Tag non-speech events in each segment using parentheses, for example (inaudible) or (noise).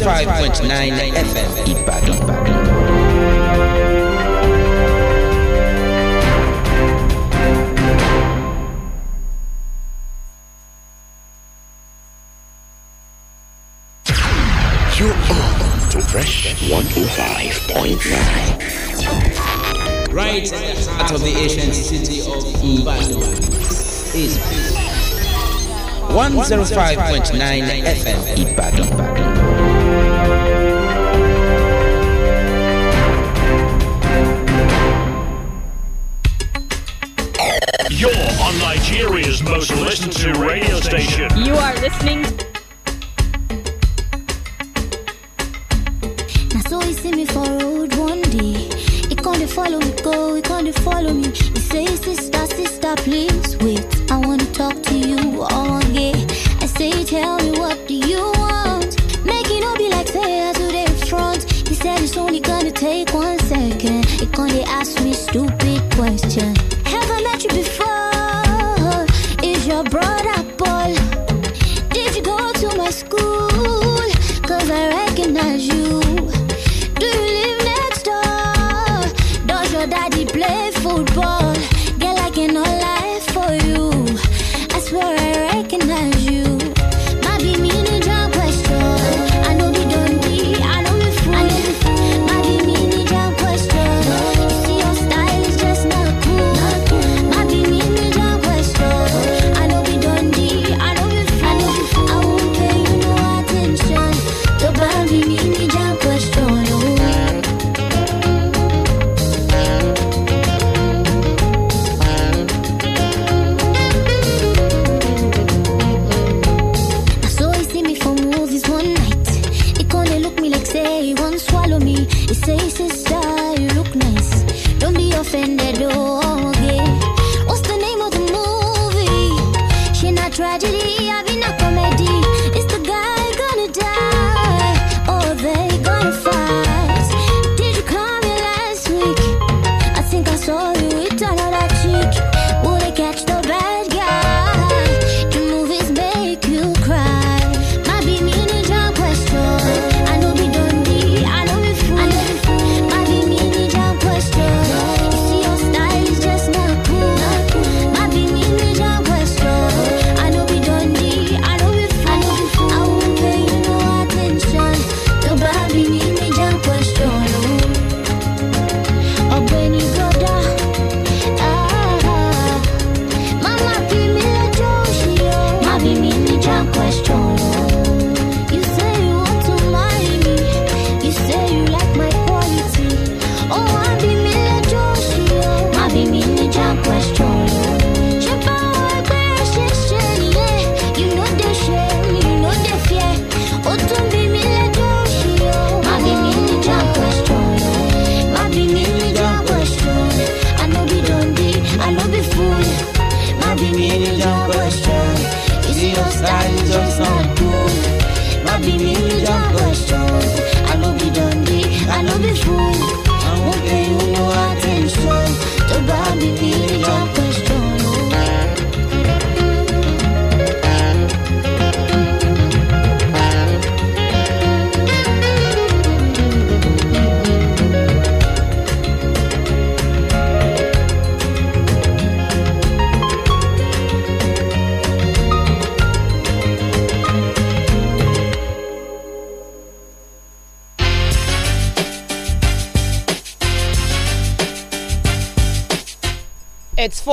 105.9 FM Ibadan. You are on to Fresh 105.9. Right out of the ancient city of Ibadan is 105.9 FM Ibadan. on Nigeria's most listened to radio station. You are listening. Now, so he see me for road one day. He can't follow me, go, he can't follow me. He say, Sister, sister, please wait. I want to talk to you all again. I say, Tell me what do you want? Make it all be like say to the front. He said, It's only gonna take one second. He can't ask me stupid questions.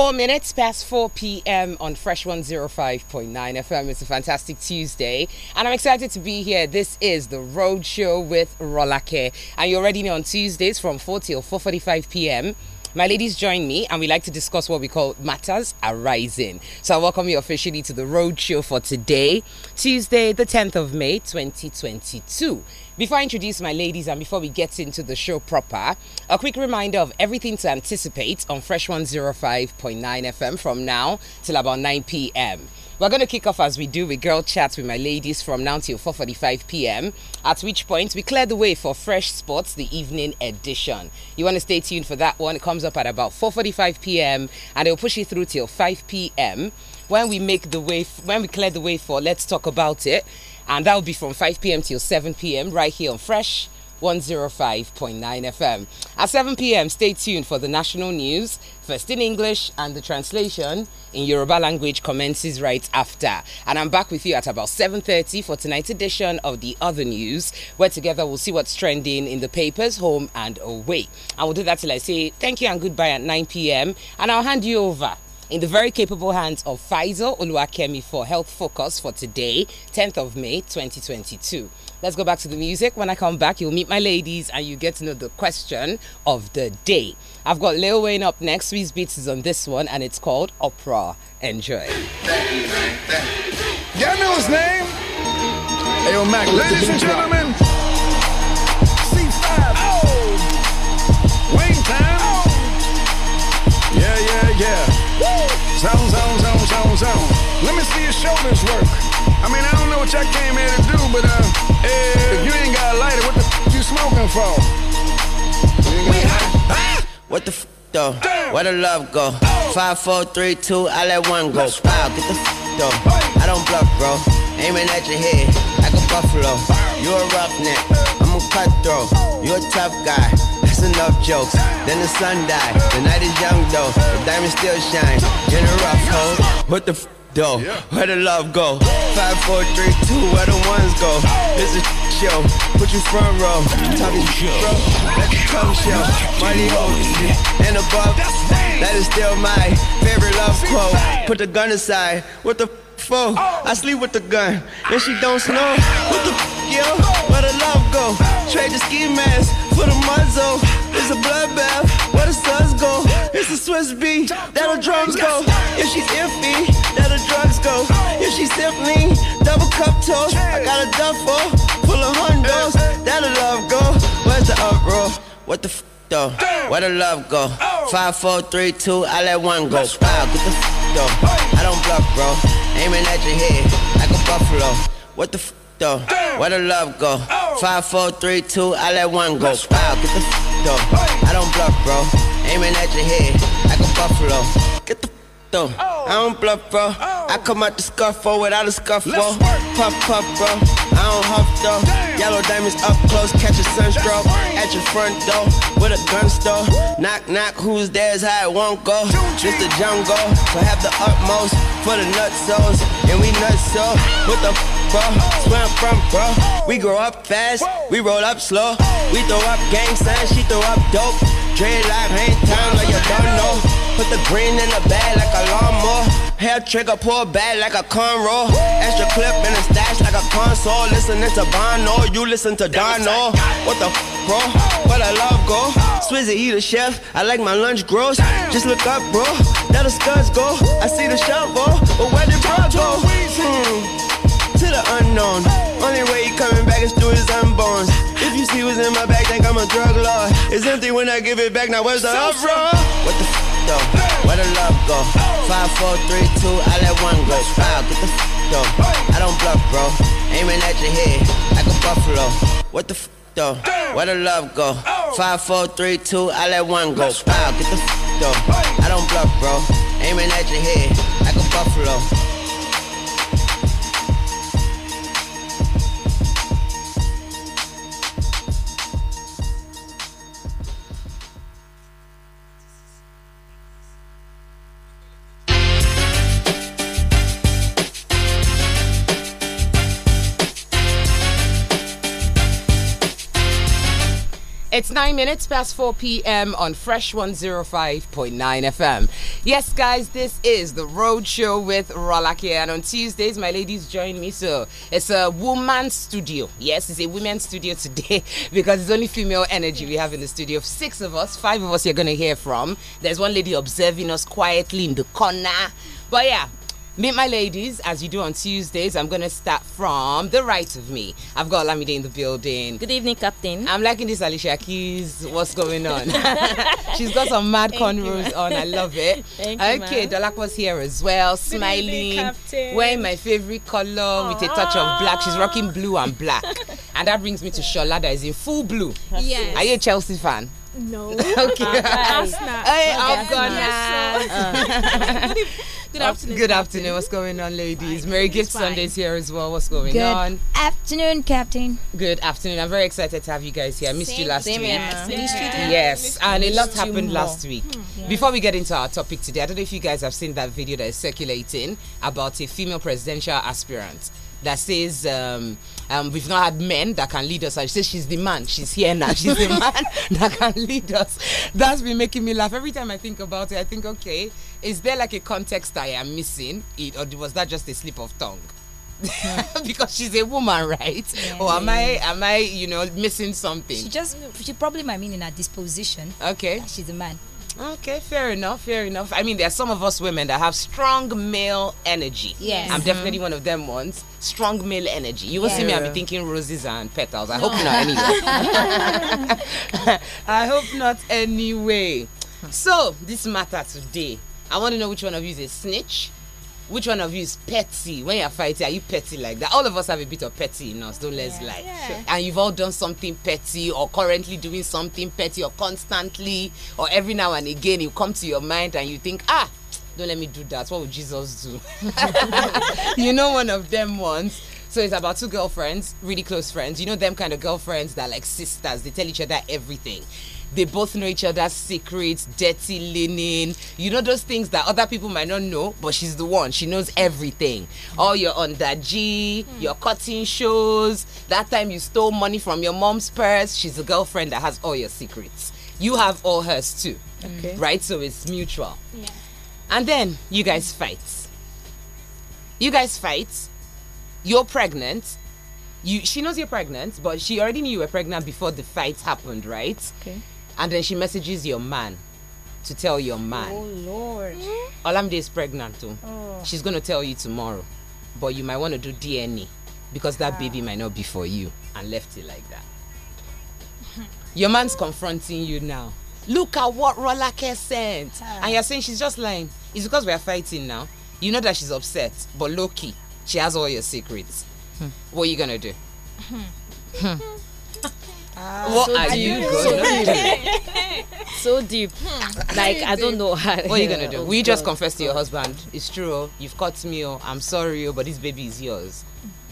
Four minutes past 4 p.m. on Fresh 105.9 FM. It's a fantastic Tuesday, and I'm excited to be here. This is the Road Show with Rolake, and you already know on Tuesdays from 4 till 4:45 p.m. My ladies join me and we like to discuss what we call matters arising. So I welcome you officially to the road show for today, Tuesday, the 10th of May, 2022. Before I introduce my ladies and before we get into the show proper, a quick reminder of everything to anticipate on Fresh 105.9 FM from now till about 9 p.m. We're going to kick off as we do with girl chats with my ladies from now till 4:45 p.m. At which point we clear the way for Fresh Sports, the evening edition. You want to stay tuned for that one. It comes up at about 4:45 p.m. and it will push it through till 5 p.m. When we make the way, when we clear the way for, let's talk about it. And that'll be from 5 p.m. till 7 p.m. right here on Fresh 105.9 FM. At 7 p.m., stay tuned for the national news, first in English, and the translation in Yoruba language commences right after. And I'm back with you at about 7.30 for tonight's edition of The Other News, where together we'll see what's trending in the papers, home and away. And we'll do that till I say thank you and goodbye at 9 p.m. And I'll hand you over in the very capable hands of Faisal Oluwakemi for Health Focus for today, 10th of May 2022. Let's go back to the music. When I come back, you'll meet my ladies and you get to know the question of the day. I've got Lil Wayne up next. Swiss Beats is on this one and it's called Opera. Enjoy. Y'all know his name? Hey, yo, Mac, Ladies and gentlemen, C5. Oh. Yeah, yeah, yeah. Woo! Zone, zone, zone, zone, zone. Let me see your shoulders work. I mean, I don't know what y'all came here to do, but uh, if you ain't got a lighter, what the f you smoking for? We hot. What the f though? Damn. Where the love go? Oh. Five, four, three, two. I let one go. Let's wow, get the f though. I don't bluff, bro. Aiming at your head like a buffalo. You a roughneck. I'm a cutthroat. You a tough guy enough jokes. Then the sun died, the night is young though, the diamond still shine. In a rough hole, what the f though? Where the love go? Five, four, three, two, where the ones go? This a show, put you front row. Tommy bro, let the come show. Money over and above, that is still my favorite love quote. Put the gun aside, what the f four. I sleep with the gun, and she don't snow. What the f, yo? Where the love go? Trade the ski mask for the muzzle. It's a bloodbath. Where the suns go? It's a Swiss beat. That the drums go. If she's iffy, that the drugs go. If she's simply double cup toast, I got a duffel full of hundos. That the love go. Where's the uproar? What the f? though. Where the love go? Five, four, three, two. I let one go. Wow, ah, get the f- though. I don't bluff, bro. Aiming at your head like a buffalo. What the f- though? Where the love go? Oh. Five, four, three, two. I let one go. Wow, ah, get the f- though. I don't bluff, bro. Aiming at your head like a buffalo. Get the f- though. Oh. I don't bluff, bro. Oh. I come out the scuffle without a scuffle. Pump, pump, bro. I don't huff though. Yellow diamonds up close, catch a sunstroke at your front door with a gun store. Knock, knock, who's there is how it won't go. Just the jungle, so have the utmost for the nutsos. And we nutso with the bro. Where I'm from, bro. We grow up fast, we roll up slow. We throw up gang signs, she throw up dope. Dreadlock, hang time like you don't know. Put the green in the bag like a lawnmower. Hair trigger, pull back like a con roll. Extra clip in a stash like a console. Listening to Bono, you listen to Dono. What the f, bro? But I love go. Swizzy, eat a chef. I like my lunch gross. Just look up, bro. That the scuds go. I see the shovel, but where did bro go? Hmm. To the unknown. Only way he coming back is through his unborns whiskey was in my bag, think I'm a drug lord. It's empty when I give it back, now where's the uproar? What the f though? Where the love go? Five, four, three, two, I let one go. Foul, get the f though. I don't bluff, bro. Aiming at your head like a buffalo. What the f though? Where the love go? Five, four, three, two, I let one go. Foul, get the f though. I don't bluff, bro. Aiming at your head like a buffalo. It's nine minutes past 4 p.m. on Fresh 105.9 FM. Yes, guys, this is the Road Show with Rolake. And on Tuesdays, my ladies join me. So it's a woman's studio. Yes, it's a women's studio today (laughs) because it's only female energy we have in the studio. Six of us, five of us you're going to hear from. There's one lady observing us quietly in the corner. But yeah, Meet my ladies, as you do on Tuesdays. I'm going to start from the right of me. I've got Lamide in the building. Good evening, Captain. I'm liking this Alicia Keys. What's going on? (laughs) She's got some mad cornrows on. I love it. (laughs) Thank okay, was here as well, smiling, evening, wearing my favorite color Aww. with a touch of black. She's rocking blue and black. (laughs) and that brings me to Shola that is in full blue. Yes. Are you a Chelsea fan? No. Okay. not. Hey, oh, I've gone. Uh. (laughs) Good afternoon. Good afternoon. What's going on, ladies? Merry Gift Sunday's here as well. What's going Good on? Good afternoon, Captain. Good afternoon. I'm very excited to have you guys here. I missed same, you last same week. Yeah. Yeah. Yes, and a lot happened last week. Hmm. Yeah. Before we get into our topic today, I don't know if you guys have seen that video that is circulating about a female presidential aspirant that says um, um, we've not had men that can lead us. I she says she's the man. She's here now. She's the (laughs) man that can lead us. That's been making me laugh every time I think about it. I think, okay, is there like a context I am missing, it, or was that just a slip of tongue? (laughs) because she's a woman, right? Yeah. Or am I am I you know missing something? She just she probably might mean in her disposition. Okay, she's a man. Okay, fair enough, fair enough. I mean, there are some of us women that have strong male energy. Yes. I'm mm-hmm. definitely one of them ones. Strong male energy. You will yeah. see me, I'll be thinking roses and petals. I no. hope not, anyway. (laughs) (laughs) I hope not, anyway. So, this matter today, I want to know which one of you is a snitch which one of you is petty when you're fighting are you petty like that all of us have a bit of petty in us don't let's lie yeah. and you've all done something petty or currently doing something petty or constantly or every now and again you come to your mind and you think ah don't let me do that what would jesus do (laughs) you know one of them once so it's about two girlfriends really close friends you know them kind of girlfriends that like sisters they tell each other everything they both know each other's secrets, dirty linen, you know, those things that other people might not know, but she's the one. She knows everything. All your under G, hmm. your cutting shows, that time you stole money from your mom's purse. She's a girlfriend that has all your secrets. You have all hers too. Okay. Right? So it's mutual. Yeah. And then you guys fight. You guys fight. You're pregnant you she knows you're pregnant, but she already knew you were pregnant before the fight happened, right? Okay. and then she messages your man to tell your man. Oh Lord. Hmm? Olamide is pregnant too. Oh. She's gonna tell you tomorrow, but you might want to do DNA because that ah. baby might not be for you, and left it like that. your man's confronting you now. Look at what Rolake sent, ah. and you're saying she's just lying. It's because we are fighting now. You know that she's upset, but low key, she has all your secrets. Hmm. What are you gonna do? Hmm. Hmm. Ah, what so are deep. you gonna do? (laughs) so deep. Hmm. Like I don't know What are you gonna do? (laughs) Oh we just confess to your husband. It's true. You've caught me. Oh. I'm sorry. Oh, but this baby is yours.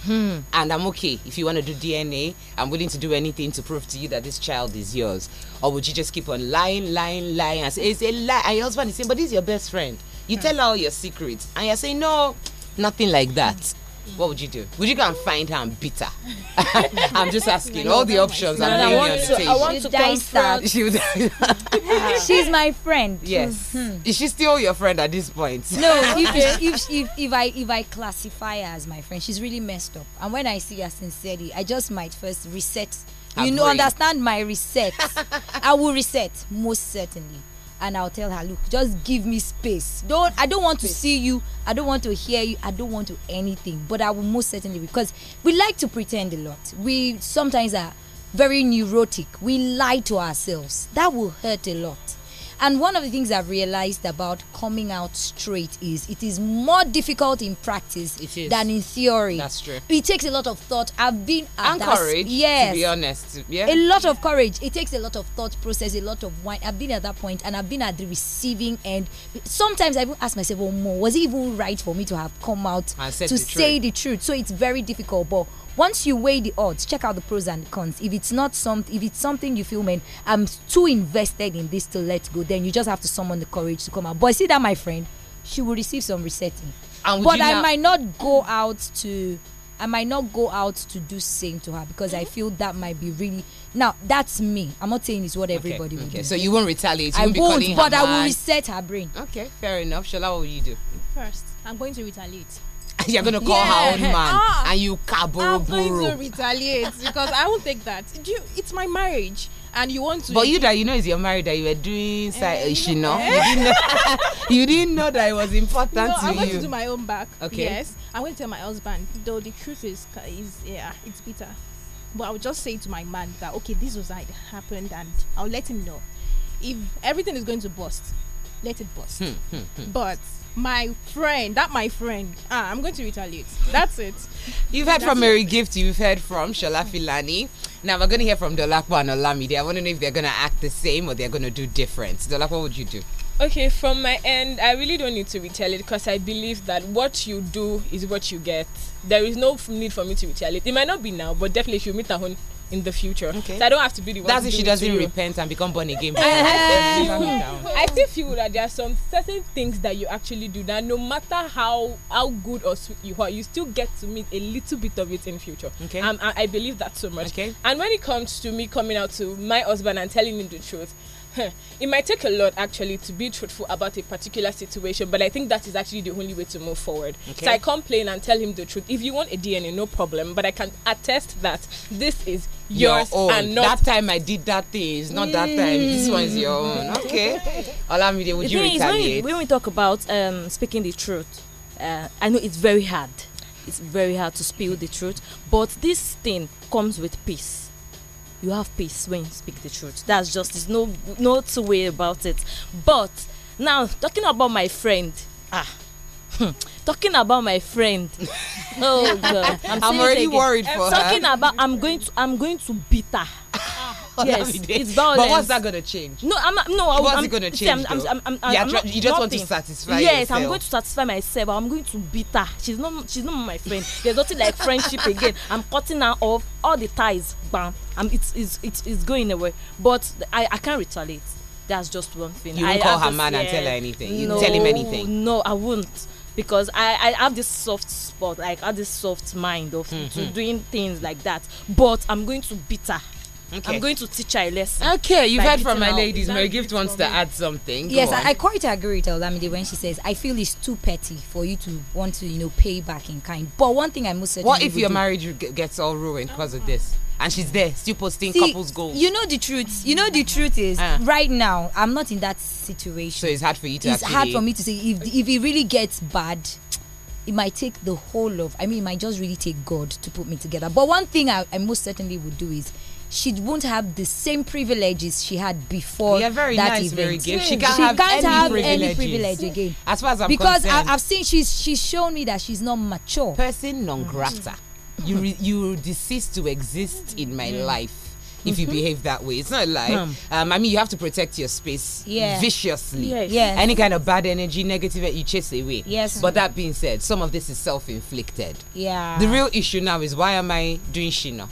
Hmm. And I'm okay. If you want to do DNA, I'm willing to do anything to prove to you that this child is yours. Or would you just keep on lying, lying, lying? And say, it's a lie. And your husband is saying, but this is your best friend. You hmm. tell her all your secrets. And you're saying, no, nothing like that what would you do? Would you go and find her and beat her? (laughs) I'm just asking. all the options are no, on stage. I want to confront. She would (laughs) She's my friend. Yes. hmm Is she still your friend at this point? No. (laughs) If, if, if, if, I if I classify her as my friend, she's really messed up. And when I see her sincerely, I just might first reset. you know, understand my reset. I will reset most certainly and I'll tell her, look, just give me space. Don't I don't want to see you. I don't want to hear you. I don't want to anything. But I will most certainly because we like to pretend a lot. We sometimes are very neurotic. We lie to ourselves. That will hurt a lot. And one of the things I've realized about coming out straight is it is more difficult in practice than in theory. That's true. It takes a lot of thought. I've been and courage. Yes, to be honest, yeah. A lot of courage. It takes a lot of thought process, a lot of wine. I've been at that point, and I've been at the receiving end. Sometimes I even ask myself, "Well, oh, more was it even right for me to have come out to the say truth. the truth?" So it's very difficult, but once you weigh the odds check out the pros and cons if it's not something if it's something you feel man i'm too invested in this to let go then you just have to summon the courage to come out but see that my friend she will receive some resetting but i might not go out to I might not go out to do same to her because mm -hmm. I mm-hmm. feel that might be really now that's me. I'm not saying it's what everybody okay, will okay. do. So you won't retaliate. You I won't, won't but I will reset her brain. Okay, fair enough. Shola, what will you do? First, I'm going to retaliate. (laughs) you're going to call yeah. her own man ah, and you kaburu I'm going to retaliate because I won't take that. Do you, it's my marriage and you want to. But you that you know is your marriage that you were doing, uh, uh, you know, (laughs) you didn't know that it was important no, I'm going you. to do my own back. Okay. Yes, I'm going to tell my husband. Though the truth is, is yeah, it's bitter. But I would just say to my man that okay, this was how it happened, and I'll let him know. If everything is going to bust, let it bust. Hmm, hmm, hmm. But my friend, that my friend. Ah, I'm going to retaliate. That's it. You've heard from Mary Gift, you've heard from Shola Filani. Now we're going to hear from Dolapo and Olamide. I want to know if they're going to act the same or they're going to do different. Dolapo, what would you do? Okay, from my end, I really don't need to retaliate because I believe that what you do is what you get. There is no need for me to retaliate. It might not be now, but definitely if you meet in the future. Okay. So I don't have to be the one. That's if she doesn't repent and become born again. (laughs) I, still feel, that there are some certain things that you actually do that no matter how how good or sweet you are, you still get to meet a little bit of it in future. Okay. Um, I, I believe that so much. Okay. And when it comes to me coming out to my husband and telling him the truth, it might take a lot actually to be truthful about a particular situation, but I think that is actually the only way to move forward. Okay. So I complain and tell him the truth. If you want a DNA, no problem, but I can attest that this is yours your own. and not that time I did that thing. It's not mm. that time. This one is your own. Mm. Okay, (laughs) Olamide, would the you retaliate? When we, when we, talk about um, speaking the truth, uh, I know it's very hard. It's very hard to spill the truth, but this thing comes with peace you have peace when you speak the truth. That's just there's no no two way about it. But now talking about my friend, ah. Hmm, talking about my friend (laughs) oh god i'm, I'm already worried for talking her talking about i'm going to i'm going to beat her (laughs) (laughs) yes, it's violence. But what's that going to change? No, I'm not. No, what's I, what's I'm, it going to change? I'm, I'm, I'm, I'm, yeah, I'm you just nothing. want to satisfy. Yes, yourself. I'm going to satisfy myself. I'm going to beat her. She's not. She's not my friend. There's nothing like friendship again. I'm cutting her off. All the ties, bam. I'm. It's it's it's, it's going away. But I I can't retaliate. That's just one thing. You won't call her man yeah, and tell her anything. You no, tell him anything. No, I won't because I, I have this soft spot, like I have this soft mind of mm -hmm. doing things like that. But I'm going to beat her. Okay. I'm going to teach her a lesson. Okay, you've heard from my ladies. Mary Gift wants to add something. Go yes, I, I, quite agree with Olamide when she says, I feel it's too petty for you to want to, you know, pay back in kind. But one thing I must say What if your do, marriage gets all ruined because of this? And she's there, still posting See, couples goals. You know the truth. You know the truth is uh. right now I'm not in that situation. So it's hard for you to. It's actually, hard for me to say if if it really gets bad it might take the whole of i mean it might just really take god to put me together but one thing i, I most certainly would do is she won't have the same privileges she had before yeah, very that nice, event. Very she can't, she have, can't any have any privilege again. As far as I'm because concerned. I, have seen she's she's shown me that she's not mature. Person non grata. You re, you desist to exist in my mm. life if you mm -hmm. behave that way. It's not like mm. um, I mean you have to protect your space yeah. viciously. Yes. yes. Any kind of bad energy, negative you chase away. Yes. But that being said, some of this is self inflicted. Yeah. The real issue now is why am I doing shino?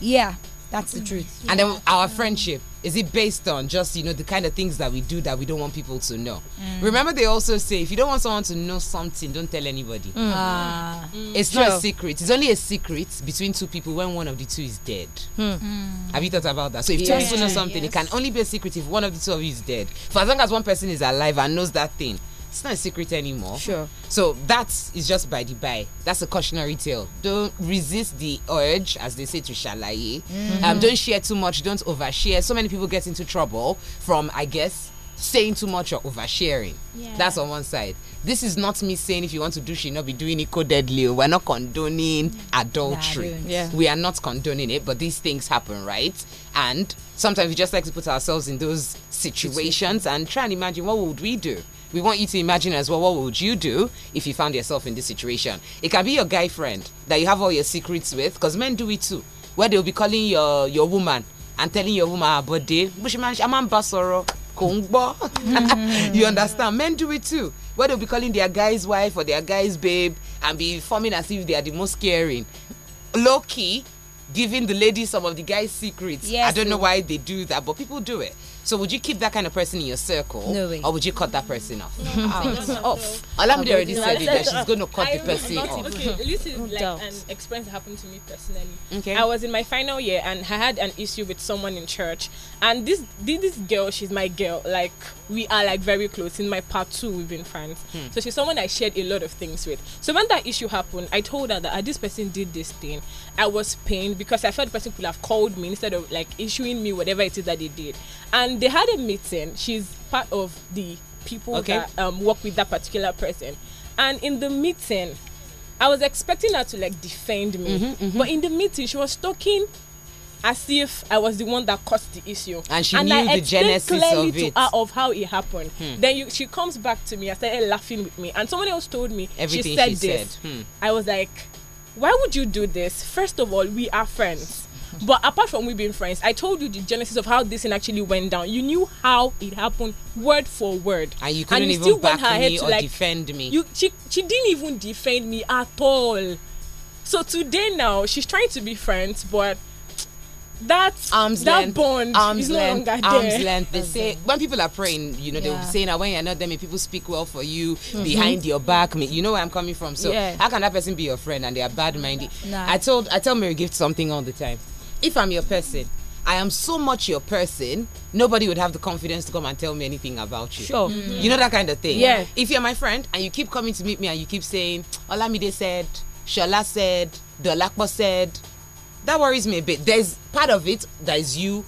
Yeah. That's the truth. Yeah. And then our friendship is it based on just you know the kind of things that we do that we don't want people to know? Mm. Remember, they also say if you don't want someone to know something, don't tell anybody. Mm. Uh, it's true. not a secret. It's only a secret between two people when one of the two is dead. Hmm. Mm. Have you thought about that? So if yes. two people know something, yes. it can only be a secret if one of the two of you is dead. For as long as one person is alive and knows that thing, it's not a secret anymore. Sure. So that is just by the by. That's a cautionary tale. Don't resist the urge, as they say, to shalaye. Mm -hmm. um, don't share too much. Don't overshare. So many people get into trouble from, I guess, saying too much or oversharing. Yeah. That's on one side. This is not me saying if you want to do, she not be doing it codedly. We're not condoning adultery. Nah, yeah. We are not condoning it, but these things happen, right? And sometimes we just like to put ourselves in those situations and try and imagine what would we do we want you to imagine as well what would you do if you found yourself in this situation. It can be your guy friend that you have all your secrets with, because men do it too, where they'll be calling your your woman and telling your woman about ah, day, bush man, a mm-hmm. (laughs) you understand? Men do it too. Where they'll be calling their guy's wife or their guy's babe and be forming as if they are the most caring. Low key, giving the lady some of the guy's secrets. Yes, I don't know oh. why they do that, but people do it. So would you keep that kind of person in your circle? No way. Or would you cut that person off? out. off. Alamide already said it that she's going to cut I the person off. Okay, this is like an experience that happened to me personally. Okay. I was in my final year and I had an issue with someone in church. And this this girl, she's my girl. Like we are like very close. In my part two, we've been friends. Hmm. So she's someone I shared a lot of things with. So when that issue happened, I told her that ah, this person did this thing I was pained because I felt the person could have called me instead of like issuing me whatever it is that they did. And they had a meeting. She's part of the people okay. that um, work with that particular person. And in the meeting, I was expecting her to like defend me, mm-hmm, mm-hmm. but in the meeting, she was talking as if I was the one that caused the issue. And she and knew I the genesis clearly of it. to her of how it happened. Hmm. Then you, she comes back to me. I started laughing with me, and someone else told me Everything she said she this. Said. Hmm. I was like why would you do this? First of all, we are friends. (laughs) But apart from we being friends, I told you the genesis of how this thing actually went down. You knew how it happened, word for word, and you couldn't and you even back me or like, defend me. You, she, she didn't even defend me at all. So today now, she's trying to be friends, but that arms that length, bond arms is length, no longer arms there. length. They say when people are praying, you know, yeah. they will saying, "I when you're not there, may people speak well for you mm -hmm. behind your back. Me, you know where I'm coming from. So yeah. how can that person be your friend and they are bad minded? Nah. I told I tell Mary Gift something all the time. If I'm your person, I am so much your person, nobody would have the confidence to come and tell me anything about you. Sure. Mm -hmm. You mm-hmm. know that kind of thing. Yeah. If you're my friend and you keep coming to meet me and you keep saying, Olamide said, Shola said, Dolakpo said, that worries me a bit. There's part of it that is you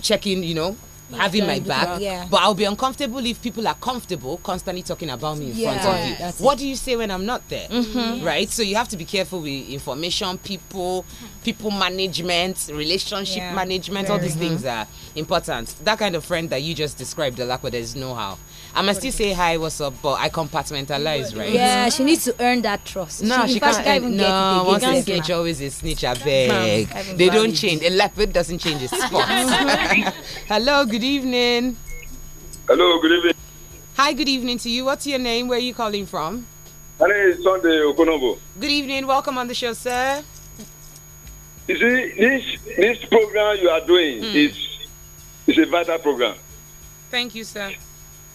checking, you know, having my back. Yeah. But I'll be uncomfortable if people are comfortable constantly talking about me in yeah, front of you. What do you say when I'm not there? Mm -hmm. yes. Right? So you have to be careful with information, people, people management, relationship yeah, management, very. all these mm -hmm. things are important. That kind of friend that you just described, Alakwa, there's no how. I must still say hi, what's up, but I compartmentalize, right? Yeah, she needs to earn that trust. No, she, she can't, can't even no, get it. Once a snitch, always a snitch, I beg. They don't change. A leopard doesn't change its spots. (laughs) Hello, good evening. Hello, good evening. Hi, good evening to you. What's your name? Where are you calling from? My name is Sunday Okonobo. Good evening. Welcome on the show, sir. You see, this this program you are doing mm. is is a vital program. Thank you, sir.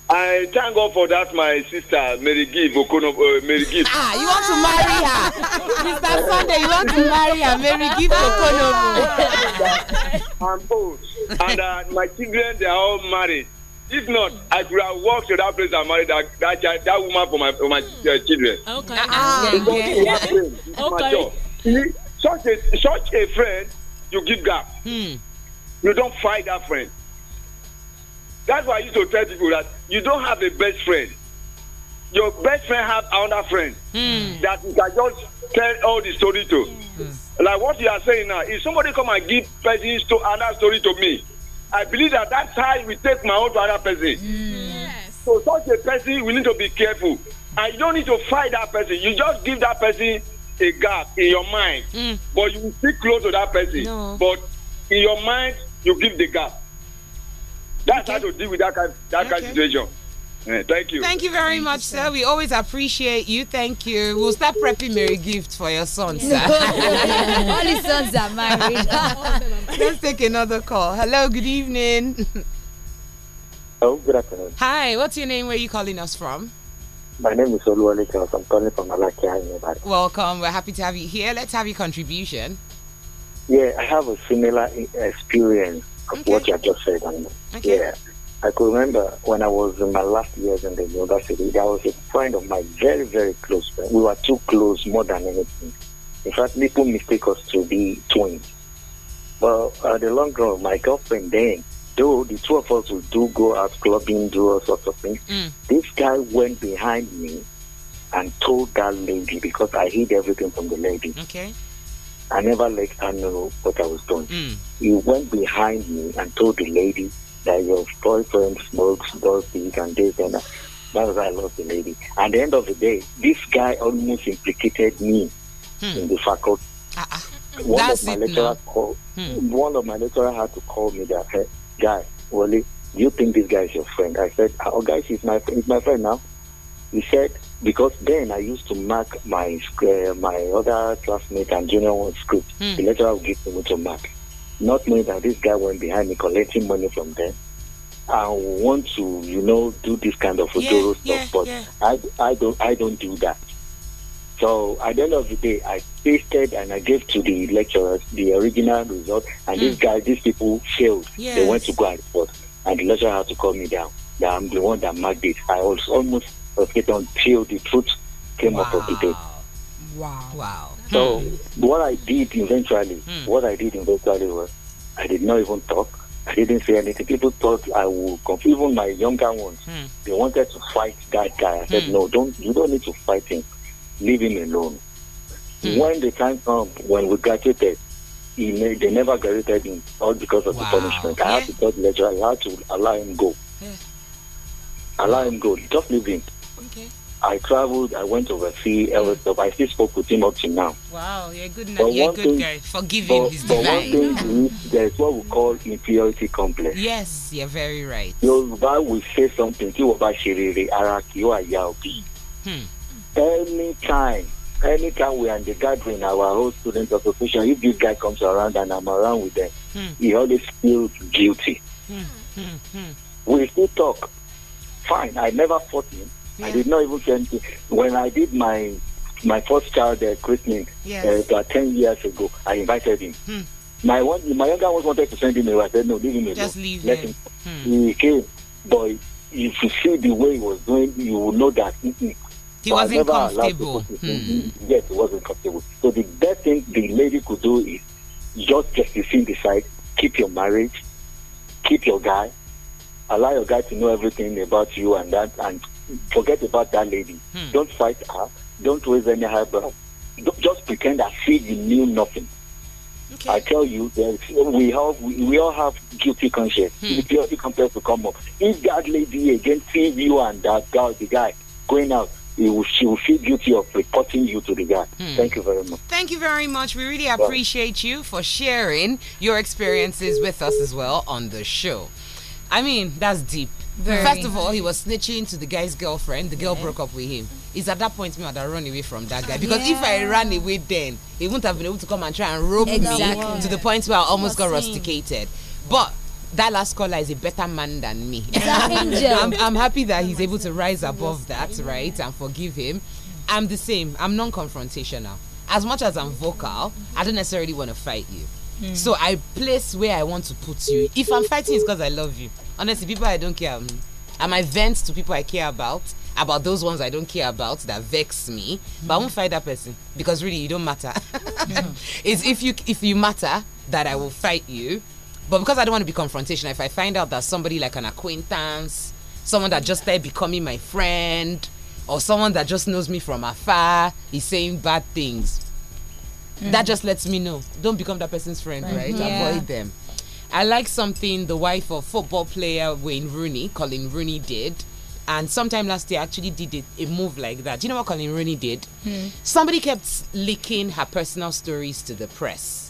I thank God for that, my sister Mary Give Okono. Uh, Mary Give. Ah, you want to marry her, Mr. Sunday? You want to marry her, Mary Give Okono? I'm old, and uh, my children they are all married. If not, I could have walked to that place and married that that, child, that woman for my for my uh, children. Okay. Ah, yeah, yeah. yeah. okay. such a such a friend, you give gap. Hmm. You don't fight that friend. That's why I used to tell people that you don't have a best friend. Your best friend have another friend mm. that you can just tell all the story to. Mm. Like what you are saying now, if somebody come and give person to another story to me, I believe that that time we take my own to another person. Mm. Yes. So such a person, we need to be careful. And you don't need to fight that person. You just give that person a gap in your mind, mm. but you will still close to that person. No. But in your mind, you give the gap. That's okay. how to deal with that kind, that okay. kind of situation. thank you. Thank you very thank much, you, sir. We always appreciate you. Thank you. We'll start prepping Mary gift for your son, sir. (laughs) All his sons are married. (laughs) Let's take another call. Hello, good evening. (laughs) Oh, good afternoon. Hi, what's your name? Where are you calling us from? My name is Oluwale I'm calling from Alakia. Welcome. We're happy to have you here. Let's have your contribution. Yeah, I have a similar eh, experience of okay. what you have just said. And okay. yeah, I could remember when I was in my last years in the university, there was a friend of mine, very, very close friend. We were too close more than anything. In fact, people mistake us to be twins. But at the long run, my girlfriend then, though the two of us would do go out clubbing, do all sorts of things, mm. this guy went behind me and told that lady because I hid everything from the lady. Okay. I never let her know what I was doing. Mm. He went behind me and told the lady that your boyfriend smokes, does things, and this and that. That's why I lost the lady. At the end of the day, this guy almost implicated me hmm. in the faculty. Uh-uh. One, That's of my it, lecturer no. called, hmm. one of my lecturer had to call me that, hey, guy, Wally, do you think this guy is your friend? I said, oh, guy, he's my, he's my friend now. He said, because then I used to mark my uh, my other classmate and junior one school. Mm. The lecturer would give me to mark, not knowing that this guy went behind me collecting money from them. I want to, you know, do this kind of yeah, odoro yeah, stuff, but yeah. I, I don't I don't do that. So at the end of the day, I tasted and I gave to the lecturers the original result, and mm. these guys, these people failed. Yes. They went to go and report, and the lecturer had to call me down. That I'm the one that marked it. I was almost was getting on till the truth came wow. out of the day. Wow. Wow. So hmm. what I did eventually, hmm. what I did eventually was I did not even talk. I didn't say anything. People thought I would confuse even my younger ones. Hmm. They wanted to fight that guy. I said, hmm. no, don't. You don't need to fight him. Leave him alone. Hmm. When the time come, when we graduated, he may, they never graduated him all because of wow. the punishment. I yeah. had to tell the lecturer, I had to allow him go. Yeah. Allow him go. Just leave him. I traveled, I went overseas, all mm. I still spoke with him up to now. Wow, you're a good, but you're a good thing, guy. Forgiving but, is but one thing (laughs) is, there is what we call inferiority complex. Yes, you're very right. Yoruba will say something, Tiwoba Shiriri, Araki, Yaobi. Anytime, anytime we are in the gathering, our whole student association, if this guy comes around and I'm around with them, mm. he always feels guilty. Mm. We still talk. Fine, I never fought him. Yeah. I did not even send anything. When I did my my first child uh, christening yes. uh, about 10 years ago, I invited him. Hmm. My one, my younger one wanted to send him away. I said, no, leave him alone. Just leave Let him. him. Hmm. He came. But if you see the way he was doing, you will know that he, mm, mm, he wasn't comfortable. Hmm. Yes, he wasn't comfortable. So the best thing the lady could do is just justify the decide. keep your marriage, keep your guy, allow your guy to know everything about you and that, and forget about that lady. Hmm. Don't fight her. Don't raise any eyebrow. Just pretend I if you knew nothing. Okay. I tell you, we have we, we all have guilty conscience. Hmm. The guilty conscience will come up. If that lady again sees you and that guy, the guy going out, will, she will feel guilty of reporting you to the guy. Hmm. Thank you very much. Thank you very much. We really appreciate you for sharing your experiences with us as well on the show. I mean, that's deep. Very. First of all, he was snitching to the guy's girlfriend. The girl yeah. broke up with him. It's at that point me I'd have run away from that guy because yeah. if I ran away then, he wouldn't have been able to come and try and rope exactly. me to the point where I almost got rusticated. But that last caller is a better man than me. I'm, I'm happy that he's able to rise above that, right, and forgive him. I'm the same. I'm non-confrontational. As much as I'm vocal, I don't necessarily want to fight you. Mm. So I place where I want to put you. If I'm fighting, it's because I love you honestly, people I don't care. I um, my vent to people I care about about those ones I don't care about that vex me, but I won't fight that person because really you don't matter. yeah. (laughs) It's if you if you matter that I will fight you, but because I don't want to be confrontational. If I find out that somebody like an acquaintance, someone that just started becoming my friend, or someone that just knows me from afar is saying bad things, mm. that just lets me know. Don't become that person's friend, right? right? Mm-hmm. Yeah. Avoid them. I like something the wife of football player Wayne Rooney, Colin Rooney, did. And sometime last year, actually did it, a move like that. Do you know what Colin Rooney did? Hmm. Somebody kept leaking her personal stories to the press.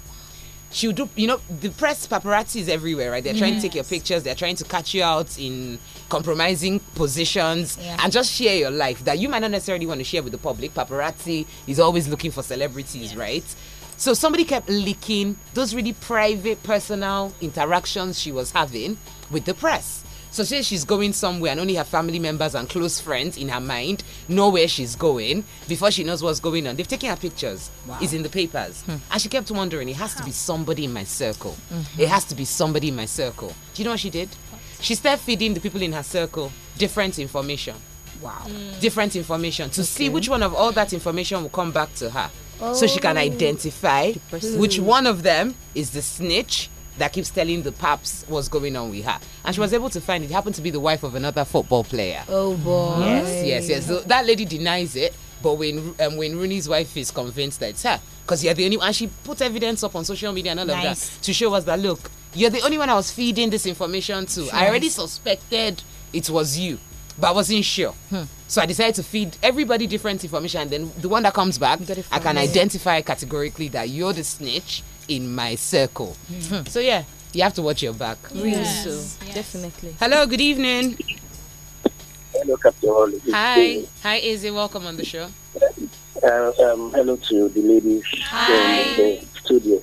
she would do, you know, the press paparazzi is everywhere, right? They're yes. trying to take your pictures, they're trying to catch you out in compromising positions yeah. and just share your life that you might not necessarily want to share with the public. Paparazzi is always looking for celebrities, yes. right? So somebody kept leaking those really private, personal interactions she was having with the press. So say she's going somewhere and only her family members and close friends in her mind know where she's going before she knows what's going on. They've taken her pictures. Wow. It's in the papers. Hmm. And she kept wondering, it has to be somebody in my circle. Mm -hmm. It has to be somebody in my circle. Do you know what she did? She started feeding the people in her circle different information. Wow. Mm. Different information to okay. see which one of all that information will come back to her so she can identify which one of them is the snitch that keeps telling the paps what's going on with her. And she was able to find it. it happened to be the wife of another football player. Oh boy. Yes, yes, yes. So that lady denies it, but when um, when Rooney's wife is convinced that it's her, because you're the only one, and she put evidence up on social media and all nice. of that to show us that look, you're the only one I was feeding this information to. I already suspected it was you but I wasn't sure. Hmm. So I decided to feed everybody different information, and then the one that comes back, I can identify categorically that you're the snitch in my circle. Hmm. hmm. So yeah, you have to watch your back. Really, yes. so yes. definitely. Hello, good evening. Hello, Captain Hi, hi, Izzy. Welcome on the show. Uh, um, hello to the ladies in the studio.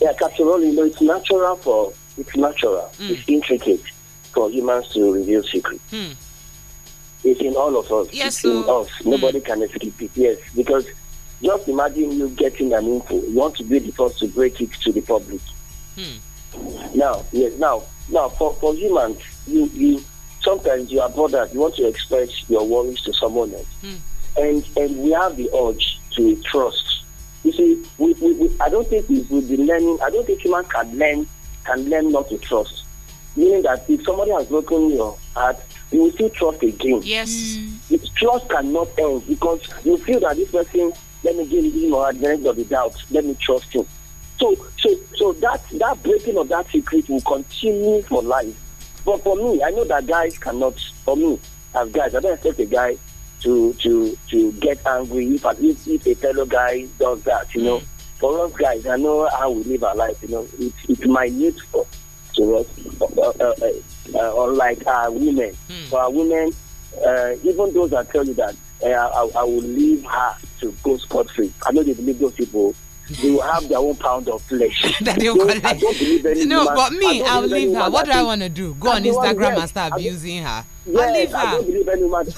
Yeah, Captain Holly, you know, it's natural for it's natural, mm. it's intricate for humans to reveal secrets. Mm. It's in all of us. Yes, it's in so, us. Nobody mm. can escape it. Yes, because just imagine you getting an info. You want to be the first to break it to the public. Hmm. Now, yes, now, now for, for humans, you, you sometimes you are bothered. You want to express your worries to someone else, hmm. and and we have the urge to trust. You see, we, we, we I don't think we will be learning. I don't think human can learn can learn not to trust. Meaning that if somebody has broken your heart, you will still trust again. Yes. Mm. Trust cannot end because you feel that this person, let me give him or advantage of the doubt, let me trust him. So, so, so that that breaking of that secret will continue for life. But for me, I know that guys cannot. For me, as guys, I don't expect a guy to to to get angry if if, if a fellow guy does that. You know, mm. for us guys, I know how we live our life. You know, it's it's minute for to us. Uh, uh, uh, uh, like our uh, women. Mm. For our women, uh, even those that tell you that uh, I, I, will leave her to go scot free, I know they believe those people. They will have their own pound of flesh. (laughs) that they will I don't believe any No, woman. but me, I'll leave her. What do I want to do? Go I on Instagram and start abusing her. Yes, I'll leave her. I don't believe any woman. (laughs)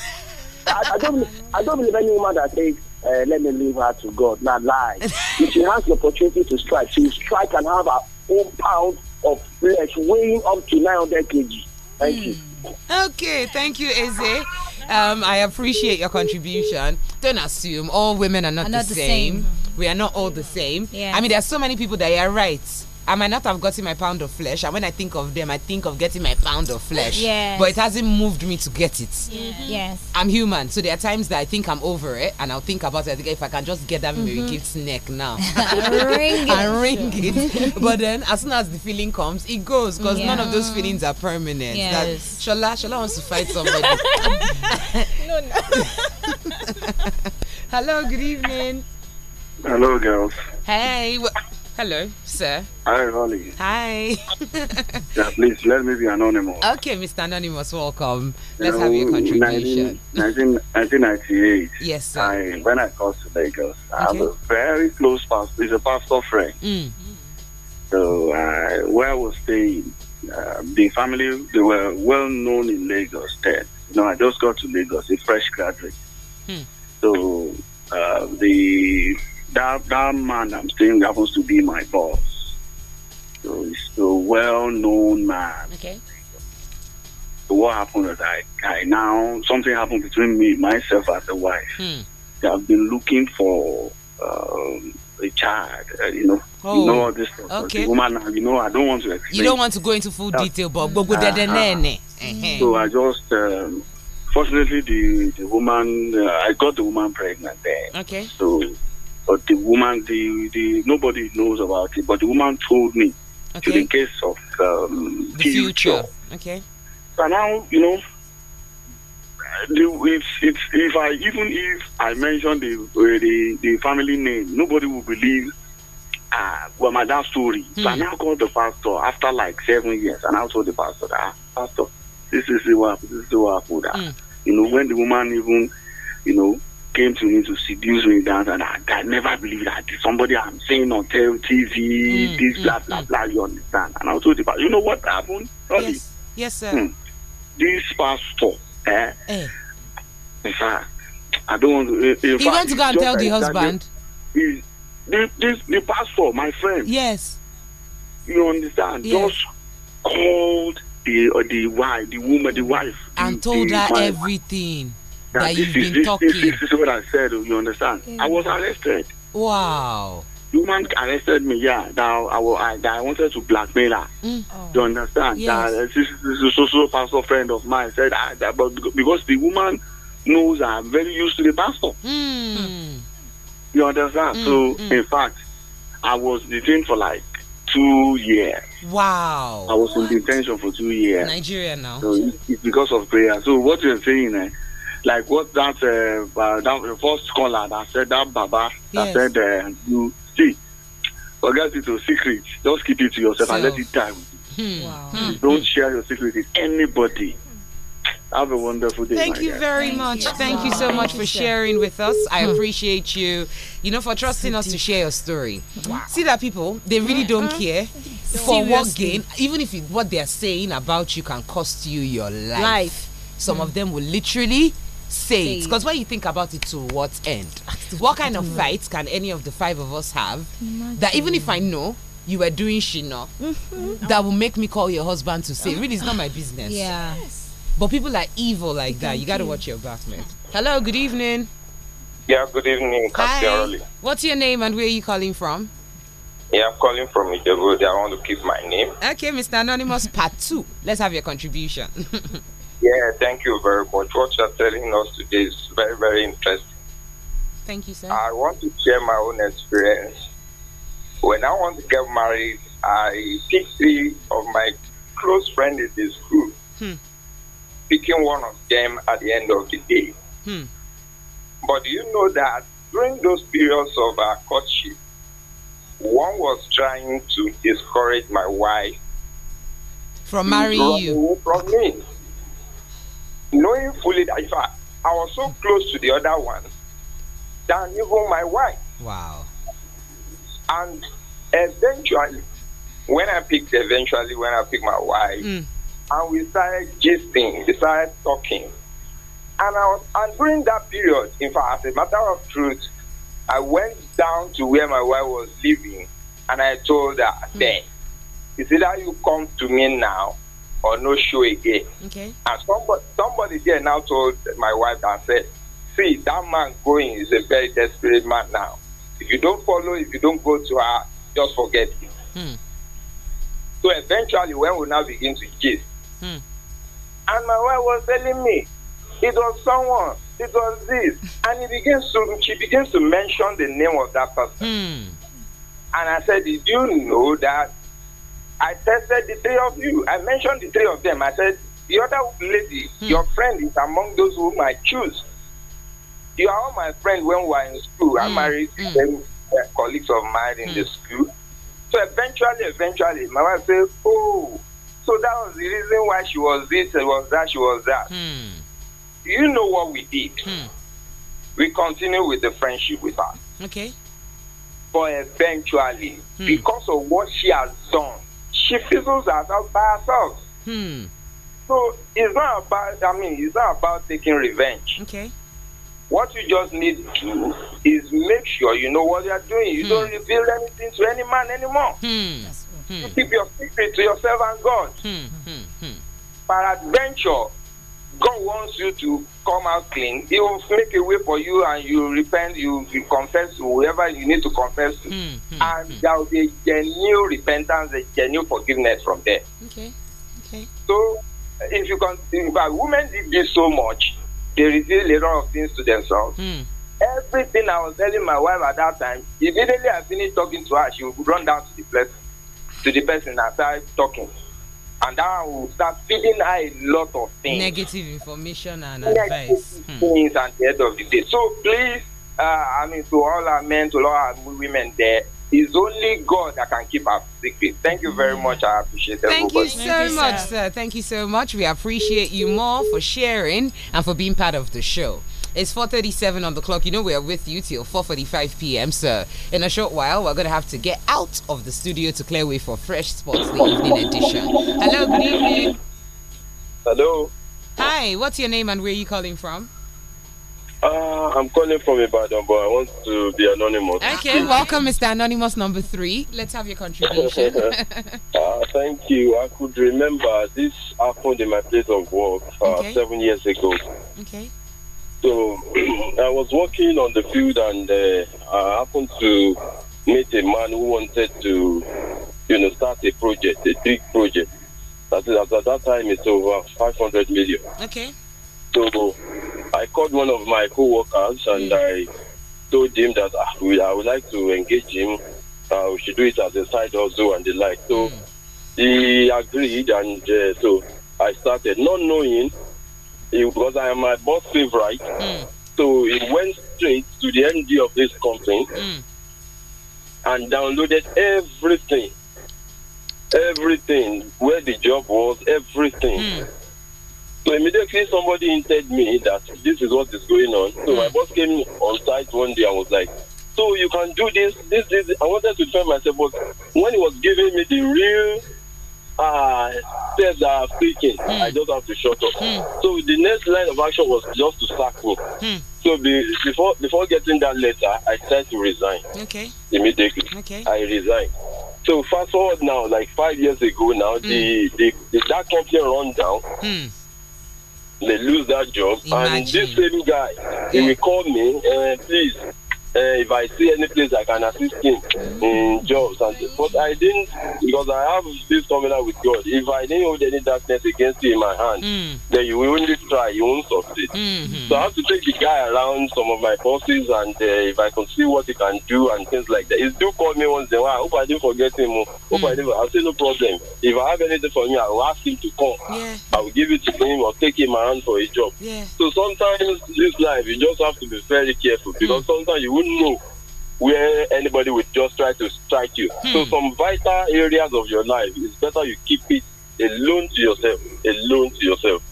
I, I, don't, I don't believe any woman that says, uh, let me leave her to God. Not lie. (laughs) if she has the opportunity to strike, she will strike and have her own pound of flesh weighing up to 900 kg. Thank you. Hmm. Okay, thank you, Eze. Um, I appreciate your contribution. Don't assume all women are not, are not the, the same. same. We are not all the same. I mean, there are so many people that are right I might not have gotten my pound of flesh. And when I think of them, I think of getting my pound of flesh. Yes. But it hasn't moved me to get it. Mm-hmm. Yes. I'm human. So there are times that I think I'm over it and I'll think about it. If I can just get that mm -hmm. Mary Gift's neck now. (laughs) ring it. And ring it. (laughs) but then as soon as the feeling comes, it goes because yeah. none of those feelings are permanent. Yes. That Shola, Shola wants to fight somebody. (laughs) no, no. Hello, good evening. Hello, girls. Hey. Hello, sir. Hi, Holly. Hi. yeah, please let me be anonymous. Okay, Mr. Anonymous, welcome. Let's have your contribution. 19, 1998. Yes, sir. I, when I got to Lagos, okay. I have a very close pastor. He's a pastor friend. Mm. So uh, where I was staying, uh, the family they were well known in Lagos then. You know, I just got to Lagos, a fresh graduate. Mm. So uh, the that that man I'm saying happens to be my boss. So he's a well-known man. Okay. So what happened is I, I now something happened between me, myself, and the wife. Hmm. I've been looking for um, a child, uh, you know, oh. you know all this stuff. Okay. woman, you know, I don't want to explain. You don't want to go into full detail, but go uh, uh, So I just, um, fortunately, the the woman, uh, I got the woman pregnant there. Okay. So but the woman, the, the nobody knows about it. But the woman told me okay. to the case of um, the future. future. Okay. So now you know. If, if I even if I mention the, uh, the the family name, nobody will believe uh, well, my dad's story. Mm. So I hmm. now called the pastor after like seven years, and I told the pastor that, ah, pastor, this is the what this is what happened. Mm. You know, when the woman even, you know, came to me to seduce me down and I, I never believed that somebody I'm seeing on TV, mm, this, mm, blah, blah, mm. blah, you understand. And I told him, you know what happened? Yes, yes, sir. Mm. This pastor, eh? eh. In fact, I don't want to. Eh, eh, he went to go and tell the husband. He, the, this, the pastor, my friend. Yes. You understand? Just called the, uh, the wife, the woman, the wife. And the, told the her wife. everything that you've is, been this, talking. This, this, is what I said. You understand? I was arrested. Wow. Human arrested me. Yeah, Now I, I, that I wanted to blackmail her. Mm. Oh. You understand? Yes. That this, this social pastor friend of mine said I, ah, that, but because the woman knows I'm very used to the pastor. Mm. You understand? Hmm, so hmm. in fact, I was detained for like two years. Wow. I was what? in detention for two years. Nigeria now. So it's, it's because of prayer. So what you're saying, eh, like what that uh, uh, that first caller that said that Baba yes. that said uh, you see, forget it to secret. Just keep it to yourself and let it die. Hmm. Wow. Hmm. Don't share your secret with anybody. Have a wonderful day. Thank you guys. very Thank much. You. Thank you so much you, for sharing with us. I hmm. appreciate you. You know, for trusting us to share your story. Wow. See that people, they really hmm. don't care for what gain, even if it, what they are saying about you can cost you your life. life. Some of them will literally say it because when you think about it to what end what kind of mm-hmm. fight can any of the five of us have Imagine. that even if i know you were doing shino mm -hmm. that will make me call your husband to say really it's not my business yeah yes. but people are evil like that you got to watch your back man hello good evening yeah good evening Hi. what's your name and where are you calling from yeah, I'm calling from Ijebu. I want to keep my name. Okay, Mr. Anonymous Part 2. Let's have your contribution. (laughs) Yeah, thank you very much. What you are telling us today is very, very interesting. Thank you, sir. I want to share my own experience. When I want to get married, I picked three of my close friends in this group, hmm. picking one of them at the end of the day. Hmm. But you know that during those periods of our courtship, one was trying to discourage my wife from marrying you. From me knowing fully that if I, I was so close to the other one than even my wife. Wow. And eventually, when I picked, eventually, when I picked my wife, mm. and we started gisting, we started talking. And I was, and during that period, in fact, as a matter of truth, I went down to where my wife was living and I told her, mm. then, it's either you come to me now or no show again. Okay. And somebody, somebody there now told my wife and said, See, that man going is a very desperate man now. If you don't follow, if you don't go to her, just forget him. Hmm. So eventually, when we now begin to gist, hmm. and my wife was telling me, it was someone, it was this, (laughs) and he begins to she begins to mention the name of that person. Hmm. And I said, Did you know that I tested the three of you. I mentioned the three of them. I said, the other lady, hmm. your friend is among those whom I choose. You are all my friends when we were in school. I hmm. married them, uh, colleagues of mine in mm. the hmm. school. So eventually, eventually, my wife said, oh, so that was the reason why she was this, she was that, she was that. Hmm. You know what we did. Hmm. We continue with the friendship with her. Okay. But eventually, hmm. because of what she has done, she fizzles us out by herself. Hmm. So it's not about, I mean, it's not about taking revenge. Okay. What you just need to do is make sure you know what you are doing. You hmm. don't reveal anything to any man anymore. Hmm. You hmm. keep your secret to yourself and God. Hmm. Hmm. hmm. Peradventure, God wants you to come out clean. He will make a way for you and you repent, you, you confess to whoever you need to confess to. Mm, mm, and mm. there will be genuine repentance, a genuine forgiveness from there. Okay. Okay. So if you can think about women did this so much, they reveal a lot of things to themselves. Hmm. Everything I was telling my wife at that time, immediately I finished talking to her, she would run down to the place, to the person and start talking and that will start feeding her a lot of things. Negative information and Negative advice. Hmm. Things hmm. at the end of the day. So please, uh, I mean, to all our men, to all our women there, it's only God that can keep our secret. Thank you very much. I appreciate it. Thank everybody. you so Thank you, much, sir. sir. Thank you so much. We appreciate you more for sharing and for being part of the show. It's 4:37 on the clock. You know we are with you till 4:45 p.m. So in a short while, we're gonna have to get out of the studio to clear way for Fresh Sports, the evening edition. Hello, good evening. Hello. Hi. What's your name and where are you calling from? Uh, I'm calling from Ibadan, but I want to be anonymous. Okay, welcome, Mr. Anonymous number three. Let's have your contribution. (laughs) uh, thank you. I could remember this happened in my place of work uh, okay. seven years ago. Okay. So (clears throat) I was working on the field and uh, I happened to meet a man who wanted to, you know, start a project, a big project. That at that time, it's over 500 million. Okay. So I called one of my co-workers and mm. I told him that I ah, would, I would like to engage him. Uh, we should do it as a side hustle and the like. So mm. he agreed and uh, so I started not knowing because I am my boss favorite. Mm. So he went straight to the MD of this company mm. and downloaded everything, everything where the job was, everything. Mm. So immediately somebody hinted me that this is what is going on. So my hmm. boss came on site one day and was like, so you can do this, this, this. I wanted to try myself, but when he was giving me the real Uh, ah, steps that I've mm. I just have to shut up. Mm. So the next line of action was just to sack me. Mm. So be, before before getting that letter, I tried to resign. Okay. Immediately. Okay. I resigned. So fast forward now, like five years ago now, hmm. the, the, the, that company run down hmm. they lose that job. Imagine. And this same guy, he called call me, uh, please, uh, if I see any place I can assist him in jobs. And, but I didn't, because I have this formula with God. If I didn't hold any darkness against you in my hand, mm. then you will only try, you won't succeed. Mm-hmm. So I have to take the guy around some of my bosses, and uh, if I can see what he can do and things like that. He still called me once in a while. I hope I didn't forget him. Oh. Hope mm. I hmm. didn't. I'll say no problem. If I have anything for me, I will ask him to come. Yeah. I will give it to him or take him around for a job. Yeah. So sometimes this life, you just have to be very careful because mm. sometimes you won't no, know where anybody would just try to strike you. Hmm. So some vital areas of your life, it's better you keep it alone to yourself, alone to yourself.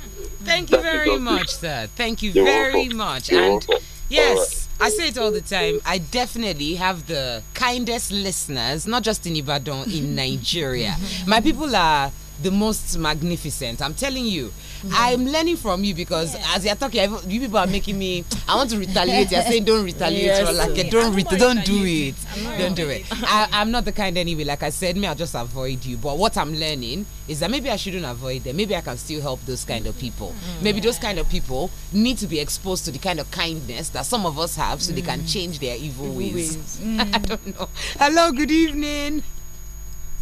Thank you That's very much, sir. Thank you You're very welcome. much. You're and welcome. yes, right. I say it all the time. I definitely have the kindest listeners, not just in Ibadan, in (laughs) Nigeria. My people are the most magnificent. I'm telling you. I'm learning from you because yeah. as you're talking, you people are making me. I want to retaliate. You're saying don't retaliate, yes. like yeah, don't don't do it, don't do it. I, am not the kind anyway. Like I said, me, I'll just avoid you. But what I'm learning is that maybe I shouldn't avoid them. Maybe I can still help those kind of people. Mm Maybe those kind of people need to be exposed to the kind of kindness that some of us have, so mm they can mm. change their evil, evil ways. ways. (laughs) I don't know. Hello, good evening.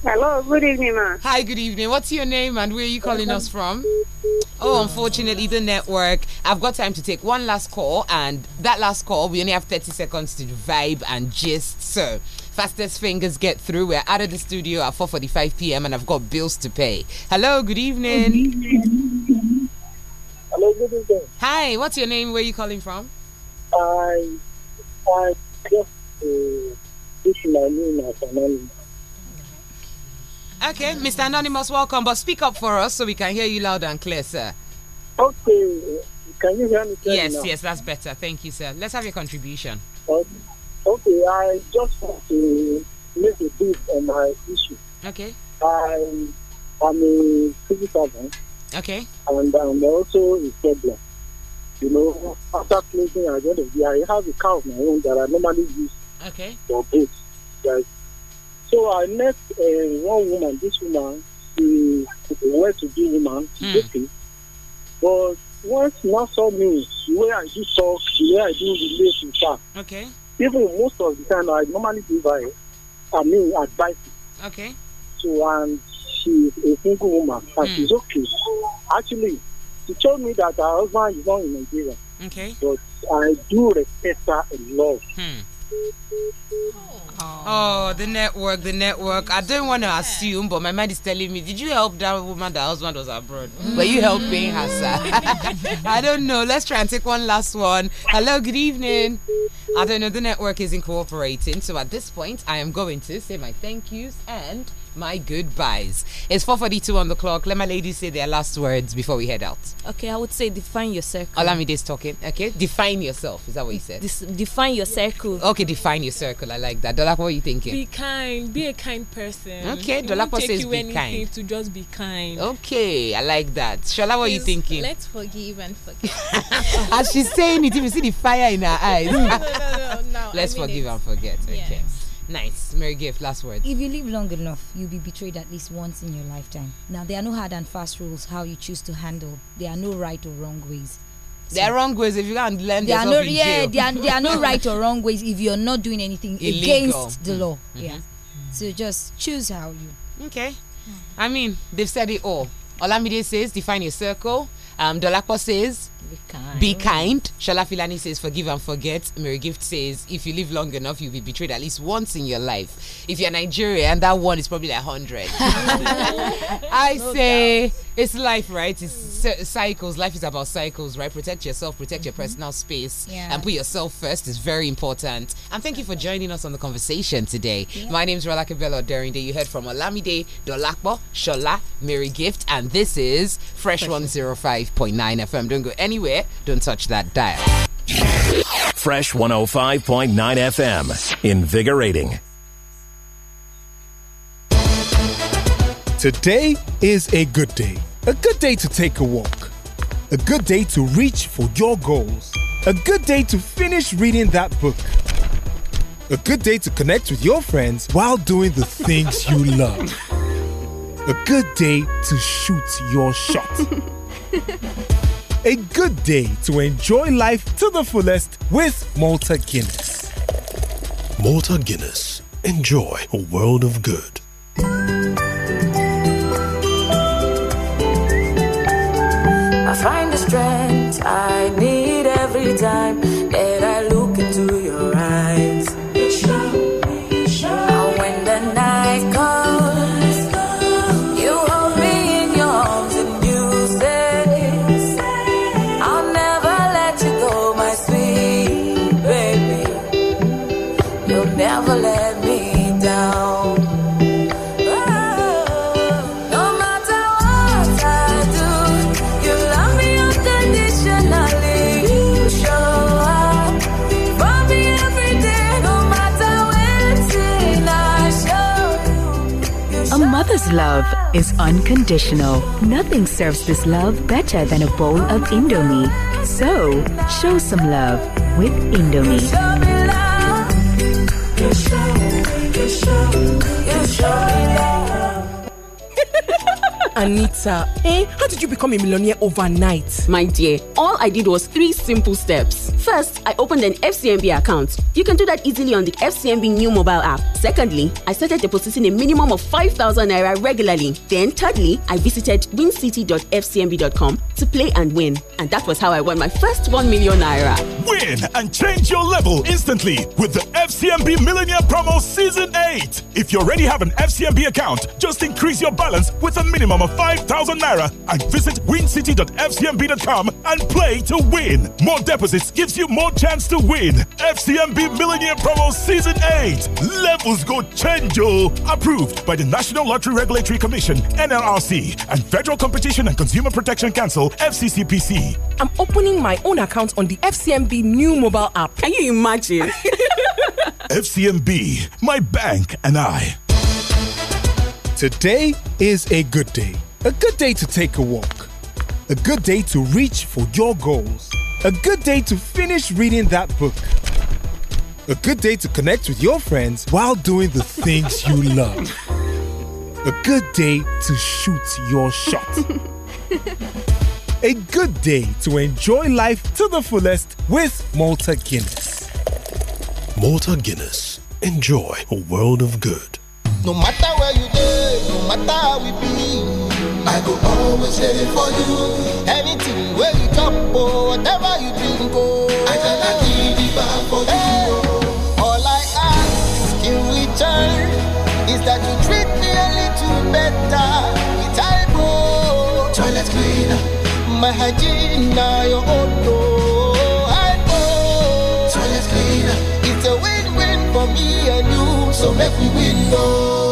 Hello, good evening, ma. Hi, good evening. What's your name and where are you calling us from? Oh, unfortunately, the network. I've got time to take one last call, and that last call, we only have 30 seconds to vibe and gist. So, fastest fingers get through. We're out of the studio at 4:45 p.m. and I've got bills to pay. Hello, good evening. Hello, good evening. Hi, what's your name? Where are you calling from? I, I just uh, my name anonymous. Okay, Mr. Anonymous, welcome, but speak up for us so we can hear you loud and clear, sir. Okay, can you hear me? Yes, now? yes, that's better. Thank you, sir. Let's have your contribution. Okay, okay I just want to make a bit on my issue. Okay. I am a civil servant. Okay. And I'm also a peddler. You know, after closing, I have a car of my own that I normally use okay. for boots. guys. So I met uh, one woman. This woman she a well-to-do woman, mm. okay. But once now saw me, where I do talk, where I do relate with her. Okay. Even most of the time, I normally give her, I mean, advice. Okay. So and she's a single woman, and mm. she's okay. Actually, she told me that her husband is not in Nigeria. Okay. But I do respect her a lot. Hmm. Oh, oh, the network, the network. I don't want to assume, but my mind is telling me, did you help that woman that husband was abroad? Mm. Were you helping her, sir? (laughs) I don't know. Let's try and take one last one. Hello, good evening. I don't know. The network isn't cooperating. So at this point, I am going to say my thank yous and my goodbyes. It's 4.42 on the clock. Let my ladies say their last words before we head out. Okay, I would say define your circle. this talking. Okay, define yourself. Is that what you said? define your circle. Okay, define your circle. I like that. Dolakwa, what are you thinking? Be kind. Be a kind person. Okay, Dolakwa says be kind. to just be kind. Okay, I like that. Shola, what Please, are you thinking? Let's forgive and forget. (laughs) As she's saying it, you see the fire in her eyes. (laughs) no, no, no, no. (laughs) Let's I mean forgive it. and forget. Okay. Yes. Nice. merry Gift, last word. If you live long enough, you'll be betrayed at least once in your lifetime. Now, there are no hard and fast rules how you choose to handle, there are no right or wrong ways. So there are wrong ways if you can't learn there are no, yeah, there are, there are no (laughs) right or wrong ways if you're not doing anything Illegal. against the mm-hmm. law. Mm -hmm. Yeah. So just choose how you. Okay. I mean, they've said it all. Olamide says, define your circle. Um, Dolapo says, be kind. kind. Shala Filani says, forgive and forget. Mary Gift says, if you live long enough, you'll be betrayed at least once in your life. If you're Nigerian, that one is probably like 100. (laughs) I no say, doubt. it's life, right? It's cycles. Life is about cycles, right? Protect yourself, protect mm -hmm. your mm-hmm. personal space, yeah. and put yourself first is very important. And thank you for joining us on the conversation today. Yeah. My name is Rolake Bello Derinde. You heard from Olamide, Dolakbo, Shola, Mary Gift, and this is Fresh, Fresh. 105.9 FM. Don't go anywhere anywhere, don't touch that dial. Fresh 105.9 FM, invigorating. Today is a good day. A good day to take a walk. A good day to reach for your goals. A good day to finish reading that book. A good day to connect with your friends while doing the things you love. A good day to shoot your shot. (laughs) a good day to enjoy life to the fullest with Malta Guinness. Malta Guinness. Enjoy a world of good. I find the strength I need every time Mother's love is unconditional. Nothing serves this love better than a bowl of Indomie. So, show some love with Indomie. (laughs) Anita, eh? How did you become a millionaire overnight? My dear, all I did was three simple steps. First, I opened an FCMB account. You can do that easily on the FCMB new mobile app. Secondly, I started depositing a minimum of 5,000 naira regularly. Then, thirdly, I visited wincity.fcmb.com to play and win. And that was how I won my first 1 million naira. Win and change your level instantly with the FCMB Millionaire Promo Season 8. If you already have an FCMB account, just increase your balance with a minimum of 5,000 naira and visit wincity.fcmb.com and play to win. More deposits give gives you more chance to win. FCMB Millionaire Promo Season 8. Levels go change. Approved by the National Lottery Regulatory Commission, NLRC, and Federal Competition and Consumer Protection Council, FCCPC. I'm opening my own account on the FCMB new mobile app. Can you imagine? (laughs) FCMB, my bank and I. Today is a good day. A good day to take a walk. A good day to reach for your goals a good day to finish reading that book. A good day to connect with your friends while doing the things you (laughs) love. A good day to shoot your shot. (laughs) A good day to enjoy life to the fullest with Malta Guinness. Malta Guinness. Enjoy a world of good. No matter where you go, no matter how we be. I go always ready for you. Anything where you chop or oh, whatever you drink, oh. I cannot give it back for hey. you. All I ask in return is that you treat me a little better. It's I go. Toilet cleaner. My hygiene now your own door. Toilet cleaner. It's a win-win for me and you, so make we win, oh.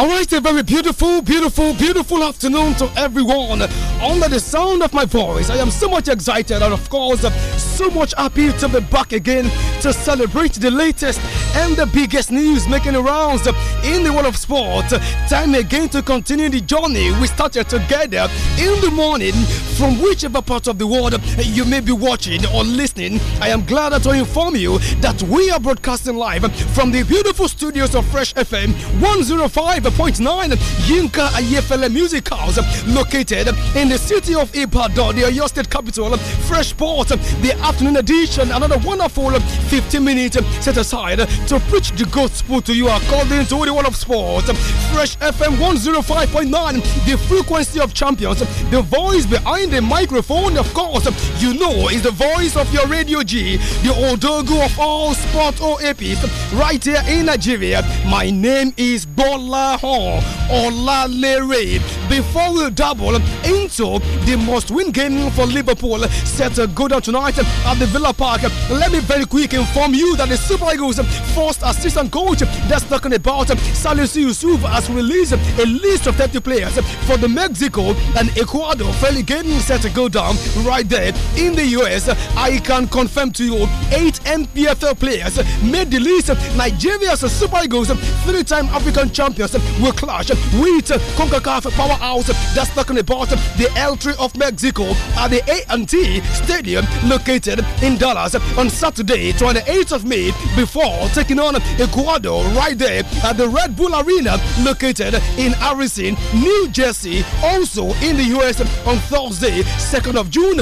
All right, a very beautiful, beautiful, beautiful afternoon to everyone. Under the sound of my voice, I am so much excited and, of course, so much happy to be back again to celebrate the latest and the biggest news making rounds in the world of sport. Time again to continue the journey we started together in the morning from whichever part of the world you may be watching or listening. I am glad to inform you that we are broadcasting live from the beautiful studios of Fresh FM 105. 101.9 Yinka Ayefele Music House, located in the city of Ibadan, the Oyo State capital. Fresh Port, the afternoon edition, another wonderful 15 minutes set aside to preach the gospel to you according to the one of sports. Fresh FM 105.9, the frequency of champions, the voice behind the microphone, of course, you know, is the voice of your Radio G, the odogo of all sport OAPs, right here in Nigeria. My name is Bola Adebayo Olalere before we double into the must-win game for Liverpool set to go down tonight at the Villa Park. Let me very quick inform you that the Super Eagles first assistant coach that's talking about Salisu Yusuf has released a list of 30 players for the Mexico and Ecuador friendly game set to go down right there in the US. I can confirm to you eight NPFL players made the list. Nigeria's Super Eagles, three-time African champions, will clash with CONCACAF powerhouse that's the bottom, the L3 of Mexico at the A&T Stadium located in Dallas on Saturday, 28th of May, before taking on Ecuador right there at the Red Bull Arena located in Harrison, New Jersey, also in the U.S. on Thursday, 2nd of June.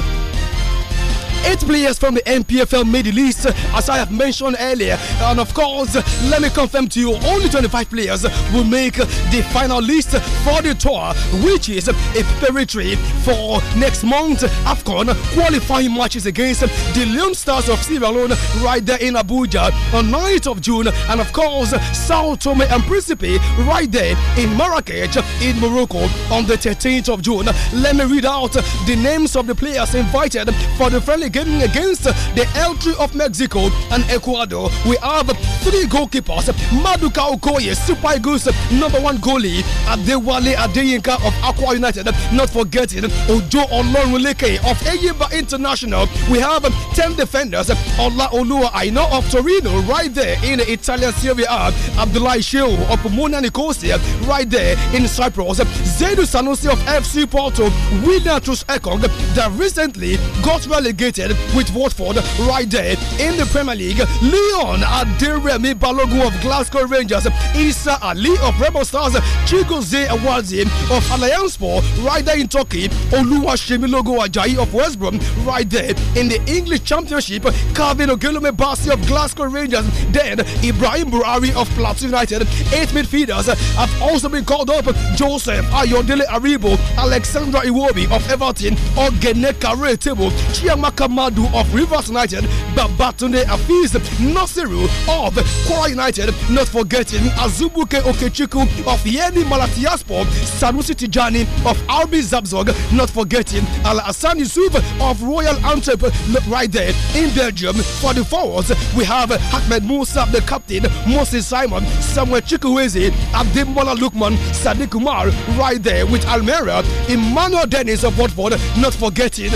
Eight players from the NPFL made the list, as I have mentioned earlier. And of course, let me confirm to you, only 25 players will make the final list for the tour, which is a preparatory for next month AFCON qualifying matches against the Leon Stars of Sierra Leone right there in Abuja on 9th of June. And of course, Sao Tome and Principe right there in Marrakech in Morocco on the 13th of June. Let me read out the names of the players invited for the friendly again against the L3 of Mexico and Ecuador. We have three goalkeepers Maduka Okoye, Super Eagles, number one goalie, Adewale Adeyinka of Aqua United. Not forgetting Ojo Olorunleke of Eyimba International. We have 10 defenders Ola Olua Aino of Torino, right there in Italian Serie A, Abdullah Sheu of Mona Nicosia, right there in Cyprus, Zedu Sanusi of FC Porto, William Tush Ekong, that recently got relegated United with Watford right there in the Premier League. Leon Aderemi Balogun of Glasgow Rangers, Isa Ali of Rebel Stars, Chigoze Awazi of Alliance Sport, right there in Turkey, Oluwashemilogo Ajayi of West Brom right there in the English Championship, Calvin Ogilome Basi of Glasgow Rangers, then Ibrahim Burari of Platts United. Eight midfielders have also been called up Joseph Ayodele Aribo, Alexandra Iwobi of Everton, Ogene Kare Table, Chiamaka Amadu of Rivers United, Babatunde Afiz Nasiru of Kwara United, not forgetting Azubuke Okechukwu of Yeni Malatiaspor, Sanusi Tijani of RB Zabzog, not forgetting Al Hassan Yusuf of Royal Antwerp, right there in Belgium. For the forwards, we have Ahmed Musa, the captain, Moses Simon, Samuel Chukwueze, Abdemola Lukman, Sadiq Kumar, right there with Almeria, Emmanuel Dennis of Watford, not forgetting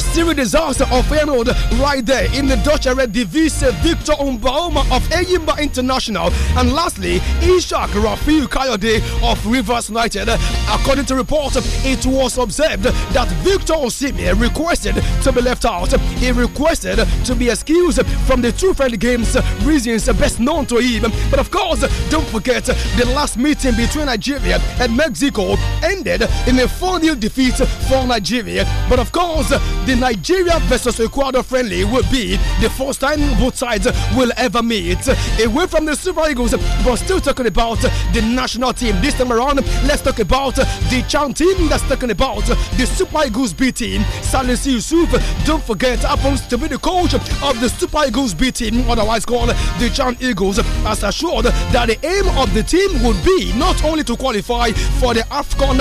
Cyril disaster of Emerald right there in the Dutch Eredivisie. Victor Umbaoma of Eyimba International. And lastly, Ishak Rafiu Kayode of Rivers United. According to reports, it was observed that Victor Osimi requested to be left out. He requested to be excused from the two friendly games, reasons best known to him. But of course, don't forget the last meeting between Nigeria and Mexico ended in a 4 0 defeat for Nigeria. But of course, the Nigeria versus Ecuador friendly will be the first time both sides will ever meet. Away from the Super Eagles, but still talking about the national team. This time around, let's talk about the Chan team that's talking about the Super Eagles B team. Salisu Yusuf, don't forget, happens to be the coach of the Super Eagles B team, otherwise called the Chan Eagles, as assured that the aim of the team would be not only to qualify for the AFCON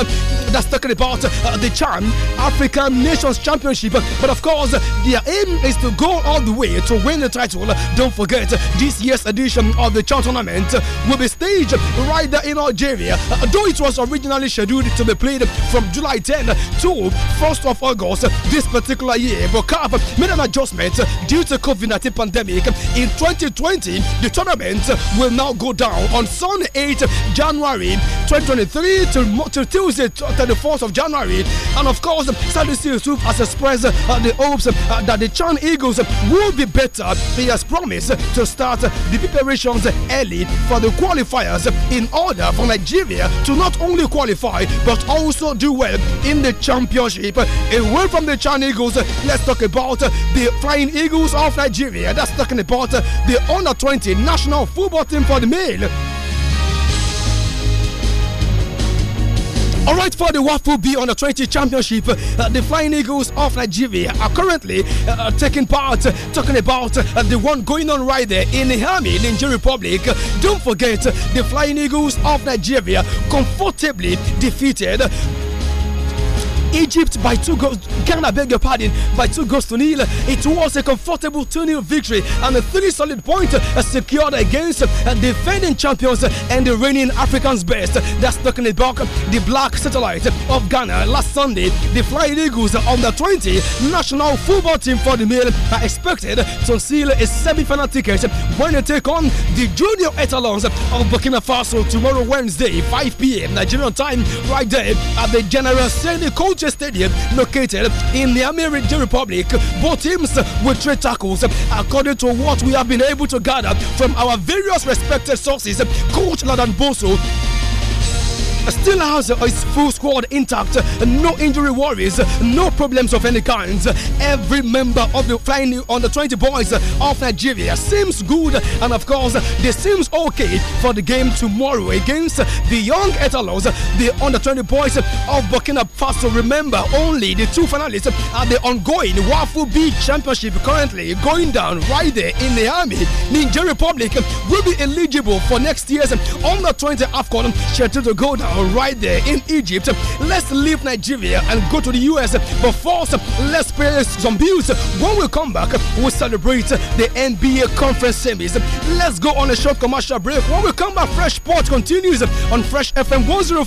that's talking about uh, the Chan African Nations Championship championship. But of course, their aim is to go all the way to win the title. Don't forget, this year's edition of the Champ Tournament will be staged right there in Algeria. Though it was originally scheduled to be played from July 10 to 1st of August this particular year, but CAF made an adjustment due to COVID-19 pandemic. In 2020, the tournament will now go down on Sunday 8 January 2023 to, to Tuesday 24th of January. And of course, Sanusi Yusuf has expressed uh, the hopes uh, that the Chan Eagles will be better. He has promised to start the preparations early for the qualifiers in order for Nigeria to not only qualify but also do well in the championship. Away from the Chan Eagles, let's talk about the Flying Eagles of Nigeria. That's talking about the under 20 national football team for the male. All right, for the Waffle B the 20 Championship, uh, the Flying Eagles of Nigeria are currently uh, taking part, uh, talking about uh, the one going on right there in Niamey, Nigeria Republic. Don't forget, the Flying Eagles of Nigeria comfortably defeated Egypt by two goals. Ghana, beg your pardon, by two goals to nil. It was a comfortable 2 0 victory and a three solid point uh, secured against uh, defending champions and the reigning Africans best. That's talking about the black satellite of Ghana. Last Sunday, the Flying Eagles on the 20 national football team for the male are expected to seal a semi final ticket when they take on the junior etalons of Burkina Faso tomorrow, Wednesday, 5 p.m. Nigerian time, right there at the General Senior Coach. Stadium, located in the American Republic. Both teams with three tackles. According to what we have been able to gather from our various respected sources, Coach Ladan Boso Still has his full squad intact, no injury worries, no problems of any kind. Every member of the Flying Under 20 boys of Nigeria seems good, and of course, they seems okay for the game tomorrow against the young Etalos, the Under 20 boys of Burkina Faso. Remember, only the two finalists at the ongoing Waffle B Championship currently going down right there in the army. Nigeria Republic will be eligible for next year's Under 20 AFCON scheduled to go down right there in Egypt. Let's leave Nigeria and go to the US. But first, let's pay some bills. When we come back, we'll celebrate the NBA conference semis. Let's go on a short commercial break. When we come back, Fresh sports continues on Fresh FM 105.9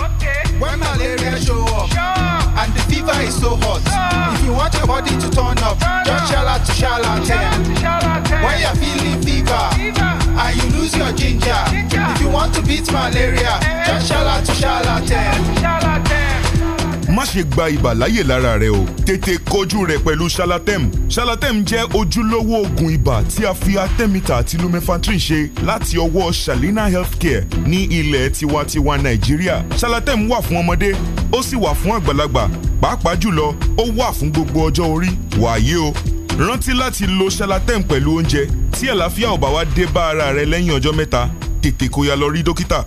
Okay, when malaria show up yeah. and the fever is so hot yeah. if you want your body to turn up yeah. just shout out to charlatan when you're feeling fever, fever. and you lose your ginger. ginger. If you want to beat malaria, eh. just ṣala to ṣalatem. Má ṣe gba ibà láyè lára rẹ o tètè kojú rẹ pẹ̀lú Shalatem. Shalatem jẹ́ ojúlówó oògùn ibà tí a fi atẹ́mítà àti lumefantrine ṣe láti ọwọ́ Shalina Healthcare ní ilẹ̀ tiwantiwa Nàìjíríà. Shalatem wà fún ọmọdé ó sì wà fún àgbàlagbà pàápàá jùlọ ó wà fún gbogbo ọjọ́ orí wàyé o rántí láti lo Shalatem pẹ̀lú oúnjẹ tí àlàáfíà ò bá wá dé bá ara rẹ lẹ́yìn ọjọ́ mẹ́ta tètè kó ya lọ rí dókítà.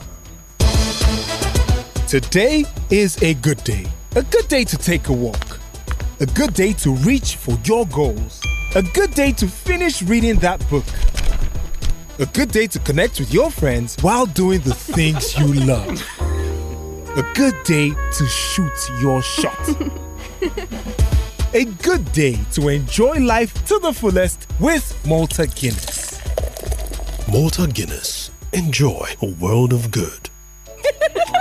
Today is a good day. A good day to take a walk. A good day to reach for your goals. A good day to finish reading that book. A good day to connect with your friends while doing the things you (laughs) love. A good day to shoot your shot. (laughs) a good day to enjoy life to the fullest with Malta Guinness. Malta Guinness. Enjoy a world of good.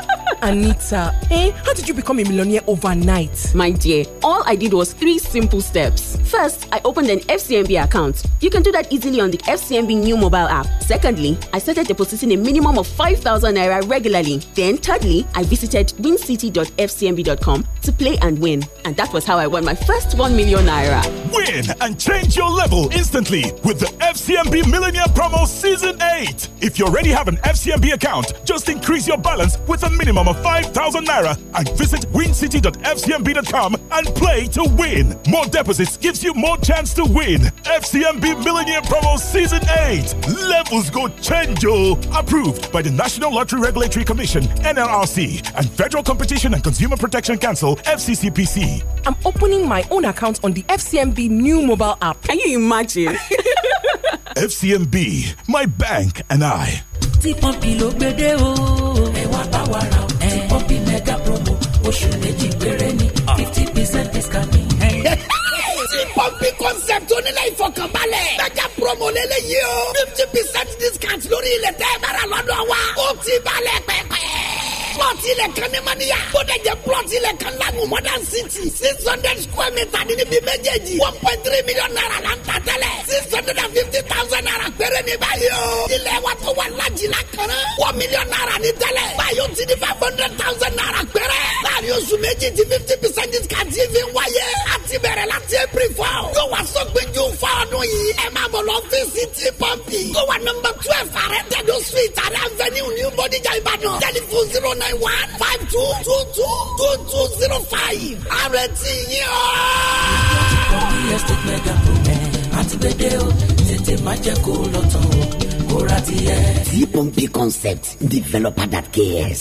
(laughs) Anita, eh? How did you become a millionaire overnight? My dear, all I did was three simple steps. First, I opened an FCMB account. You can do that easily on the FCMB new mobile app. Secondly, I started depositing a minimum of 5,000 naira regularly. Then, thirdly, I visited wincity.fcmb.com to play and win. And that was how I won my first 1 million naira. Win and change your level instantly with the FCMB Millionaire Promo Season 8. If you already have an FCMB account, just increase your balance with a minimum of 5,000 Naira and visit wincity.fcmb.com and play to win. More deposits gives you more chance to win. FCMB Millionaire Promo Season 8. Levels go change, Approved by the National Lottery Regulatory Commission, NLRC, and Federal Competition and Consumer Protection Council, FCCPC. I'm opening my own account on the FCMB new mobile app. Can you imagine? (laughs) FCMB, my bank and I. tí pọ́ǹpì ló gbédè o. ẹ ba o. oṣù méjì péré ni ah. fifty percent discount ti pọ́ǹpì concept onílé ìfọkànbalẹ̀. Mẹ́jà promo lélẹ́yìí o. fifty percent discount lórí ilẹ̀ tẹ́ bára lọ́dọ̀ wa. ó ti balẹ̀ pẹ́pẹ́ plot ilẹ̀ kan ní mọ́níyà. bódẹ̀jẹ̀ plot ilẹ̀ kan lanu modern city six hundred square meter ní níbi méjèèjì one point three million naira la ń ta tẹ́lẹ̀ six hundred and fifty thousand naira péré ní báyìí o. ilẹ̀ wa tó wà lajìlá kan one million naira ní tẹ́lẹ̀ báyìí o ti di five hundred thousand naira péré. láàrin oṣù méjì ti fifty percent discount yìí fi ń wáyé. a ti bẹ̀rẹ̀ láti april four. yóò wá sọ́gbìn ju fọ́ọ̀nù yìí. ẹ máa bọ̀ lọ fíìsì tí pọ́ǹpì. yóò wá nọmba twelve àrẹ tẹ̀dọ̀ street avenue new body jà ìbàdàn. tẹlifon zero nine nine one five two two two two two zero five. àrètí yín o. ìyá ti pọ̀ bí estate mega promo àti gbẹdẹ o tètè má jẹ́ kó lọ tán o kó ra tiẹ̀. tí pọ́ǹpì concept developer that cares.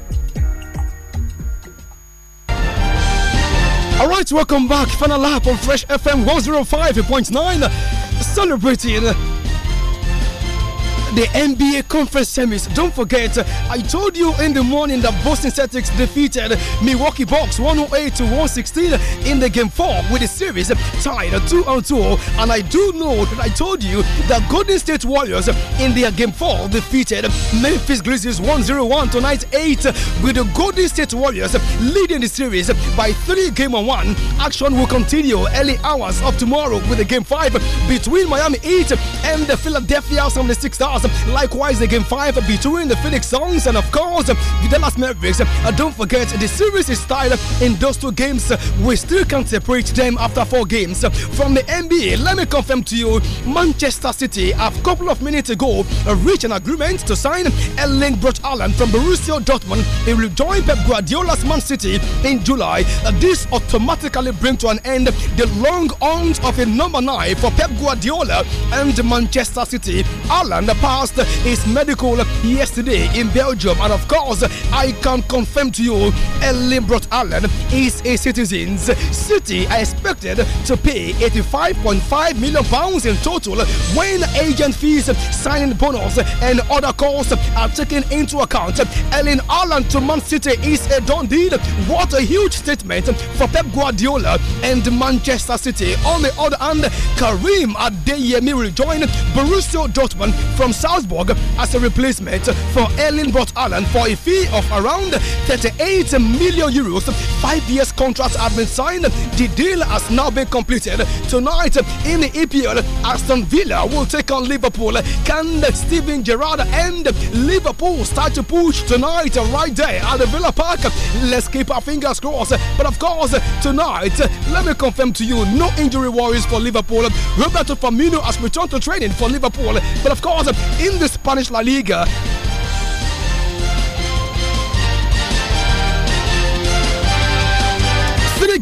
All right, welcome back. Final lap on Fresh FM 105.9. Celebrating the NBA Conference Semis. Don't forget, I told you in the morning that Boston Celtics defeated Milwaukee Bucks 108 to 116 in the game four with the series tied 2 on 2. And I do know that I told you that Golden State Warriors in their game four defeated Memphis Grizzlies 101 to 98 with the Golden State Warriors leading the series by three game on one. Action will continue early hours of tomorrow with the game five between Miami Heat and the Philadelphia 76ers. Stars. Likewise, the game 5 between the Phoenix Suns and, of course, the Dallas Mavericks. And don't forget, the series is tied in those two games. We still can't separate them after four games. From the NBA, let me confirm to you Manchester City, a couple of minutes ago, reached an agreement to sign Erling Brot Allen from Borussia Dortmund. He will join Pep Guardiola's Man City in July. This automatically brings to an end the long odds of a number nine for Pep Guardiola and Manchester City. Allen, the passed his medical yesterday in Belgium. And of course, I can confirm to you, Ellen Brot Allen is a citizen's City I expected to pay 85.5 million pounds in total when agent fees, signing bonus, and other costs are taken into account. Ellen Allen to Man City is a done deal. What a huge statement for Pep Guardiola and Manchester City. On the other hand, Karim Adeyemi will join Borussia Dortmund from Salzburg as a replacement for Erling Brot Allen for a fee of around 38 million euros. Five years contract has been signed. The deal has now been completed. Tonight in the EPL, Aston Villa will take on Liverpool. Can Steven Gerrard and Liverpool start to push tonight right there at the Villa Park? Let's keep our fingers crossed. But of course, tonight, let me confirm to you, no injury worries for Liverpool. Roberto Firmino has returned to training for Liverpool. But of course, in the Spanish La Liga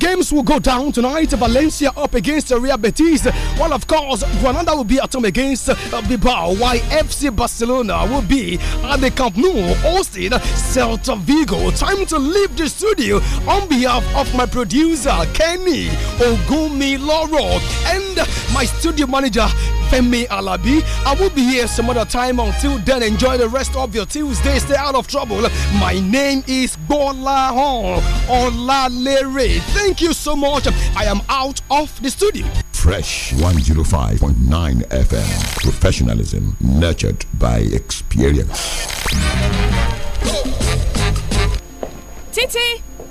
games will go down tonight. Valencia up against Real Betis, while of course Granada will be at home against uh, Bilbao. Why FC Barcelona will be at the Camp Nou hosting Celta Vigo. Time to leave the studio on behalf of my producer Kenny Ogumi Loro and my studio manager Femi Alabi. I will be here some other time. Until then, enjoy the rest of your Tuesday. Stay out of trouble. My name is Bola Hon Olalere. Thank Thank you so much. I am out of the studio. Fresh 105.9 FM. Professionalism nurtured by experience. Titi.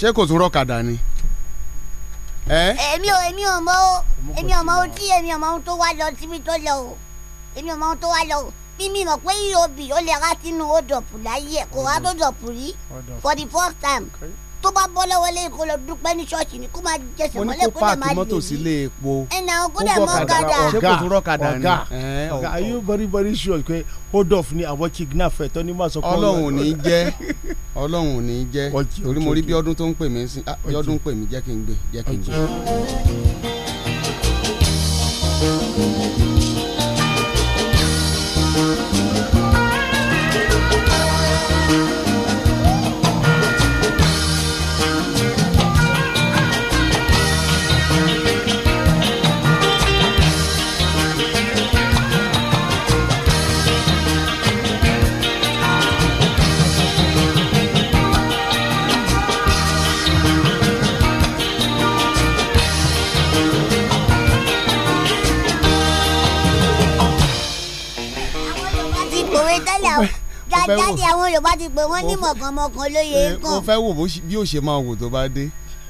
ṣé kò tún rọ̀kadà ni. èmi ò èmi ò mọ o èmi ò mọ ohun tí èmi ò mọ ohun tó wá lọ síbi tó lọ o èmi ò mọ ohun tó wá lọ o bí mi mọ̀ pé irobi e ó lè rá sínú ó dọ̀pù láyé ẹ̀ kò wá tó dọ̀pù rí for the first time. Okay tó bá bọ́ lọ́wọ́ lé kó lọ dúpẹ́ ní ṣọ́ọ̀ṣì ni kó máa jẹsẹ̀ mọ́lẹ̀ kó lè máa lè mí. ẹnà kó mọ́ gàdà ṣé kò tún rọ́kadà ni. ọ̀gá ọ̀gá are you very very sure pé hold off ni àwọn kidnap ẹ̀ tọ́ ni máa ọlọ́run ò ní (laughs) jẹ́ ọlọ́run ò ní jẹ́ torí mo rí bí ọdún tó ń pè mí sí ah, ọdún pè mí jẹ́ kí n gbé jẹ́ kí n gbé. fẹ́ wò àjáde àwọn Yorùbá ti pè wọ́n ní mọ̀kànmọ̀kàn lóye nǹkan. Eh, mo fẹ́ wò bí ó ṣe máa wò tó bá dé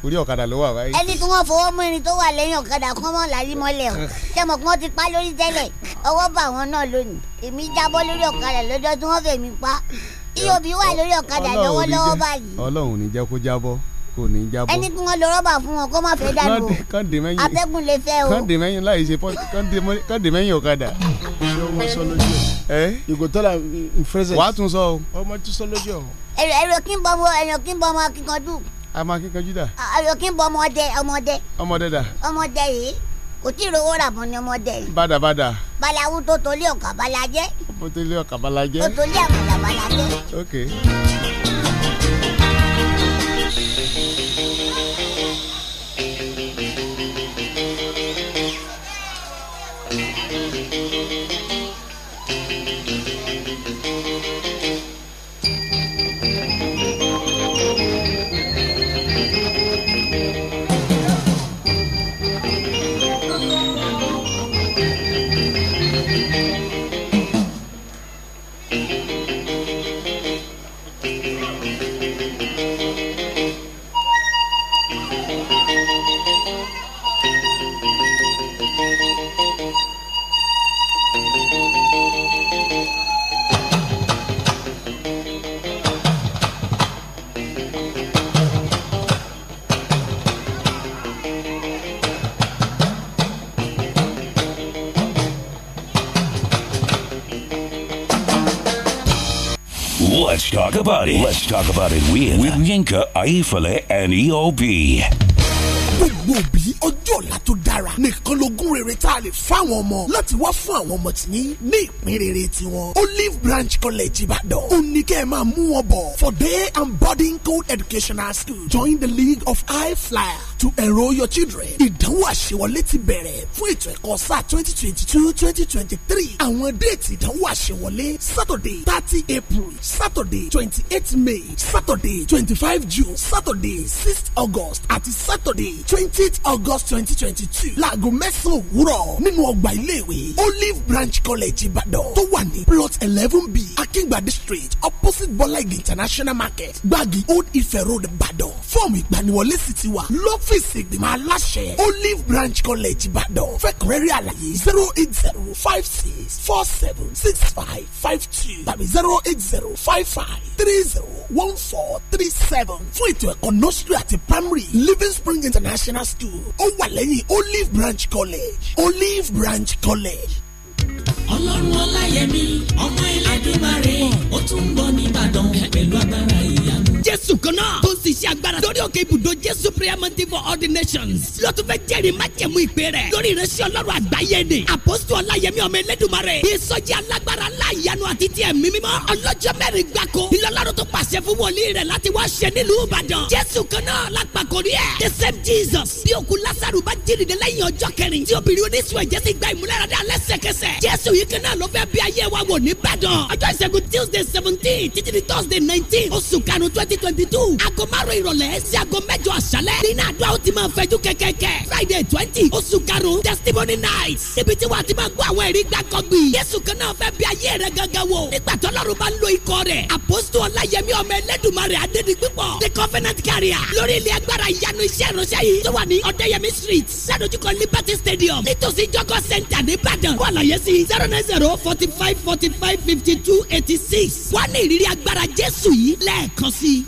orí ọ̀kadà ló wà báyìí. ẹni tí wọ́n fọwọ́ mú irin tó wà lẹ́yìn ọ̀kadà kán mọ́ láyé mọ́lẹ̀ o (laughs) ṣé mo kàn ti pa lórí tẹ́lẹ̀ ọwọ́ bá wọn náà lónìí èmi jábọ́ lórí ọ̀kadà lọ́jọ́ tí wọ́n fẹ̀mí pa iye wà lórí ọ̀kadà lọ́wọ́lọ́wọ́ báyìí. Ọlọ́run ò ní jẹ́ kó jábọ́ kò ní jábọ́. ẹni tí wọ́n lo rọ́bà fún wọn kó má fẹ́ dànù o atẹ́gùn lè fẹ́ o. kọ́ndé mẹ́yìn láì ṣe kọ́ndé mẹ́yìn ọ̀kadà. ìgò tọ́lá ìfẹsẹ̀. wàá tún sọ o. ọmọ tún sọ lójú ọ. ẹ̀rọ ẹ̀rọ kí n bọ́ ọmọ ẹ̀rọ kí n bọ́ ọmọ akíkanjú. a máa kíkanjú dà. ẹ̀rọ kí n bọ́ ọmọdé ọmọdé. ọmọdé dà. ọmọdé yìí kò tí ì rówó rà mọ́ ni ọmọdé yìí. bàdà bàdà. balawu tó tolí ọkà balajẹ. tó tolí ọkà balajẹ. tó tolí àmàlà balajẹ. ok. Thank you. talk about it. Let's talk about it with, with Yinka, Aifale, and EOB. gbogbo òbí ọjọ́ ọ̀la tó dára nìkan lógún rere tá a lè fáwọn ọmọ láti wá fún àwọn ọmọ tí ní ní ìpín rere tiwọn Olive Branch College Ìbàdàn ó ní kẹ́ ẹ máa mú wọn bọ̀ for day and boarding co-educational school join the League of High Flyer to enroll your children. ìdánwò àṣewọlé ti bẹ̀rẹ̀ fún ètò ẹ̀kọ́ sáà twenty twenty two twenty twenty three àwọn déètì ìdánwò àṣewọlé saturday thirty april saturday twenty eight may saturday twenty five june saturday six august àti saturday twenty august twenty twenty two láago mẹ́sàn-án òwúrọ̀ nínú ọgbà iléèwé olive branch college ìbàdàn tó wà ní plot eleven b akíngbàdé street opposite bọ́láìgì international market gbági old ife road ìbàdàn fọ́ọ̀mù ìgbaniwọlé sì ti wà lọ́f ọ́fíìsì ìgbìmọ̀ aláṣẹ Olive Branch College Ìbàdàn fẹ́kùrẹ́rì àlàyé zero eight zero five six four seven six five five two tàbí zero eight zero five five three zero one four three seven fún ètò ẹ̀kọ́ nursery àti primary Living Spring International School ó wà lẹ́yìn Olive Branch College Olive Branch College ọlọ́run ọláyẹmí ọmọ ẹlẹ́dùnmarè ó tún ń bọ̀ nìbàdàn pẹ̀lú agbára ìyanu jésù kan náà tó ń ṣiṣẹ́ agbára lórí òkè ibùdó jésù prayer mountain for all the nations ló tún fẹ́ jẹ́rìí májẹ̀mú ìpè rẹ̀ lórí ìrẹsì ọlọ́run àgbáyé ni àpòsù ọláyẹmí ọmọ ẹlẹ́dùnmarè bí sọ́jí alágbára láàyànú àti tiẹ̀ mímímọ́ ọlọ́jọ́ mẹ́rin gbáko ìlọ́lọ́run tó pàṣẹ fún wòlíì rẹ̀ láti wá ṣe nílùú ìbàdàn jésù kan náà lápàkọ́rí ẹ̀ the same jesus bí òkú lásàrù bá jíǹde lẹ́yìn ọjọ́ kẹrin tí obìnrin oníṣùwẹ̀ jẹ́ ti gba ìmúláradá lẹ́sẹ̀kẹsẹ̀ jésù yìí kan náà ló fẹ́ bí ayé wa wò ní ìbàdàn ọjọ́ ìṣẹ́gun tuesday seventeen títí di thursday nineteen oṣù karùn-ún twenty twenty two aago márùn ìrọ̀lẹ́ sí aago mẹ́jọ àṣálẹ́ nínú àdúrà ó ti máa fẹjú kẹ̀kẹ́kẹ́ friday twenty oṣù karùn-ún testimony night ibi tí wàá ti máa gbọ́ àwọn ẹ̀rí gbàkọ́gbì yéṣù kan náà fẹ́ bí ayé rẹ̀ gangan wò nígbà tọ́lọ́run bá ń lo ikọ̀ rẹ̀ apostle ọláyẹmí ọmọ ẹlẹ́dùnmarè adédìgbípọ̀ the covenant carrier lórí ilé agbára ìyanu iṣẹ́ ìránṣẹ́ yìí tó wà ní ọ̀dẹ́yẹmí street sádójúkọ liberty stadium nítòsí jọgọ center nìbàdàn wà láyé sí zero nine zero forty five forty five fifty two eighty six wà ní ìrírí agbára jésù yìí lẹ́ẹ̀kan sí i.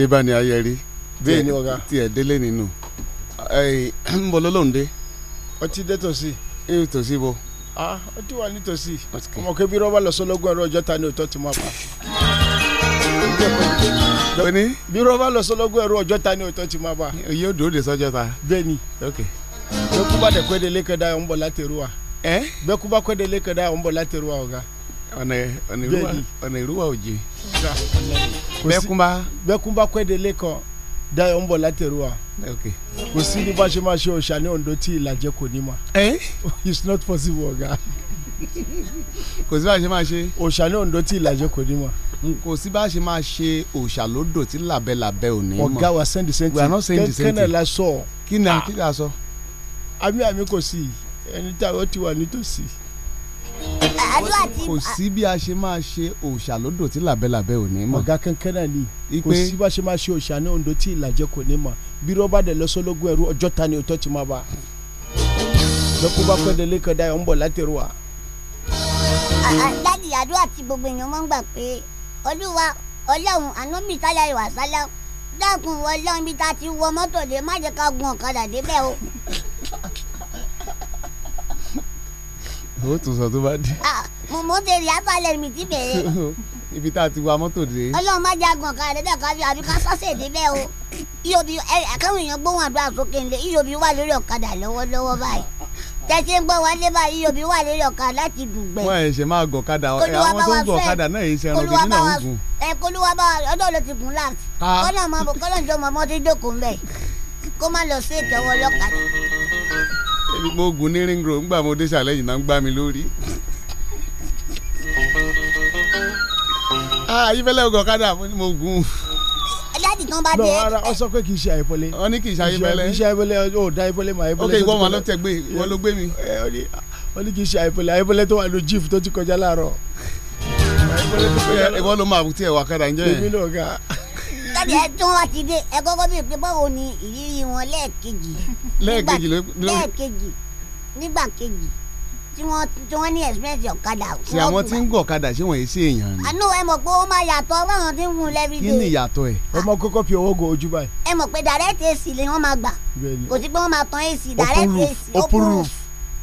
deba bẹ́ẹ̀ ni ọ̀gá tiẹ̀ délé nínú (clears throat) ń bọ̀ lọ́lọ́ǹde. ọtí dé tòsí. ẹ tòsí bọ. ọtí wà ní tòsí ọmọ kẹbí rọba lọ sọlọgún ẹrọ ta ni òótọ́ ti máa pa. bẹ́ẹ̀ni. bí rọba lọ sọlọgún ẹrọ ọjọ́ ta ni ti dòó de sọjọ ta. ok. kúbà ọ̀nà ọ̀nà ìrúwà ọ̀nà ìrúwà òjì. bẹ́kúnbá. bẹ́kúnbá Kóyèdélé kan Dayọ̀ ń bọ̀ láti ìrúwà. kò sí ní bá ṣe máa ṣe òòṣà ní Ondo tí ìlàjẹ kò ní ma. (laughs) it's not possible ọ̀gá. kò sí bá ṣe máa ṣe. òòṣà ní Ondo tí ìlàjẹ kò ní ma. kò sí bá ṣe máa ṣe òòṣà lódò tí làbẹ́làbẹ́ ò ní mọ̀. ọ̀gá wa send the same thing. we la sọ. kí ni àmì ah. kí a sọ. àmì àmì kò sí ẹni tí a àdúrà tí. kò sí bí a ṣe máa ṣe òòṣà lódò tí làbẹ́làbẹ́ ò ní mọ̀. ọ̀gá kankan náà ni kò sí bá ṣe máa ṣe òòṣà ní Ondo tí ìlàjẹ kò ní mọ̀ bí rọ́bà dẹ̀ lọ́sọ́lógún ẹ̀rú ọjọ́ ta ni òótọ́ ti máa bá. lọ́kọ́ bá pẹ́ délé kan dáyọ̀ ń bọ̀ láti rú wa. dáàdi àdúrà tí gbogbo èèyàn máa ń gbà pé olúwa ọlọ́run ànọ́mì sáyà ìwà sálá dákun ọlọ́run bí ta ti wọ mọ́tò ó tún sọ tó bá dé. mo mọ tèrè àtàlẹ́ mi ti bẹ̀rẹ̀. (laughs) ibi tá a ti wa mọ́tò dé. ọlọ́run má jagun ọ̀kan rẹ̀ bẹ́ẹ̀ ká fi àbí ká sọ́sẹ̀ débẹ̀ o iyobi akáwọn èèyàn gbóhùn àdúrà sókè nílé iyobi wà lórí ọ̀kadà lọ́wọ́lọ́wọ́ báyìí tẹ̀sí ń gbọ́ wọlé báyìí iyobi wà lórí ọ̀kadà láti dùgbẹ́. wọ́n ẹ̀ ṣe máa gọ̀ kadà àwọn tó ń gọ̀ kadà náà yìí ṣe ẹran gidi náà ń gùn. ẹ kólúwa bá ọdọ́ ló ti gùn láti ah. kọ́nà mọ́ kọ́nà ìjọ mọ́ mọ́ ti dókòó mbẹ́ kó má lọ sí ìtẹ̀wọ́ ọlọ́kadà mo gùn ní ring road ngbà mo dé sàlẹ̀ yìí náà ń gbá mi lórí. Ah, ayífẹ́lẹ́ ogun ọ̀kadà mo gùn. aláàdì tán bá dé. ara ọ sọ pé kì í ṣe àìfọlẹ́. ọ ní kì í ṣe àìfọlẹ́. kì í ṣe àìfọlẹ́ o da àìfọlẹ́ mọ àìfọlẹ́. ok ìwọ wọn ló tẹ gbé ìwọ ló gbé mi. ọ ní kì í ṣe àìfọlẹ́ àìfọlẹ́ tó wà ló jíìf tó ti kọjá láàárọ̀. ìwọ ló máa bù tí ẹ wà kadà ń jẹ́ jáde ẹ tún wá ti dé ẹ kọ́kọ́ bíi pé báwo ni ìrírí wọn lẹ́ẹ̀kejì. lẹ́ẹ̀kejì lẹ́ẹ̀kejì nígbà kejì tí wọ́n tí wọ́n ní express ọ̀kadà. ṣé àwọn tí ń gùn ọ̀kadà ṣé wọ́n yìí ṣe èèyàn ni. àánú ah, ẹ mọ̀ pé ó máa yàtọ̀ báwọn tí ń gun lẹ́bí dé. kí ni ìyàtọ̀ ẹ ah. mọ kókó fi owó go ojú báyìí. ẹ mọ̀ pé direct AC ni wọ́n máa gbà kò sí pé wọ́n máa tan AC direct AC open roof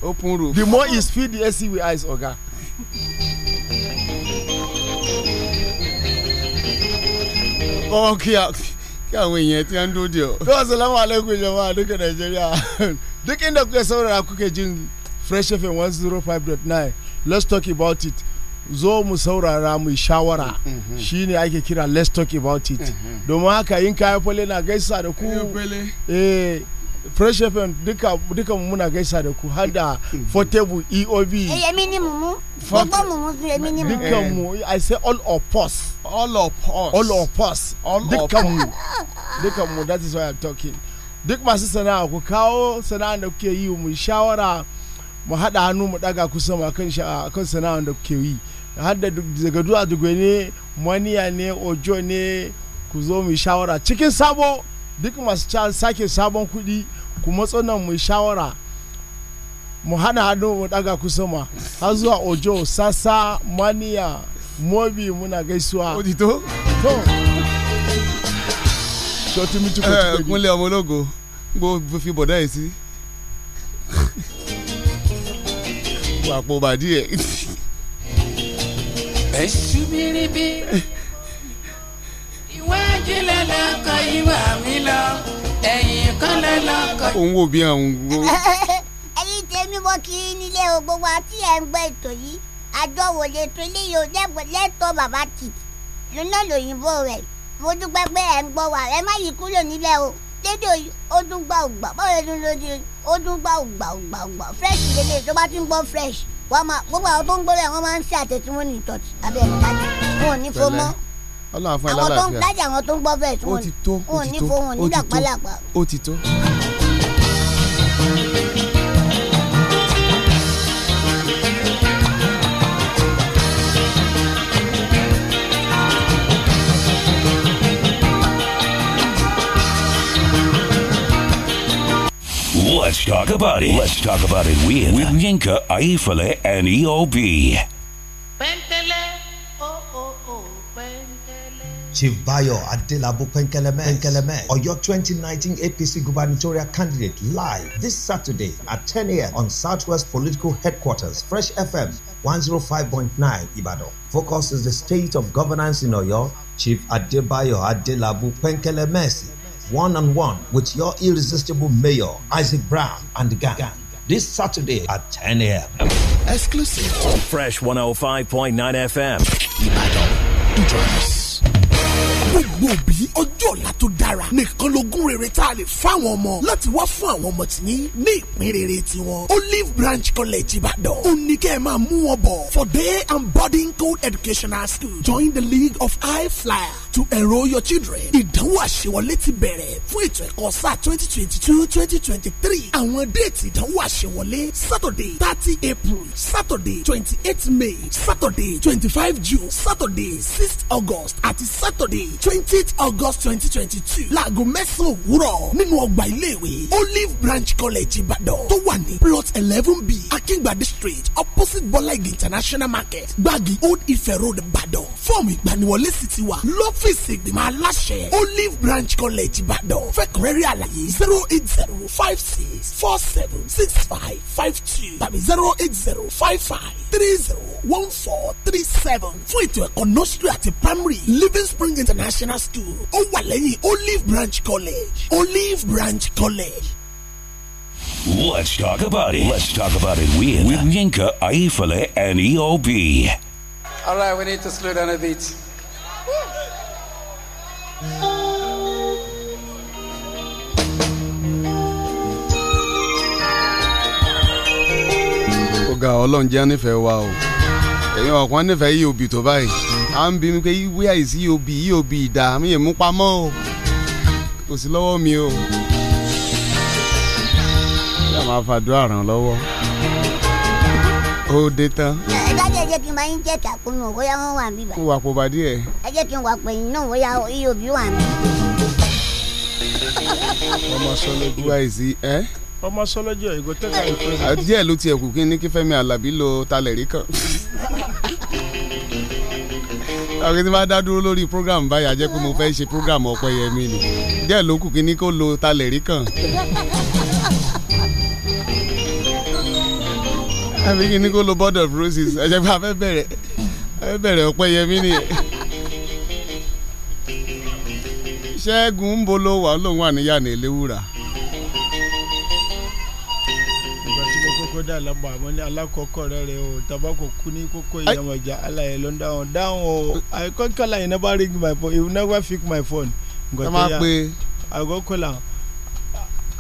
open roof. the more he speed the AC with eyes oga. Okay? wọn kí àwọn èèyàn tí wọ́n ń dúró de o. to assalamu alaikum jama'a duka Najeriya duk inda kuka saurara kuka jin Fresh FM oh nine let's talk about it zo mu saurara mu ishawara. mm -hmm. ake kira let's talk about it mm-hmm. domin haka yin kayan fale na gaisa da ku fresh fm duka duka muna gaisa da ku hada for table eob eh, yemi ni mumu gbogbo mumu su yemi ni mumu duka mu i say all of us all of us all of us duka mu duka mu that is why i'm talking duk masu sana'a ku kawo sana'a da kuke yi mu shawara mu haɗa hannu mu ɗaga kusa ma kan kan sana'a da kuke yi har da daga duwa dugwe ne maniya ne ojo ne ku zo mu shawara cikin sabo duk masu sake sabon kuɗi ku matso nan mu shawara mu hana hannu mu daga kusa ma har zuwa ojo sasa maniya mobi muna gaisuwa odito to ṣọtí mi tukọ eh, tukọ bi kúnlẹ̀ ọmọ ológo gbó fi bọ̀dá yìí sí wàá pọ̀ bàdí ẹ̀. ẹ̀sùn bíríbí. Eh. ajílẹ̀ lọ́kọ̀ ìwà mi lọ ẹ̀yìn kọ́lẹ̀ lọ́kọ̀. òun wò bí àwọn. (laughs) ẹyin tèmi mo kì nílé o gbogbo àti ẹ̀ ń gbọ́ ètò yìí àjọ wò lè tó léyìn o lẹ́tọ̀ bàbá tìtì lónà lòyìnbó rẹ̀ mo dúpẹ́ pé ẹ̀ ń gbọ́ wa ẹ má yí kúrò nílẹ̀ o dédé ó gbà ògbà báwo ló ló di ó gbà ògbà ògbà ògbà fresh lélẹ̀ tó bá ti ń gbọ́ fresh wọ́n máa gbogbo àwọn tó ń gbọ́ rẹ̀ wọ́n máa ń ṣe àtẹ̀tí wọn ní ìtọ́jú abẹ́ ẹ̀ka wọn ò ní fo mọ́. Ọlọ́run fún ẹ lálàáfíà àwọn tó ń gbájà àwọn tó ń gbọ́ bẹ́ẹ̀ tí wọ́n ní fóun nígbà ó ti tó. Let's talk about it. Let's talk about it with, with Yinka, Aifale, and EOB. Chief Bayo Adelabu Penkeleme, or your 2019 APC gubernatorial candidate live this Saturday at 10 a.m. on Southwest Political Headquarters, Fresh FM 105.9 Ibadan. Focus is the state of governance in Oyo. Chief Adebayo Adelabu Penkelemesi, one on one with your irresistible mayor, Isaac Brown, and the gang. This Saturday at 10 a.m. Exclusive. Fresh 105.9 FM. Ibadan. gbogbo òbí ọjọ́ ọ̀la tó dára nìkan lógún rere tá a lè fáwọn ọmọ láti wá fún àwọn ọmọ tìní ní ìpín rere tiwọn Olive Branch College Ìbàdàn ó ní kẹ́ ẹ máa mú wọn bọ̀ for day and boarding co-educational school join the league of high flyers to enroll your children. ìdánwò àṣewọlé ti bẹ̀rẹ̀ fún ètò ẹ̀kọ́ sáà twenty twenty two twenty twenty àwọn déètì ìdánwò àṣewọlé saturday thirty april saturday twenty eight may saturday twenty five june saturday six august àti saturday twenty august twenty twenty two láago mẹ́sàn-án òwúrọ̀ nínú ọgbà iléèwé olive branch college ìbàdàn tó wà ní plot eleven b akíngbàdé street opposite bọ́láìgì international market gbági old ife road ìbàdàn fọ́ọ̀mù ìgbaniwọlé sì ti wà lọ́f ọ́fíìsì ìgbìmọ̀ aláṣẹ olive branch college ìbàdàn fẹ́kùrẹ́rì àlàyé zero eight zero five six four seven six five five two tàbí zero eight zero five five three zero one four three seven fún ètò ẹ̀kọ́ nursery àti primary living spring international school ó wà lẹ́yìn olive branch college olive branch college. Let's talk about it. Let's talk about it with, with Yinka, Aifale, and EOB. All right, we need to slow down a bit. ọ̀gá ọlọ́run jẹ́ nífẹ̀ẹ́ wa o èyàn ọ̀kan nífẹ̀ẹ́ yìí òbí tó báyìí à ń bí mi pé wíyà ìsí òbí yìí òbí ìdá mi yè mú pamọ́ o kò sí lọ́wọ́ mi o ṣé àwọn afàdúrà ràn lọ́wọ́ ó dé tán. ẹ dájú ẹ jẹ́ kí n bá yín jẹ́ kí àkóónú bóyá wọ́n wà níbà. kó wà kó bá díẹ̀. ẹ jẹ́ kí n wà pẹ̀yìn náà bóyá iye òbí wà mí. ọmọ sọlójú àìsí ẹ. ọmọ sọlójú ìgò tẹ́ka ìfẹ́. díẹ̀ ló tiẹ̀ kù kí n ní kí Fẹ́mi Alábí lo talẹ̀ rí kan. àwọn ènìyàn bá dá dúró lórí program báyìí jẹ́ pé mo fẹ́ ṣe program Ọpẹ́yẹmí ni díẹ̀ ló kù kí n ní kó lo talẹ̀ rí kan. àbíkí ní kó lo board of roses ẹ̀jẹ̀ pé afẹ́ bẹ̀rẹ̀ afẹ́ bẹ̀rẹ̀ ọ̀pẹ yẹmí ni. ṣẹ́gun ń bolo wà lóun wà níyà ní eléwúrà. ìgbà tí mo kọ́kọ́ dà lábọ̀ àmọ́ ní alákọ̀ọ́kọ́ rẹ̀ rẹ̀ o tabako kú ní kókó ìyàmọ̀jà alayé ló ń dáhùn dáhùn o I can't call you never ring my phone you never pick my phone. ẹ máa pe. I go call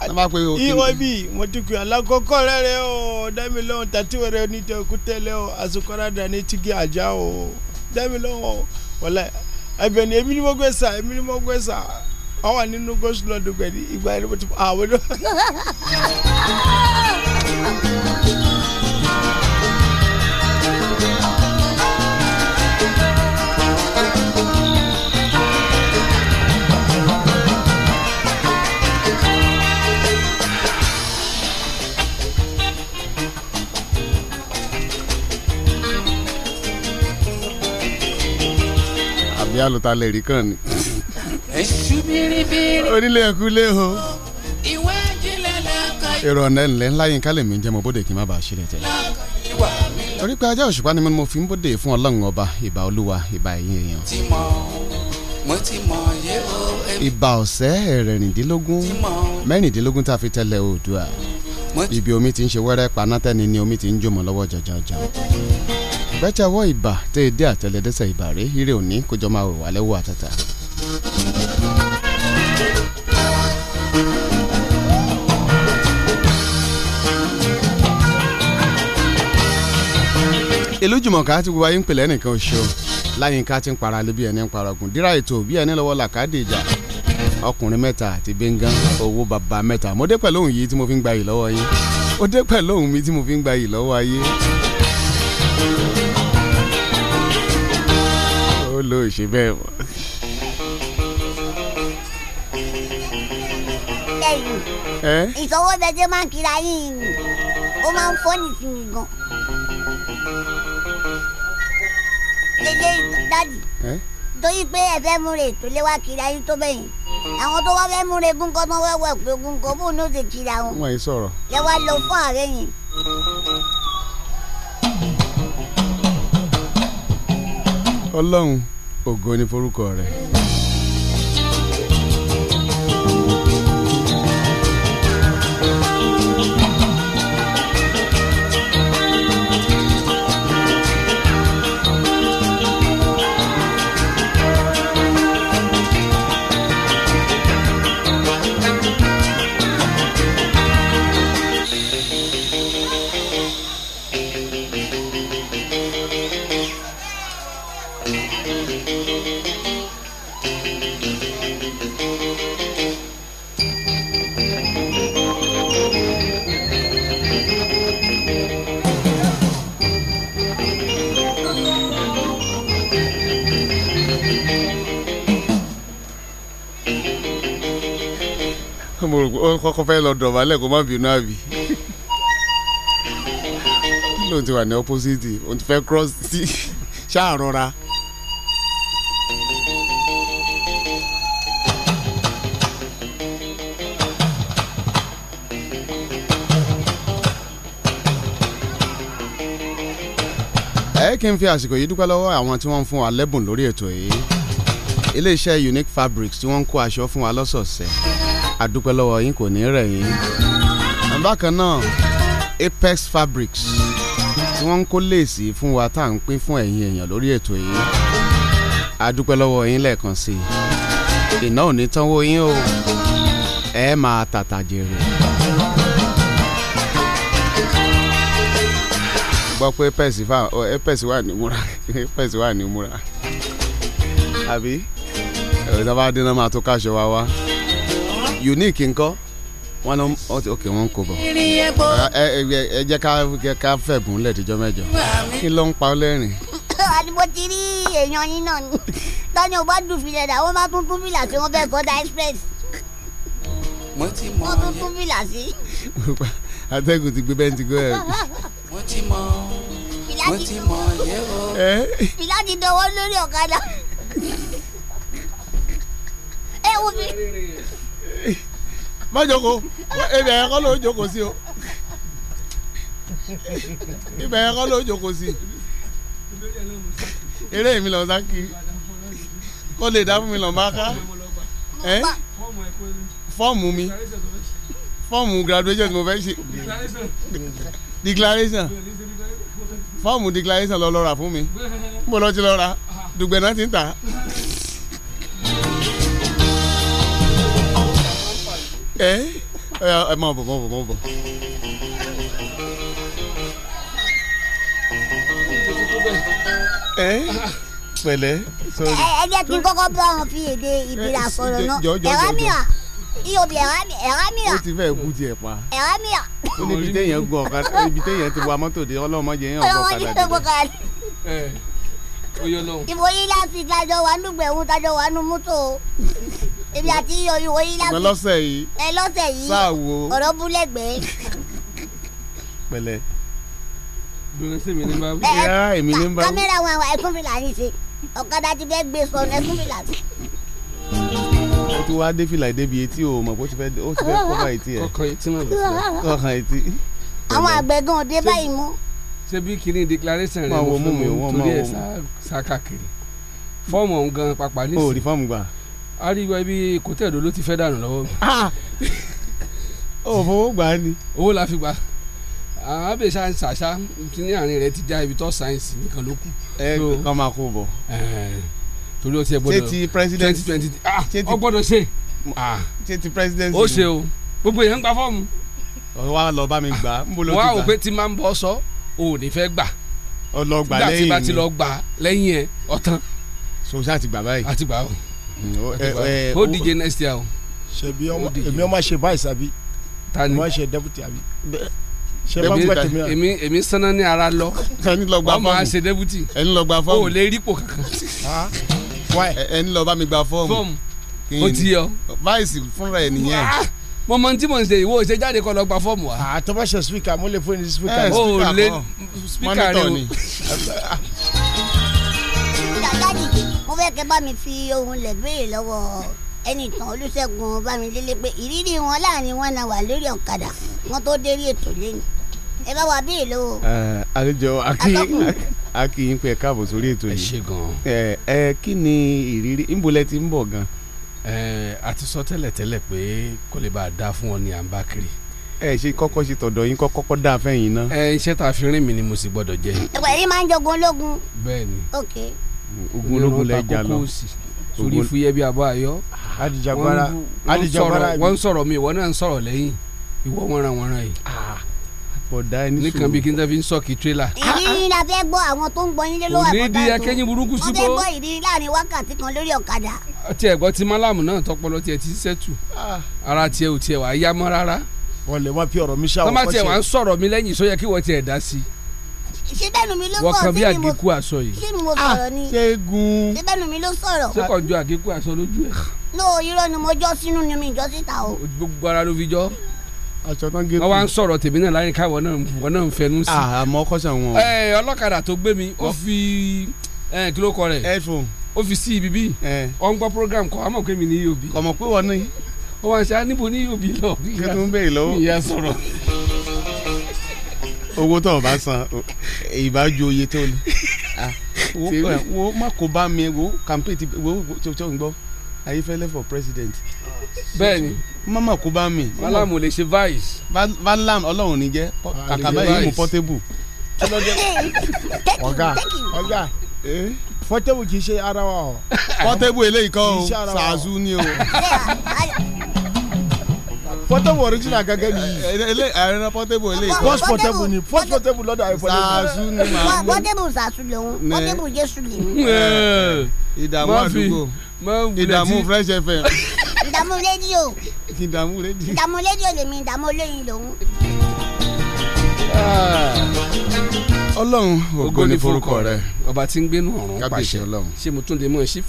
iwọ bi mọtukui alakọkọ rẹ o damilọn tati wẹrẹ ni o asukọra dani tigi aja o damilọn o wala ẹbẹ ni emi ni mo gbẹ sa emi ni mo gbẹ sa ọwọ nínú gosulọ dugbẹ ìgbà yẹn ni mo ti fọ àwọn. (laughs) àbí àlùtà lè rí kàn ni. onílé ẹkúlé o. èrò ọ̀nà ẹ̀lẹ́ ńlá yín kálẹ̀ mi ń jẹ́ mo bóde kí n má bàa ṣílẹ̀ tẹ̀lé. torí pé ajá òṣùpá ni mo fi ń bóde fún ọlọ́run ọba ìbà olúwa ìbà ẹ̀yìn èèyàn. ìbà ọ̀sẹ́ ẹ̀rẹ̀rìndínlógún mẹ́rìndínlógún tá a fi tẹ́lẹ̀ oòdùà ibi omi ti ń ṣe wẹ́rẹ́ panátẹ́ni ni omi ti ń jòmọ̀ lọ́wọ́ jọjọjọ bẹ́tẹ̀wọ́ ìbà tẹ́ ẹ dé àtẹlẹdẹsẹ̀ ìbà rẹ̀ ire òní kójọ máa wò wá lẹ́wọ́ àtàtà. elójúmọ̀ká ti wáyé ń pèlè ẹnìkan oṣù láyínká ti ń para lé bí ẹni ń paragun dírà ètò bí ẹni lọ́wọ́ làkàdé ìjà ọkùnrin mẹ́ta àti bẹ́ngàn owó bàbá mẹ́ta mo dé pẹ̀lú òun yìí tí mo fi ń gba yìí lọ́wọ́ yín ó dé pẹ̀lú òun mi tí mo fi ń gba yìí lọ́wọ́ ayé lò ó ṣe bẹ́ẹ̀ mọ́. lẹ́yìn ìsọwọ́bẹ̀jẹ̀ máa ń kiri ayé ìlú ó máa ń fọ́nì sí mi gan. lédè dádì torí pé ẹ fẹ́ múre tó lé wá kiri ayé tó bẹ̀yìn àwọn tó wá fẹ́ múre gúnkọ́ tó wẹ́ wẹ̀ pé gúnkọ́ bóun ló ti kiri àwọn. wọ́n yìí sọ̀rọ̀. ẹ wá lọ fún ààrẹ yẹn. ọlọ́run. Ògo ni forúkọ rẹ̀. mo rò pé ó kọ́kọ́ fẹ́ lọ dọ̀bálẹ̀ kó má bínú àbí lóun ti wà ní opposite òun ti fẹ́ cross sí (laughs) ṣáà kí n fi àsìkò yìí dúpẹ́ lọ́wọ́ àwọn tí wọ́n ń fún wa lẹ́bùn lórí ètò yìí iléeṣẹ́ unique fabrics tí wọ́n ń kó aṣọ fún wa lọ́sọ̀ọ̀sẹ̀ àdúpẹ́ lọ́wọ́ yín kò ní rẹ̀ bákan náà apex fabrics tí wọ́n ń kó léèsì fún wa tá à ń pín fún ẹ̀yin èèyàn lórí ètò yìí àdúpẹ́ lọ́wọ́ yín lẹ́ẹ̀kan sí i ìná ò ní tánwó yín o ẹ máa tàtà jèrè. gbọ́ pé apex wà ní múra apex wà ní múra àbí ẹ̀rọ ìjọba máa tó káṣọ wa wá unique ńkọ́ wọn ló ok wọn kò bọ̀ ẹ jẹ́ ká fẹ̀gùn lẹ́tìjọ́ mẹ́jọ kí ló ń pa ọ́ lẹ́rìn. (laughs) àdìbò ti rí èèyàn yín náà ni tani ò bá dùn fìlẹ̀ dà wọ́n máa tún tún fìlà sí wọn fẹ́ kọ́ta express wọ́n ti mọ wọ́n tún tún fìlà sí. (laughs) atẹ́gùn ti gbé bẹ́ńtì gọ́ ẹ̀. wọ́n ti mọ wọ́n ti mọ yẹ́ o. fìlà ti dọwọ́ lórí ọ̀kadà. (laughs) ẹ wo mi má jókòó ebi ẹ̀yẹ kọ́ ló ń jókòó sí o ibẹ̀ ẹ̀yẹ kọ́ ló ń jókòó sí eré mi lọ sákì kó lè dá fún mi lọ bá ká fọ́ọ̀mù mi fọ́ọ̀mù graduation mo fẹ́ ṣe declaration fọ́ọ̀mù declaration lọ lọ rà fún mi mo lọ ti lọ dùgbẹ̀ náà ti ń tà ẹ ẹ mọ̀ bọ̀ mọ̀ bọ̀ mọ̀ bọ̀. ẹ jẹ́ kí n kọ́kọ́ bá wọn fi èdè ìbílẹ̀ àsọ̀rọ̀ eh, náà ẹ̀rọ mìíràn iyobi ẹ̀rọ mìíràn. ó ti fẹ́ kú tiẹ̀ pa. ẹ̀rọ mìíràn. ó níbi téèyàn gun ọ̀kadà ibi téèyàn ti wa mọ́tò dé ọlọ́mọdé yẹn ọ̀gbọ́kadà dé. ọlọ́mọdé yẹn ọ̀gbọ́kadà dé. Eh, ìwòye láti dájọ́ wa nùgbẹ̀wò dájọ́ wa nù èmi àti oyinwo yìí lábẹ́. ṣùgbọ́n lọ́sẹ̀ yìí. ẹ lọ́sẹ̀ yìí. sáà wo. ọ̀rọ̀ búlẹ̀gbẹ́. (laughs) pẹ̀lẹ́. dùnú sí mi ní bá. ẹ ẹ kámẹ́rà wọn àwọn ẹkún mi là ń ṣe ọ̀kadà ti fẹ́ gbé sọnù ẹkún mi là ń ṣe o ti wá dé fìlà ìdébi etí o mọ̀ bó ti fẹ́ o ti fẹ́ kọ́ba etí ẹ̀ kọ́kàn etí mọ̀ kọ́kàn etí. àwọn àgbẹ̀gàn òde báyìí mú. ṣé bí kiri declaration rẹ mo fún mi torí ẹ sá káàkiri fọ́ọ̀mù ọ̀hún gan pàpà nísìnyí. o rí fọ́ọ̀mù gbà àríwá ibi kò tẹ̀dọ̀ ló ti fẹ́ dànù lọ́wọ́ mi. Ah. òfowó (laughs) gbà ni. owó la fi gbà àwọn abèsà ṣàṣà kíní àárín rẹ ti já ibi tó sáyẹnsì nìkan ló kù. ẹ kọ́ máa kó bọ̀. torí o ti ẹ gbọ́dọ̀ ṣe twenty twenty ah ọ gbọ́dọ̀ ṣe. Ah. ṣe ti president. ó ṣe o gbogbo èèyàn ń gba fọ́ọ̀mù. wá lọ bá mi gbà á nbolo ti gbà. wá òpè tí máa ń bọ́ sọ o ò ní fẹ́ gbà. ọlọgbà lẹ́yìn mi gbà tí bá ti lọ gbà lẹ́yìn ẹ ọ̀tán. so ṣáà ti báyìí. a o ó mm, eh, eh, díje next year o. ṣebí èmi ọmọ ṣe vice àbí èmi ọmọ ṣe deputy àbí ṣe bá gbẹ tèmi à. èmi èmi sanna ní ara lọ wọn máa ṣe deputy ẹni lọ gba fọọmù o lè rí ipò kankan. ẹni lọ bá mi gba fọọmù o ti yọ. vice fúnra ẹ nìyẹn ah! mo mọ tí mo ń ṣe ìwọ ṣe jáde kó lọ gba fọ́ọ̀mù wa. àtọ́bàṣẹ spika mo lè fóònù spika. ẹ spika kọ mọ́nítọ̀ ni. (laughs) mo fẹ́ kẹ́ bá mi fi ohun lẹ̀ béèrè lọ́wọ́ ẹnìtàn olùṣègùn bámidélé pé ìrírí wọn láàrin wọn náà wà lórí ọ̀kadà wọn tó dérí ètò lẹ́nu ẹ bá wa béèrè lọ́wọ́. àlejò akínyìn pé káàbọ̀ sórí ètò yìí ẹ ṣe gan. ẹ kí ni ìrírí níbo lẹ ti ń bọ̀ gan. a ti sọ tẹ́lẹ̀tẹ́lẹ̀ pé kó lè bá a dá fún ọ ní à ń bá kiri ẹ ṣe kọ́kọ́ ṣe tọ̀dọ̀ yín kọ́kọ́ dá fẹ́yìn náà. ẹ iṣẹ́ tá a fi rìn mí ni mo sì gbọ́dọ̀ jẹ. ẹ̀wẹ̀ yín máa ń jogun ológun. bẹ́ẹ̀ni. ok ogun ológun lẹ jà lọ sórí fúyẹ́ bí abọ́ ayọ́ adijagbara adijagbara wọ́n ń sọ̀rọ̀ mi ìwọ náà ń sọ̀rọ̀ lẹ́yìn ìwọ wọ́nranwọ́nran yìí bọ̀dá ẹni sùn nìkan bí kí n tẹ́ fi ń sọ̀kì tírélà. ìrírí ah, ah. la fẹ́ gbọ́ àwọn tó ń gbọ́ nílé lọ́wọ́ àbọ̀dá tó onídìí akẹ́yìn burúkú síbó. wọ́n fẹ́ gbọ́ ìrírí láàrin wákàtí kan lórí ọ̀kadà. ọtí ẹ̀gbọ́n ti málàmù náà tọpọlọ tiẹ̀ ti sẹ́tù ah. ara tiẹ̀ ò tiẹ̀ wà á yá mọ́ rárá. wọ́n lè wá fi ọ̀rọ̀ mi ṣàwọ̀ kọ́ṣẹ́. tọ́mátì ẹ̀ wá ń sọ̀rọ̀ mi lẹ́yìn sóyẹ kí wọ́n tiẹ̀ dá sí i ṣé bẹ́ẹ̀nu mi ló sọ̀rọ̀ wọ́n kan bí àgékù aṣọ yìí ṣé mi mo ah, sọ̀rọ̀ ni ṣẹ́gun ṣé bẹ́ẹ̀nu mi ló sọ̀rọ̀. ṣé kò jọ àgékù aṣọ lójú ẹ̀. no irọ́ ni mo jọ sínú ni mi jọ síta o. gbogbo ara ló fi jọ aṣọ tán gé. wọ́n wá ń sọ̀rọ̀ tèmi náà láyé káwọ́ náà wọ́n náà ń fẹnu sí. Ah, àmọ́ kọ́sà wọn. ẹ ọlọ́kadà tó gbé mi ó fi kí ló kọ rẹ̀ headphone ó fi sí ibi bíi ọ̀ ń gbọ́ program kọ́ àmọ́ pé mi ní yóò bí. ọmọ pé wọ́n ní. ó wá ń ṣe níbo ní yóò bí lọ. kí ló ń bẹ̀rẹ̀ lọ́wọ́. ìyá sọ̀rọ̀ owó tó o bá san ìbá ju oye tó ni (laughs) ah, eh, wo má kó bá mi wo campaign ti wo tó tó ń gbọ́ ayífẹ́lẹ́ for president. bẹ́ẹ̀ni má má kó bá mi. balam ò lè ṣe vice. balam ọlọ́run ní jẹ́ kàkà báyìí mú portable. (laughs) ọ̀gá ọ̀gá eh? portable kì í ṣe ara wa o. portable eléyìí kan o ṣàzú ni o. (laughs) portable original gẹ́gẹ́ bí yìí. ilé àrùn portable ilé ìkọ́. first portable ni first portable lọ́dọ̀ àyè portable. sàásù ni màá mú. portable sàásù lòun portable jésù lè mú. Eh, ìdààmú àdúgbò ìdààmú fresh fm. ìdààmú rédíò. ìdààmú rédíò. ìdààmú rédíò lèmi ìdààmú olóyin lòun. Ah. Ọlọ́run ògo ni forúkọ rẹ ọba tí ń gbénu ọ̀run pàṣẹ ṣé mo tún lè mọ ṣé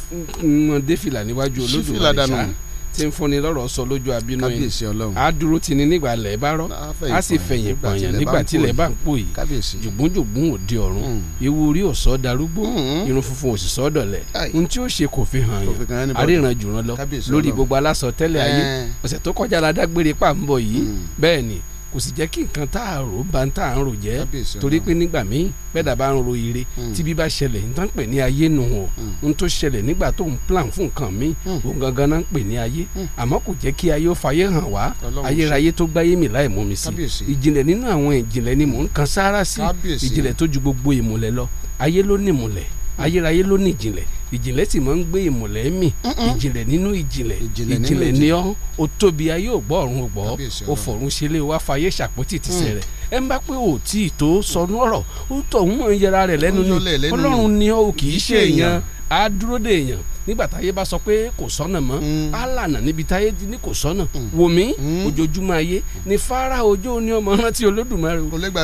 mo dé fìlà níwájú olódùmarè ṣá tí ń fúnni lọ́rọ̀ sọ lójú abínú yìí á dúró tini nígbà lẹ̀ bá rọ́ á sì fẹ̀yìn pọ̀nyàn nígbà tí lẹ̀ bá ń pò yìí jùgbúnjùgbún òde ọ̀run hmm. ewu orí òsọ darúgbó hmm. irun funfun òsìsọ dọ̀lẹ̀ n tí ó ṣe kò fi hàn yàn aríran jùrọ̀ lọ lórí gbogbo alásọ tẹ́lẹ̀ ayé eh. ọ̀sẹ̀ tó kọjá la dágbére pàmbọ̀ yìí hmm. bẹ́ẹ̀ ni kò sì jẹ́ kí nǹkan tá a rò bá ń tá a rò jẹ́ torí pé nígbà míì bẹ́ẹ̀dà bá ń ro ire hmm. tí bí bá ṣẹlẹ̀ ń tán pè ní ayé nù o ń tó ṣẹlẹ̀ nígbà tó ń plan fún nǹkan míì hmm. òun gangan náà ń pè ní ayé hmm. àmọ́ kò jẹ́ kí ayé ó fayé hàn wá ayérayé tó gbáyé mi láì mú mi sí ìjìnlẹ̀ nínú àwọn ìjìnlẹ̀ ni mò ń kan sáárá sí ìjìnlẹ̀ tó ju gbogbo ìmùlẹ̀ lọ ayé ló ní ìmùlẹ̀ ayérayé ló ní ìjìnlẹ̀ ìjìnlẹ̀ sì máa ń gbé ìmùlẹ̀ mì ìjìnlẹ̀ nínú ìjìnlẹ̀ ìjìnlẹ̀ ni ọ́ o tóbi ayé ò gbọ́ ọ̀run ò gbọ́ o fọ̀run ṣẹlẹ̀ wá fayé ṣàpótì tìṣẹ̀ mm. rẹ̀ ẹ ń bá pé ò tí ì tó sọnù ọ̀rọ̀ ó tọ̀ ń mọ̀ yẹra rẹ̀ lẹ́nu ni ọlọ́run ni ọ́ kì í ṣe èèyàn á dúró de èèyàn nígbà táyé bá sọ pé kò sọ́nà mọ́ mm. á lànà níbi táyé ní kò sọ́nà mm. wòmí mm. ojoojúmọ́ ayé ni fara ọjọ́ ni ọmọ rántí olódùmarè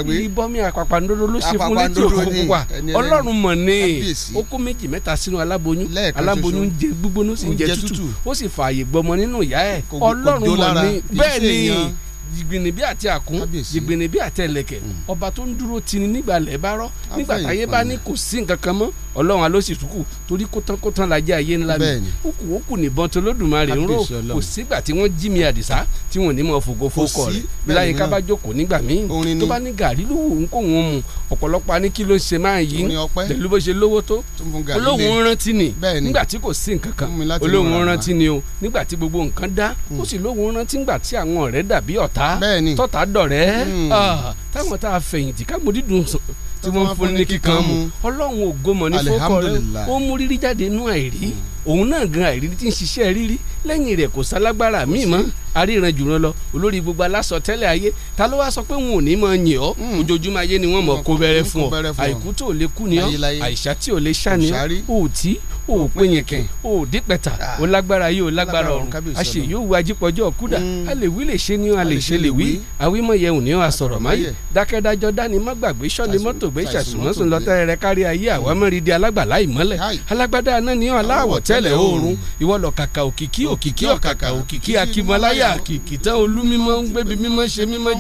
o ìbọmi àpàpàǹdodo ló ṣe fún létí òkun wa ọlọ́run mọ̀ ní ó kó méjì mẹ́ta sínú aláboyún aláboyún ń jẹ gbígbóná sì ń jẹ tútù ó sì fààyè gbọmọ nínú ìyá ẹ̀ ọlọ́run mọ̀ ní bẹ́ẹ̀ ni jìgbìnì bí àti àkún jìgbìnì bí àti ọba tó ń dúró tini nígbà lẹ́ẹ̀ nígbà táyé bá ní kò sí nǹkan kan mọ́ ọlọ́run alóṣìṣúkù torí kótánkótán lajẹ́ ayé ńlá mi òkú òkú nìbọn tó lódùmarè ń rò kò sígbà tí wọ́n jí mi àdìsá tí wọ́n ní mọ̀ fògo fókọ̀ rẹ̀ bíláyé ká bá jókòó nígbà míì tó bá ní gàrí ló wù ń kó wọn mu ọ̀pọ̀lọpọ̀ ní kí ló ṣe máa yí pẹ̀lú bó ṣe lówó tó olóhùn rántí ni nígbà tí kò sí nǹkan kan olóhùn rántí ni o nígbà tí gbogbo nǹkan dá hmm. ó sì lóhùn rántí nígbà tí àwọn ọ̀rẹ́ dàbí ọ̀tá tọ́ta dọ̀rẹ́ hmm. ah, táwọn tá a fẹ̀yìntì ká mo dídùn tí wọ́n fún ní kíkan mu ọlọ́run ògomọ̀ ní fọ́kọ rẹ ó mú rírí jáde nú àìrí òun náà gan àìrírí tí ń ṣiṣẹ́ rírí lẹ́yìn rẹ̀ kò sálágbára míì mọ́ aríran jùlọ lọ olórí gbogbo aláṣọ tẹ́lẹ̀ ayé ta ló wá sọ pé wọn ò ní máa yìn ọ́ hmm. ojoojúmọ́ ayé ni wọ́n mọ̀ kó bẹ̀rẹ̀ fún ọ àìkú tó lè kú ni ọ́ àìsà tí ò lè ṣá ni ọ́ òtí o pín yín kin o dípẹ̀tà o ah. lágbára yìí o lágbára ọ̀run a ṣe yóò wá jípọ̀jọ́ kúdà mm. a lè wí lè ṣe ni a lè ṣe lè wí àwímọ̀ yẹn ò ní a sọ̀rọ̀ máyì dákẹ́dájọ́ dání má gbàgbé sọ́ni mọ́tò gbé ṣàṣùmọ́sùn lọ́tẹ́ rẹ kárí ayé àwa mọ́rin di alágbàlá ìmọ́lẹ̀ alágbádá náà ní aláwọ̀ tẹ́lẹ̀ oorun ìwọ lọ kàkà òkìkí òkìkí ọ̀kàkà òkìkí akímọ́láyà òkìkí tán olú mímọ́ ń gbébi mímọ́ ṣe mímọ́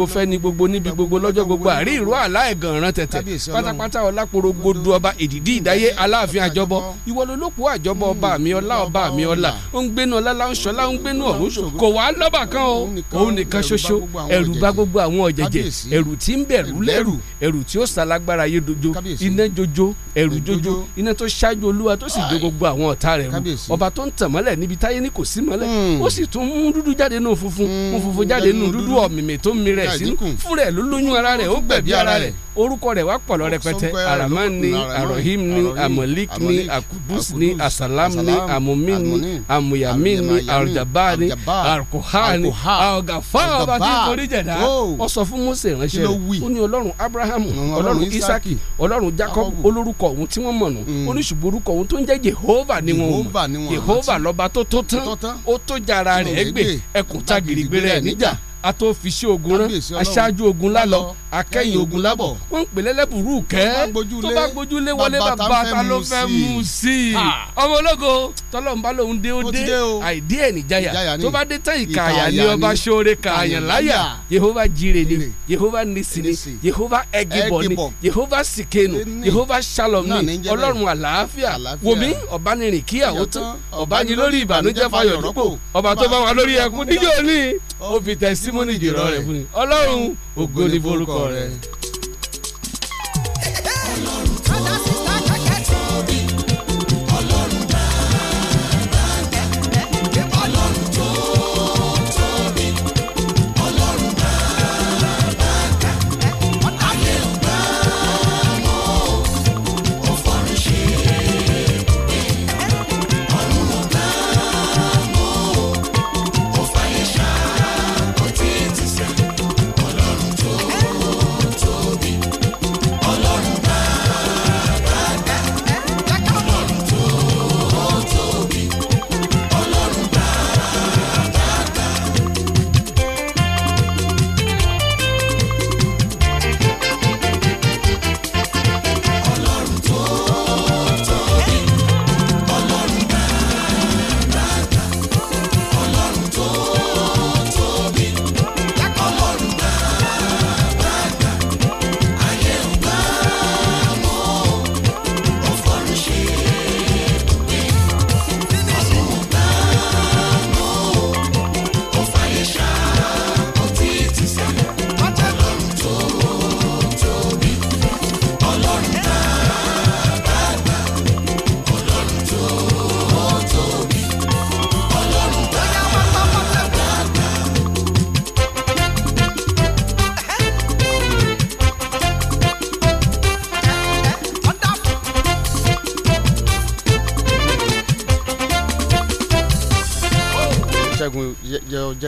gbogbo fẹ́ni gbogbo níbi gbogbo lọ́jọ́ gbogbo àrí ìró àlá ẹ̀gànràn tẹ̀tẹ̀ pátápátá ọlápòrò gbódú ọba èdìdí ìdáyé aláàfin àjọbọ ìwọ lolóko àjọbọ ọba mi ọlá ọba mi ọlá ó ń gbénu ọlá láń ṣọlá ó ń gbénu ọ̀hún kò wá lọ́bà kan o òun nìkan ṣoṣo ẹ̀rù bá gbogbo àwọn ọ̀jẹ̀jẹ̀ ẹ̀rù tí ń bẹ̀rù lẹ́rù ẹ̀rù tí ó salágbára yé dojo iná jojo ẹ̀rù jojo iná tó ṣáájú olúwa tó sì do gbogbo àwọn ọ̀tá rẹ̀ rú ọba tó ń tàn mọ́lẹ̀ níbi táyé ní kò sí mọ́lẹ̀ hmm. ó sì tún mú dúdú jáde nù funfun mú hmm. funfun jáde nù dúdú ọ̀mìmì tó ń rẹ̀ sínú fúnra ẹ̀ ló lóyún ara rẹ̀ ó gbẹ̀bí ara rẹ̀ orúkọ rẹ̀ wá pọ̀lọ́ rẹpẹtẹ Arahman ni Arahim ni Amalik ni Akudus ni Asalam ni Amumin ni Amuyamin ni Arjaba ni Arkoha ni Agafa ọba tí kò ní jẹ̀dá ó sọ fún Mose ránṣẹ́ rẹ̀ ó ní Ọlọ́run Abrahamu Ọlọ́run Isaki Ọlọ́run Jacob olórúkọ òun tí wọ́n mọ̀ nù mm. ó ní ṣùgbọ́n orúkọ òun tó ń jẹ́ Jehova ni wọ́n mọ̀ Jehova lọ́ba tó tó tán ó tó jara rẹ̀ gbé ẹkùn tágìrì gbé rẹ̀ níjà a tó fi ṣe ogun rán aṣáájú ogun lálọ akẹ́yìn ogun lábọ̀. wọ́n ń pè lẹ́lẹ́bùrú kẹ́ tó bá gbójú lé wọlé bàbá ta ló fẹ́ mú sí i. ọmọ ológo tọ́lọ́run bá lòun dé ó dé àìdí ẹ̀ níjàyà tó bá dé tán ìkàyà ni ọba ṣoore kààyàn láyà yehova jire ni yehova nisi ni yehova ẹgibọ ni yehova sikenu yehova shalom ni ọlọ́run àlàáfíà wòmí ọ̀bánirin kíyàwó tán ọ̀bányin lórí ìbànújẹ́ fayọ̀ dípò ọba tó bá wà lórí ẹkún níjọ́ ní ó fi tẹ̀símọ́nì jùlọ rẹ̀ fún mi ọlọ́run ògo ni forúkọ Gracias.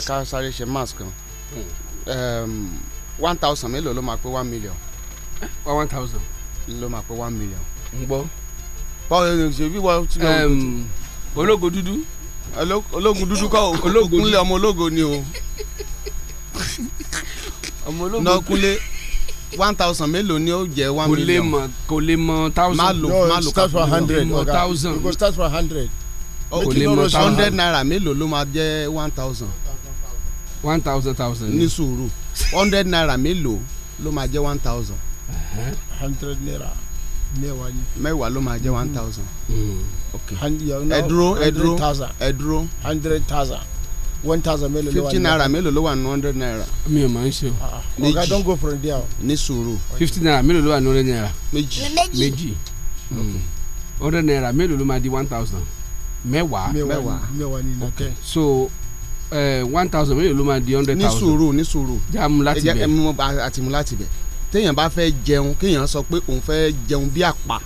ká sáré ṣe mass kan one thousand mélòó ló máa pé one million. wá one thousand. ló máa pé one million. ń gbọ́. báwo ni ṣe bí wọ́n ti náà ológo dúdú. ológun dúdú kọ́ o kúnlé ọmọ ológo ni o. ọmọ ológo náà kúnlé one thousand mélòó ni ó jẹ one million. kò lè mọ kò lè mọ thousand. má lò má lò ká fún hundred mọ thousand. kò lè mọ thousand. hundred naira mélòó ló máa jẹ one thousand one thousand thousand. ní sùúrù hundred naira mélòó ló máa jẹ́ one thousand. hundred naira mẹ́wàá ni. mẹ́wàá ló máa jẹ́ mm-hmm. one thousand. Mm-hmm. ok ẹ dúró ẹ dúró hundred thousand one thousand mélòó ló wà ní. fifty naira mélòó ló wà ní hundred naira. mi ò máa ń ṣe o. Ah, ah. ọ̀gá don go from there ní sùúrù. fifty naira mélòó ló wà ní hundred naira. méjì méjì mm. hundred naira mélòó ló máa di one thousand. mẹ́wàá mẹ́wàá mẹ́wàá ni nàkẹ́. so Eh, one thousand mélòó ló máa di hundred thousand. ní sùúrù ní sùúrù jàmú láti bẹ̀ àtìmú láti bẹ̀ téèyàn bá fẹ́ jẹun kéèyàn sọ pé òun fẹ́ jẹun bí àpà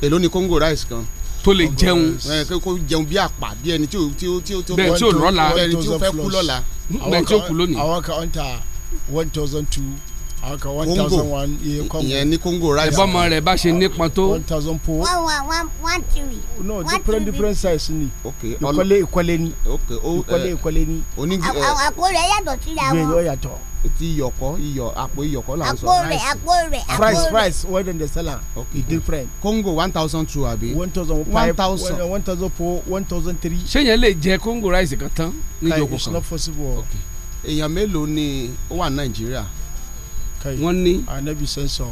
èló ni Congo rice kan tó lè jẹun eh, kó jẹun bí àpà bí ẹni tí ó tí ó tí ó bẹ́ẹ̀ tí ó lọ́la ẹni tí ó fẹ́ kú lọ́la ẹni tí ó kú lónìí. àwọn kan ń ta one thousand two ọkọ one thousand one iye kọ́ngò ìyẹn ní kóńgò rice. ẹ̀bọ́n mọ rẹ̀ bá ṣe nípọn tó. one thousand po. one one one one three. no different different size ni. ok ìkọ́lé ìkọ́lé ni. ok o ìkọ́lé eh, ìkọ́lé ni. oní ẹ àpò rẹ̀ yàtọ̀ sí ra wọn. bẹ́ẹ̀ yóò yàtọ̀. ti iyọkọ iyọ àpò iyọkọ là ń sọ. àpò rẹ̀ àpò rẹ̀ àpò rẹ̀. price price where dem dey sell am. ok e different. kóńgò one thousand two àbí. one thousand five one thousand one thousand four one thousand three. ṣé yẹn lè jẹ kóńgò rice kan tán ní ìjókòó kan. it's not possible. ok èèyàn mélòó ni ó wà Nàìjíríà wọ́n ní. ànábì sẹ́sọ̀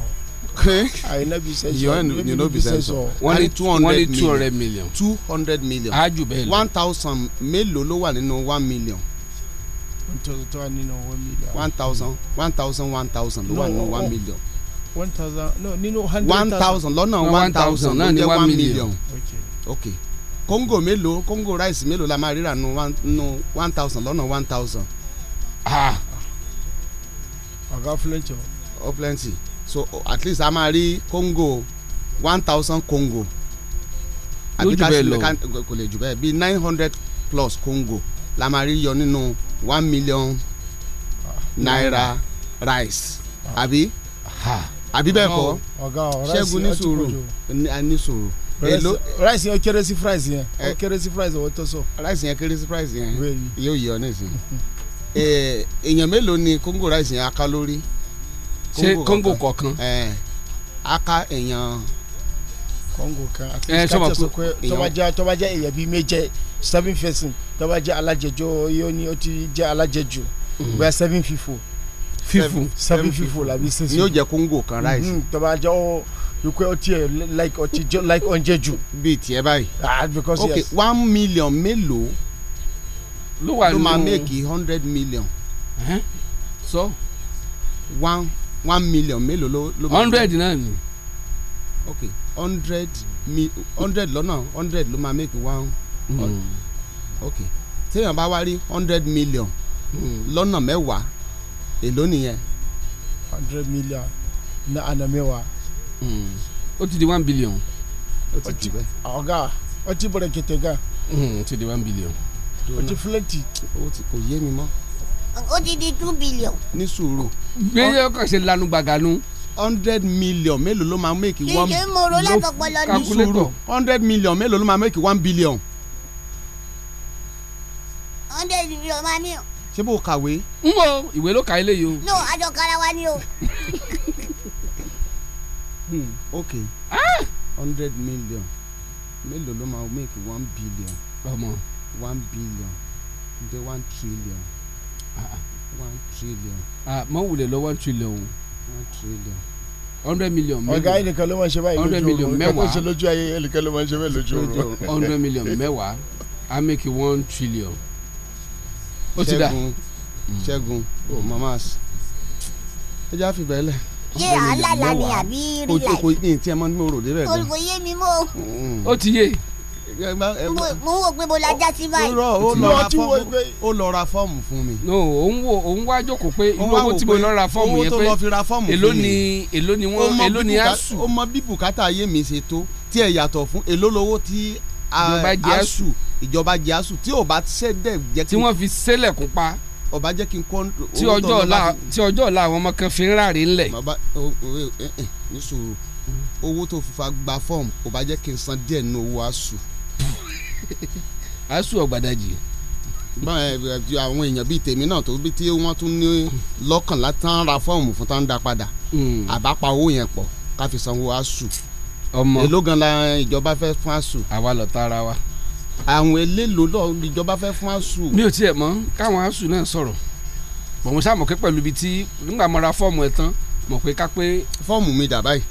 ànábì sẹ́sọ̀ ànábì sẹ́sọ̀ wọ́n ní two hundred million two hundred million two hundred million ájú bẹ́ẹ̀ lọ one thousand mélòó ló wà nínú one million tó wà nínú one million. one thousand one thousand one thousand ló wà nínú one million. one thousand no nínú hundred thousand. one thousand lọ́nà one thousand náà ní one million. ok kóńgò mélòó kóńgò ráìsì mélòó la máa ríra nínú one thousand lọ́nà one thousand. ah ọ̀gá fúlẹ̀ntì o. ó so at least a máa rí kóńgò one thousand kóńgò. yóò jù bẹ́ẹ̀ lọ kò lè jù bẹ́ẹ̀ bíi nine hundred plus kóńgò la máa rí yọ nínú one million naira rice àbí àbí bẹ́ẹ̀ kọ́ ṣẹ́gun ní sùúrù ní sùúrù èló rice yẹn kéré sí price yẹn kéré sí price ọwọ́ tó sọ. rice yẹn kéré sí price yẹn yóò yọ nísìnyí. (laughs) Eh, èèyàn mélòó ni kóńgò ráìsì yẹn aká lórí. ṣé kóńgò kọ̀ọ̀kan. aká eh, èèyàn. kóńgò kan àti kájà sọ pé tó bá jẹ́ èèyàn bíi méje seven person tó bá jẹ́ alájẹjọ yóò ní ó ti jẹ́ alájẹjù mm-hmm. bóyá seven fifo. fifo seven fifo làbí sẹ́sìn. ni yóò jẹ́ kóńgò kan ráìsì. Mm-hmm. tó bá jẹ́ ọtí ẹ like ọtí like oúnjẹ jù. bíi tiẹ̀ báyìí. ah because yes. ok one million mélòó ló wà nù ló máa make hundred million. sọ. one one million mélòó ló ló. hundred náà ni. ok hundred mi hundred lọ́nà hundred ló máa make one. Mm. ok téèyàn bá wá rí hundred million hmm. lọ́nà mẹ́wàá èló nìyẹn. hundred million ní àná mẹ́wàá. Hmm. ó ti di one billion. ó ti di bẹ́ẹ̀. ọ̀gá ó ti bọ̀rẹ̀ kẹtẹ gan. Hmm, ó ti di one billion o ti fúlẹ́ǹtì. o ti kò yé mi mọ́. ó ti di two billion. ní sùúrù. bí yóò kàn ṣe lanu gbàgànu hundred million mélòó ló máa make one. kì í mòró látọpọlọ ní sùúrù. hundred million mélòó ló máa make one billion. hundred million máa ní o. ṣé bó o kàwé. n wo ìwé ló ka eléyìí o. no àjọ kara wa ni o. Hmm, ok ah! hundred million mélòó ló máa make one billion. ọmọ. Oh, one billion ǹjẹ́ one trillion ah, ah one trillion. ah mọ wulẹ̀ lọ one trillion o. one trillion hundred million mẹ́wàá ọ̀gá ẹnìkan ló máa ṣe báyìí lójú oorun hundred million mẹ́wàá ọ̀gá lójú ayé ẹnìkan ló máa ṣe báyìí lójú oorun. hundred million mẹ́wàá i make one trillion. ó ti dà ṣẹ́gun o mama. ẹ jẹ́ àfìgbẹ́ lẹ̀ ṣé àlàlà ni àbí rí láì. o kò ní tí ẹ yé mi mọ́. ó ti yé mo ń wò pé mo la sí báyìí. ó lọ ra fọ́ọ̀mù fún mi. no òun wo òun wá jókòó pé irú tí mo lọ ra fọ́ọ̀mù yẹn pé èló ni èló ni wọ́n èló ni asu. ó mọ bí bùkátà ayé mi ṣe tó tí ẹ yàtọ̀ fún èló lowó tí asu ìjọba jẹ asu tí ò bá ṣe dẹ̀ jẹ́ kí. tí wọ́n fi sẹ́lẹ̀ kó pa ọba jẹ́ kí n kọ́ tí ọjọ́ ọ̀la tí ọjọ́ ọ̀la àwọn ọmọ kan fi ń ráre ńlẹ̀. bàbá eh, eh, ní sòrò owó tó fi fa gba fọ́ọ̀mù ọba jẹ́ kí n san díẹ̀ nínú owó asu asu ọ̀gbàdàjì. àwọn èèyàn bíi tèmi náà tó bí tí wọ́n tún ní lọ́kàn látàn ra fọ́ọ̀mù fún tán dá padà àbápa hmm. owó yẹn pọ̀ ká fi sanwó asu ọmọ èló gan la ìjọba fẹ́ fún asu. àwa lọ tara wa. àwọn elélo lọ ìjọba fẹ́ fún asu. mi ò tiẹ̀ mọ̀ káwọn asu náà sọ̀rọ̀ bọ̀ mo sàmọ̀ pé pẹ̀lú ibi tí nígbà mo ra fọ́ọ̀mù ẹ̀ tán mọ̀ pé ká pé. fọ́ọ̀mù mi dà báyìí.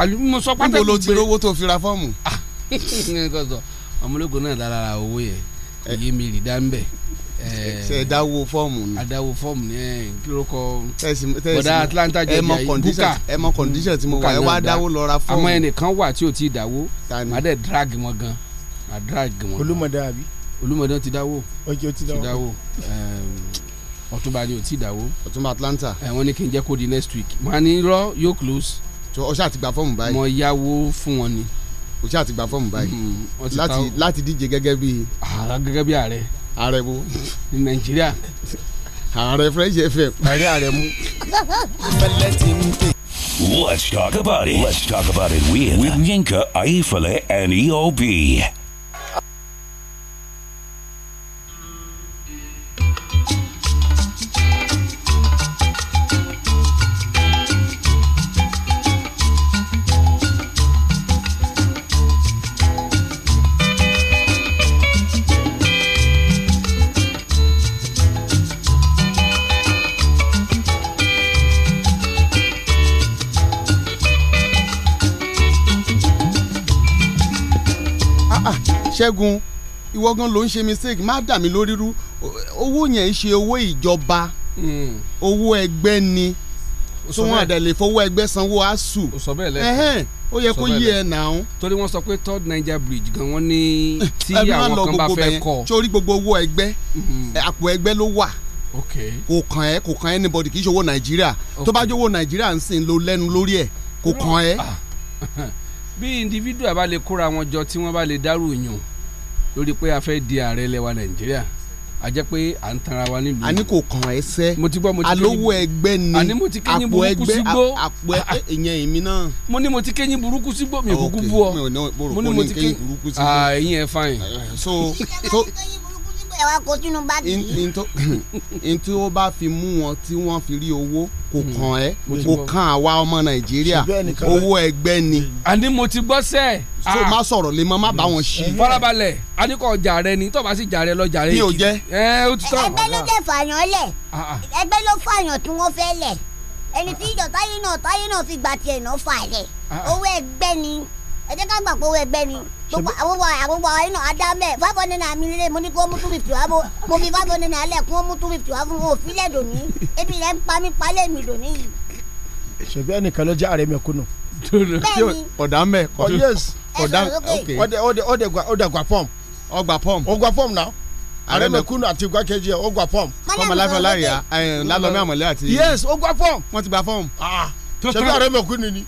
àlùmọ̀ sọ pátá gbogbo. níbo ti rówó tó fi fọ́ọ̀mù. Ah, (laughs) ọmọlógo náà dára owó yẹn kò yé mi rí dánbẹ. ṣe ẹ dáwó fọ́ọ̀mù ni. adáwó fọ́ọ̀mù ni ẹ kí ló kọ bọ̀dá Atlanta jẹjẹ yìí ẹ mọ kọndíṣàn tí mo wà ẹ wá dáwó lọ ra fọ́ọ̀mù. àmọ́ ẹnìkan wà tí ò tí dáwó màá dẹ̀ drag wọn gan màá drag wọn. olúmọdé àbí. olúmọdé ti dáwó. ọjọ́ ti dáwó ọ̀túnba ni ò tí dáwó. ọ̀túnba Atlanta. ẹ wọn ní kí n jẹ kó di next week. màá ní rọ yóò close. ọṣà ti gba fọ́ọ̀mù báyìí. mo yáwó fún wọn ni kò sí àtìgbà fọ́ọ̀mù báyìí mm-hmm. láti díje gẹ́gẹ́ bí. gẹ́gẹ́ bí ààrẹ. ààrẹ wo. ní nàìjíríà. ààrẹ Fresh FM ààrẹ ààrẹ mú. Let's talk about it. Let's talk about it with, with Yinka Ayifale and EOB. ṣẹ́gun ìwọ gan ló ń ṣe mistake má dà mí lórí rú owó yẹn ṣe owó ìjọba hmm. owó ẹgbẹ́ ni tó wọn àdá lè fowó ẹgbẹ́ sanwó asu ó yẹ kó yí ẹ nàá. torí wọ́n sọ pé third niger bridge gan wọ́n ní (laughs) tí àwọn kan bá fẹ́ kọ́. sórí gbogbo owó ẹgbẹ́ hmm. àpò ẹgbẹ́ ló wà kò kàn ẹ́ kò kàn anybody kì í ṣe owó nàìjíríà tó bá jẹ́ owó nàìjíríà ń sìn ló lẹ́nu lórí ẹ̀ kò kàn ẹ́. Ah. (laughs) bí individual bá lè kóra wọn jọ tí wọ́n bá lè dárò yàn lórí pé a fẹ́ di ààrẹ lẹ́wà nàìjíríà a jẹ́ pé à ń tanra wa nílùú. àní kò kàn ẹ́ sẹ́ alówó ẹgbẹ́ ni àpò ẹgbẹ́ àpò ah, ah. ìyẹn èmi náà. mo ní mo ti kéyìn burúkú sígbó mi kúkú bú ọ mo ní mo ti kéyìn burúkú sígbó. Ah, ẹ̀yin ẹ̀ fáyìn. so so ẹ wá kó sínú báàgì. ntí (laughs) ó bá fi mú wọn tí wọ́n fi rí owó kò hmm. kàn ẹ́ kò kàn àwa ọmọ nàìjíríà owó ẹgbẹ́ ni. àní mo ti gbọ́ sẹ́ẹ̀. so ah. má sọ̀rọ̀ lè mọ má bá wọn ṣí. Hmm. farabalẹ̀ aníkọ̀ ọjà rẹ ni tọ́ba sì jà rẹ lọ́jà rẹ. mi ò jẹ́. ẹ ó ti tọ́. ẹgbẹ́ ló jẹ́ fàyàn lẹ̀ ah, ah. ẹgbẹ́ ló fàyàn tí wọ́n fẹ́ lẹ̀ ẹni tí ìjọ táyé náà táyé náà fi gbà tiẹ̀ náà fà lẹ̀ owó ẹgbẹ́ ni ẹ jẹ́ ká gbà pé owó ẹgbẹ́ ni gbogbo àwọn wà àwọn wà inú adámẹ five hundred naira mi lé mo ní kó mú two fifty wá mo mo fi five hundred naira lẹ kó mú two fifty wá fún wọn òfin lẹ dòní ebi rẹ ń pa mí palẹ mi dòní yìí. ṣebí ẹnìkan ló jẹ ààrẹ mẹ̀kúnnù. bẹ́ẹ̀ni ọ̀dà mẹ ọ̀dà ọ̀dẹ ọ̀dẹ ọ̀dẹ ọ̀dẹ gba fọ́ọ̀mù. ọgbà fọ́ọ̀mù. ọgbà fọ́ọ̀mù náà ààrẹ mẹ̀kúnnù àti igbákejì ẹ ọgbà fọ́ọ̀mù. kọ́mọ láfẹ́ láyà lálọ́mí àmọ̀lẹ́ àti. yes ó gba fọ́ọ̀mù. wọ́n ti gba fọ́ọ̀mù. Ah, ṣebí ààrẹ mẹ̀kúnnù ni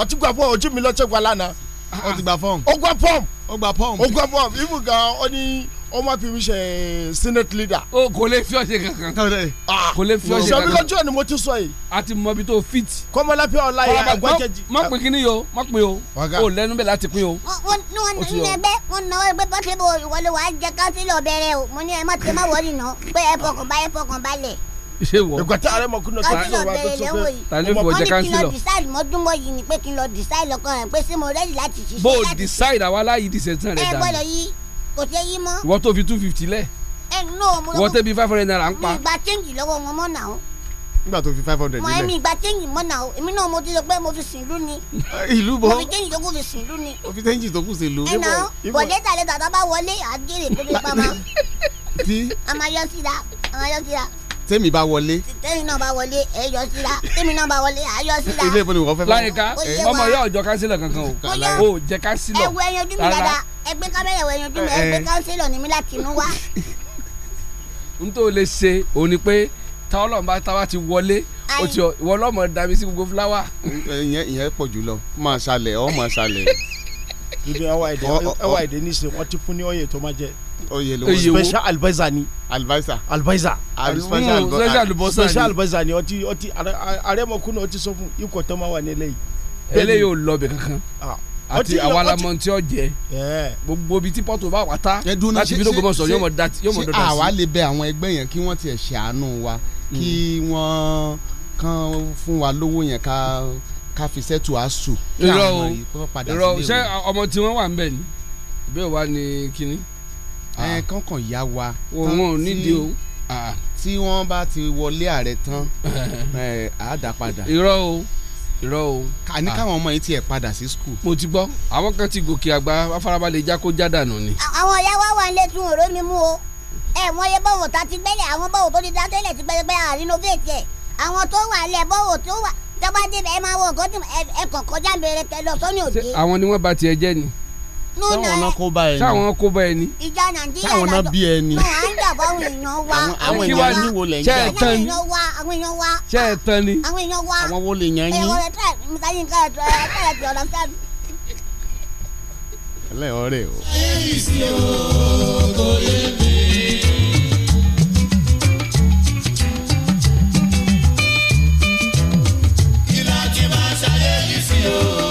ọtí gba fọ́ọ̀mù ojú mi lọ́ọ́ ó ti gba form. ó gba form. ó gba form. ó gba form ibu gan ọ ní ó máa fi mi ṣe eh, senate leader. o kò lè fi ọ̀ṣẹ̀ kankan. Ah. kò lè fi ọ̀ṣẹ̀ kankan. sọmi lọ́jọ́ ni mo ti sọ yìí. a ti mọ ibi tó fit. kọ́mọlápẹ́ ọ̀la yẹn agbájẹ́jì. má pè kíní yo má pè o o lẹ́nu bẹ́ẹ̀ láti pín o. wọ́n ní ẹgbẹ́ wọ́n náwó ẹgbẹ́ pọ́sibú ìwọlé wàá jẹ káńsílọ̀ bẹ̀rẹ̀ o mo ní ẹ má ti má wọlé náà pé ẹ fọkàn bá ẹ fọkàn balẹ̀ ìkọ̀tà ààrẹ mọ̀kúnnà sọ fún wa tó tó pé tani fún ọjà kánsílọ̀. wọ́n ní kí n lọ decide mọ́dúnmọ́ yìí ni pé kí n lọ decide lọ́kàn rẹ̀ pé ṣé mo ready láti ṣiṣẹ́ láti. bó o decide àwa láàyè ìdìsẹ̀tàn rẹ̀ dànù. ẹ gbọ́dọ̀ yí kò ṣe yí mọ́. ìwọ tó fi two fifty lẹ̀. ẹ nọ mo lọ. wọ́n tẹ́bi five hundred naira ń pa. mi gba change lọ́wọ́ wọn mọ́ náà nígbà tó fi five hundred nílẹ̀. mi ìgbà téèyàn mọ̀ náà èmi náà mo ti sọ pé mo fi sìn ìlú ni. (laughs) ìlú bọ́ mo fi téèyàn tó kù fi sìn ìlú ni. mo fi téèyàn tó kù sí ìlú. ẹnà bọ̀ lẹ́tà lẹ́tà tó bá wọlé àgẹ́rẹ́ tó fi pamọ́. ti. a máa yọ sí i la a máa yọ sí i la tẹ́mi bá wọlé. tẹ́mi náà bá wọlé ẹ yọ síra tẹ́mi náà bá wọlé à yọ síra. ilé ìbọn ni wọ́n fẹ́ fẹ́. láyìíká ọmọ yóò jọ kánsílọ̀ kankan o ò jẹ kánsílọ̀. ẹ wo ẹyin ojú mi dáadáa ẹ gbé kámẹ́rà wo ẹyin ojú mi ẹ gbé eh. kánsílọ̀ ní mi láti inú wá. (laughs) n tó lè ṣe òun ni pé táwọn bá táwa ti wọlé o ti wọ lọmọ dàbí sí gbogbo fúláwà. ìyẹn ìyẹn pọ̀ jù lọ máa ṣàlẹ̀ ọ máa ṣàlẹ̀. ìdí ẹwà èdè ní ìsìn wọn ti fún ní ọyẹ tó máa jẹ oyè ló wọ special adviser ni adviser adviser special adviser ni ọtí ọtí arẹmọkùnrin ọtí sọ fún ikọ̀ tó máa wà ní eléyìí. eléyìí ò lọ bẹ kankan àti àwa la mọ tí ó jẹ gbogbo ibi tí pọ́tò bá wà tá láti bí lóògùn mọ̀ sọ yóò mọ̀ dọ̀dọ̀ sí. ṣé àwa lè bẹ àwọn ẹgbẹ́ yẹn kí wọ́n tiẹ̀ ṣàánú wa kí mm. wọ́n kàn fún wa lówó yẹn ká ká fi sẹ́tù àásù. irọ́ o irọ́ o ṣé ọmọ tí wọ́n wà ń bẹ̀ ni ìbéèrè wa ni kínní. Ah. ẹ kọ́kàn yá wa. wọn ò nídìí o. Ah, tí wọ́n bá ti wọlé ààrẹ tán (laughs) á padà. irọ́ o irọ́ o. àní ah. káwọn ọmọ yìí tiẹ̀ padà sí skul. mo ti gbọ́ àwọn kan ti gòkè àgbà afárabalẹ̀ jákòjá dànù ni. àwọn ìyá wa wà nílé tún òró mi mú o ẹ wọ́n yẹ bọ́wọ̀ tá ti gbẹ́lẹ̀ àwọn bọ́wọ̀ tó ti dá tẹ́lẹ̀ ti gbẹ́lẹ́gbẹ́ àrínovétì ẹ̀ àwọn tó wà lẹ̀ bọ́wọ̀ tó wà tọ́ba débẹ̀ ẹ máa wọ nǹkan ẹ kọ̀ọ̀kan jáde rẹ tẹ lọ sọ́ni òde. àwọn ni wọ́n bá tiẹ̀ jẹ́ ni sáwọn eh. náà kó bá ẹni sáwọn kó bá ẹni sáwọn náà bí ẹni àwọn èèyàn ní wo lè ń jà àwọn èèyàn wa ṣe é tán ni àwọn èèyàn wa àwọn wo lè yàn yín. ẹlẹ́ ọ̀rẹ́ o. Kí ló ti máa ṣayé yìí sí o?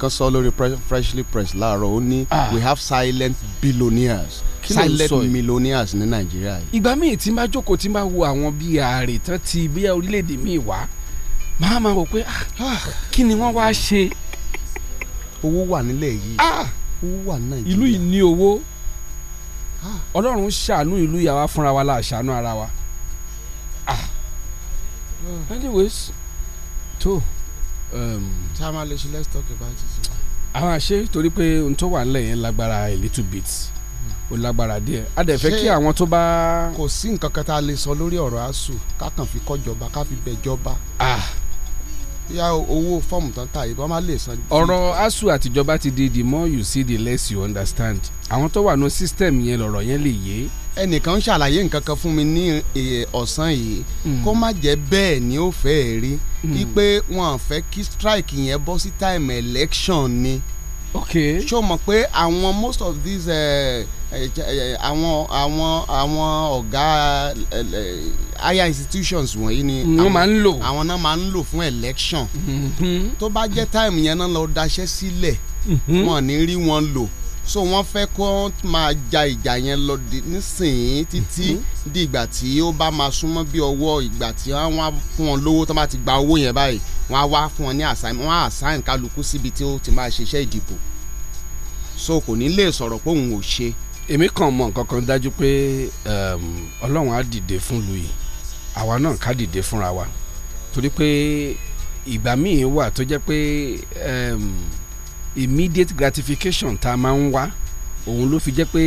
ẹnìkan sọ lórí freshly pressed láàárọ̀ ó ní ah. we have silent billionaires silent millionaires ní Nigeria. yìí. ìgbà míì tí n bá jókòó tí n bá wo àwọn bíi ààrẹ tán ti bí orílẹ̀-èdè míì wá màá máa wò pé ah, kí ni wọ́n wá ṣe. owó wà nílẹ̀ yìí ah! owó wà nàìjíríà. ìlú yìí ní owó ọlọ́run ṣàánú ìlú yàrá fúnra wa la ṣàánú ara wa. anyways tó. Um, tá a máa lè ṣe let's talk about it. àwọn àṣe torí pé ohun tó wà nílẹ̀ yẹn lágbára a little bit hmm. ó lágbára díẹ̀ a dẹ̀ fẹ́ kí àwọn tó bá. kò sí nǹkan kan tá a lè sọ lórí ọ̀rọ̀ asuu ká kàn fi kọ́ jọba ká fi bẹ̀ jọba. ah bóyá owó fọ́ọ̀mù tán tà yìí wọ́n lè san. ọ̀rọ̀ asu àtijọba ti di the more you see the less you understand àwọn tó wà ní system yẹn lọ̀rọ̀ yẹn lè yé. ẹnìkan ń ṣàlàyé nǹkan kan fún mi ní e, ọ̀sán yìí hmm. kó má jẹ́ bẹ́ẹ̀ ni ó fẹ́ẹ́ rí i hmm. pé wọn à fẹ́ kí strike yẹn bọ́ sí time election ni. ok ṣó mọ̀ pé àwọn most of these. Uh, àwọn àwọn àwọn ọ̀gá eh, eh, higher institutions wọ̀nyí ni wọ́n máa ń lò àwọn náà máa ń lò fún election mm-hmm. tó bá jẹ́ time yẹn náà lọ daṣẹ́ sílẹ̀ mm-hmm. wọn ní rí wọn lò so wọ́n fẹ́ kó máa ja ìjà yẹn lọ nísìnyí títí mm-hmm. di ìgbà tí ó bá máa súnmọ́ bí ọwọ́ ìgbà tí wọ́n á fún wọn lówó tó bá ti gba owó yẹn báyìí wọ́n á wá fún wọn ní assignment wọ́n á assign kálukú síbi tí ó ti máa ṣiṣẹ́ ìdìbò so kò ní lè sọ̀rọ̀ pé òun ò ṣe èmi kàn mọ nǹkan kan dájú pé um, ọlọ́run á dìde fún lu yìí àwa náà ká dìde fúnra wa torí pé ìgbà míì wà tó jẹ́ pé um, immediate gratification tá a máa ń wá òun ló fi jẹ́ pé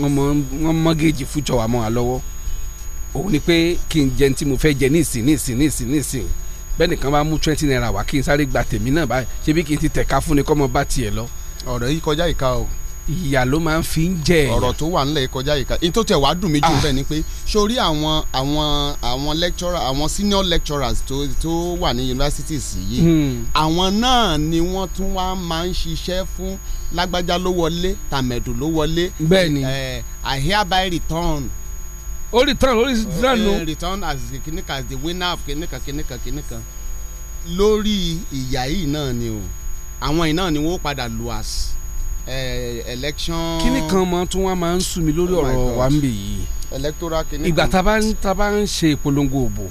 wọ́n mọ́gẹ́jì fújọ́ wa mọ́ wa lọ́wọ́ òun ni pé kí n jẹun tí mo fẹ́ jẹ nísìn nísìn nísìn nísìn bẹ́ẹ̀ nìkan bá mú twenty naira wá kí n sáré gba tèmi náà báyìí ṣebí kí n ti tẹ̀ka fún ni kọ́ mọ bá tiẹ̀ lọ. ọ̀rọ̀ yìí kọjá ìka o ìyà ló máa ń fi ń jẹ ẹ̀yà. ọ̀rọ̀ tó wà nílẹ̀ kọjá yìí kan tó tẹ̀ wá dùn mí jù ah. bẹ́ẹ̀ ni pé sórí àwọn àwọn àwọn lecturer àwọn senior lecturers tó tó wà ní universities yìí hmm. àwọn náà ni wọ́n tún wá máa ń ṣiṣẹ́ fún lágbájá ló wọlé tàmẹ̀dù ló wọlé. bẹ́ẹ̀ni eh, I hereby return ó return ó eh, return no. Eh, return as the clinic the winner of clinic clinic lórí ìyá yìí náà ni o àwọn yìí náà ni wọ́n padà lu àṣì Eh, election. kíní kan mọ tí wọn máa ń sùn mí lórí oh ọ̀rọ̀ wa ń bè yìí. electoral kíní kan. ìgbà tá a bá ń ṣe ìpolongo òbò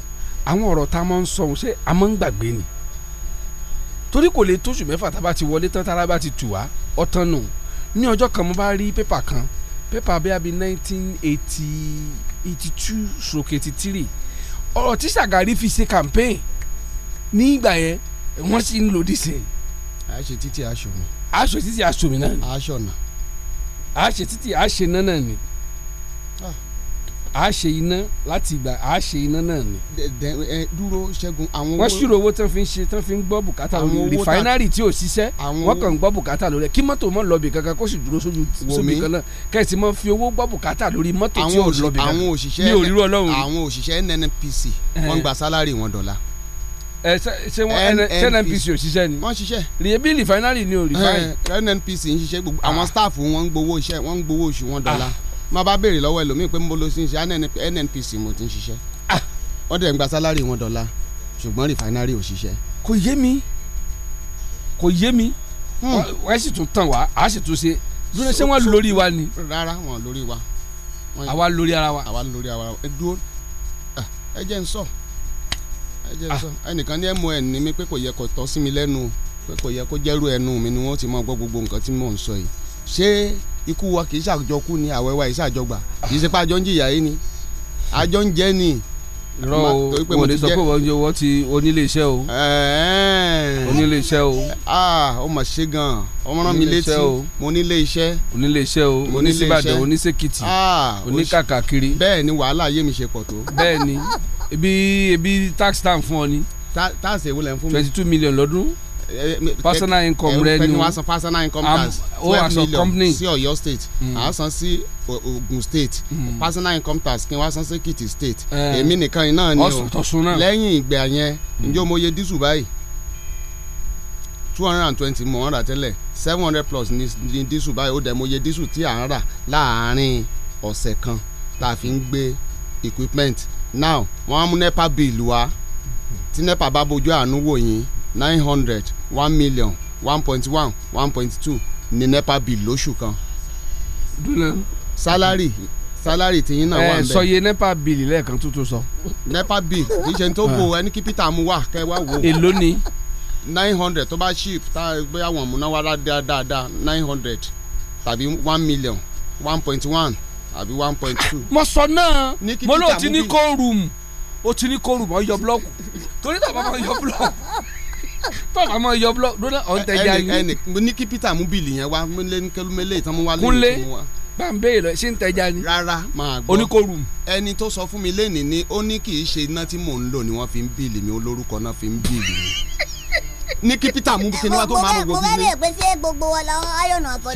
àwọn ọ̀rọ̀ tá a máa ń sọ ṣé a máa ń gbàgbé ni torí kò lè tóṣù mẹ́fà tá a bá ti wọlé tán tára bá ti tù wá ọ̀tán nù ní ọjọ́ kan mo bá rí pépà kan pépà bẹ́ẹ̀ bí nineteen eighty eighty two stroke eighty three ọ̀rọ̀ tí Ṣàgárí fi ṣe campaign ní ìgbà yẹn wọ́n sì ń lòdì sí i. a ṣe títí aṣọ mi aṣọ títí aṣọ mi náà ni. aṣọ náà. aṣe títí aṣe náà náà ni. aṣe iná láti ìgbà aṣe iná náà ni. ẹ dúró ṣẹ́gun àwọn. wọ́n ṣírò owó tán fi ń ṣe tán fi ń gbọ́ bùkátà lórí rìfáínárì tí ò ṣiṣẹ́ wọ́n kàn ń gbọ́ bùkátà lórí ẹ̀ kí mọ́tò mọ́ lọ́ọ̀bì kankan kó sì dúró sójú sómi kan náà kẹ́sì mọ́ fi owó gbọ́ bùkátà lórí mọ́tò tí ò lọ́ọ̀bì kankan ní òríró ọlọ́run ṣe wọn nnpc o ṣiṣẹ́ ni. wọ́n ṣiṣẹ́. rìbí rìfáínárì ni ò rìfáìn. nnpc ń ṣiṣẹ́ gbogbo ah. àwọn staff wọn ń gbowó iṣẹ́ wọn ń gbowó oṣù wọn dọ́là má ah. bá béèrè lọ́wọ́ ẹlòmíì pé mo lọ sí ṣe nnpc mo ti ń ṣiṣẹ́ ah. wọ́n dẹ̀ ń gba sálárì wọn dọ́là ṣùgbọ́n rìfáínárì ò ṣiṣẹ́. kò yé mi kò yé mi hmm. wọ́n sì tún tàn wá a sì tún ṣe dúró ṣé wọ́n lórí wa ni. rárá wọn lórí wa. àwa lórí ara wa. àwa lórí ara wa dúró ẹ jẹ́ n sọ. Ah. ẹnìkan ní ẹmu ẹ ní mi pé kò yẹ kó tọ́ sí mi lẹ́nu pé kò yẹ kó jẹ́rú ẹnu mi ni wọ́n ti máa gbọ́ gbogbo nǹkan tí mò ń sọ yìí ṣé ikú wa kì í ṣàjọkú ni àwẹ̀wà ìṣàjọgbà kì í ṣe pé àjọ ń jìyà yìí ni àjọ ń jẹ́ ni irọ́ o mo lè sọ pé wọ́n jẹ́ wọ́n ti oníléeṣẹ́ o oníléeṣẹ́ o. Ah, ó mà ṣe gan-an ọmọ rán mi létí mo nílé iṣẹ́. onílé iṣẹ́ o onísìbàdàn oníṣèkìtì ah, oníkàkàkiri. bẹ́ẹ̀ ni wàhálà ayé mi ṣe pọ̀ tó. bẹ́ẹ̀ ni ebi ebi tax stamp fún ọ ni. tax èwo lẹ́ ń fún mi. twenty two million lọ́dún personal eh, eh, income eh, revenue. ni o ẹni wàá san personal income um, tax twelve million sí Ọ̀yọ́ state mm. àá san sí Ògùn state mm. personal income tax kí n wá san sí Èkìtì state èmi nìkan náà ni o lẹ́yìn ìgbà yẹn mm. ǹjẹ́ o mọ iye dísù báyìí two hundred and twenty mọ̀ ọ́n rà tẹ́lẹ̀ seven hundred plus ní dísù báyìí ó dẹ̀ mọ iye dísù tí à ń rà láàárín ọ̀sẹ̀ kan tá a fi ń gbé equipment now wọ́n á mú nepa bill wá tí nepa bá bójú àánú wò yín nine hundred one million one point one one point two ní nepa bill lóṣù kan. dúnà. sálárì sálárì tìyín náà wà ń bẹ. sọye nepa bill lẹ́ẹ̀kan tó tó sọ. nepa bill kì í ṣe tó bo ah. ẹni kí peter mu wà kẹ́ wá wò. èló ni. nine hundred tó bá ship tá a gbé àwọn múnáwá dáadáa nine hundred tàbí one million one point one àbí one point two. mo sọ náà mo lóò ti ní kóòrùm o ti ní kóòrùm ọ yọ búlọ́ọ̀kù torí tàbá máa yọ búlọ́ọ̀kù tọ́ka mọ yọ búlọ̀ lọ́dọ̀ ọ̀ ń tẹ̀jà yín. ẹnì mo ní kí Peter mú yẹn wá mo ìtàn mo wá lẹ́yìn tó mo wá. bá ń béèrè ṣé ń tẹ̀jà ni. rárá máa gbọ́ oníkóòrùn. ẹni tó sọ fún mi lẹ́nìí ni ó ní kì í ṣe iná tí mò ń lò ni wọ́n fi ń bìlì mi olórúkọ náà fi ń bìlì mi ní kí Peter mú kíni wá tó máa mú gbogbo ilé. mo bẹ́ẹ̀ pé ṣé gbogbo wọn lọ ayọ̀nà ọ̀pọ̀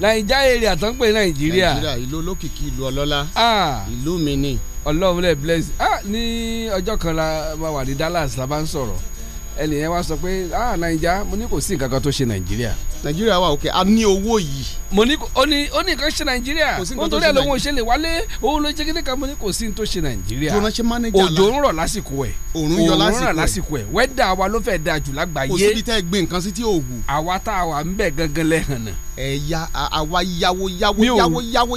naija area tó ń pè nàìjíríà nàìjíríà ìlú olókìkí ìlú ọlọ́lá ìlú mi ni. ọlọ́run lè bless ah ní ọjọ́ kan la wà ní Dallas la bá ń sọ̀rọ̀ ẹnì yẹn wá sọ pé ah naija mo ní kò sí nǹkan kan tó ṣe nàìjíríà. nàìjíríà wà òkè a ní owó yìí. mo ní ó ní ó ní nǹkan ṣe nàìjíríà ó torí ẹ lóhun òṣèlè wálé òun ló jẹ́ kíni kan mo ní kò sí ní tó ṣe nàìjíríà. jọ̀nà ṣe mánéjà la òjò ń rọ̀ lásìkò ẹ̀ òòrùn yọ lásìkò ẹ̀ wẹ́dà wa ló fẹ́ da jù lágbàáyé. kò síbi tẹ́ gbé nǹkan sí tí ò hù. àwa tá a wà ń bẹ̀ gangan lẹ́hàn náà. ẹ̀yà àwa yáwó yáwó yáwó yáwó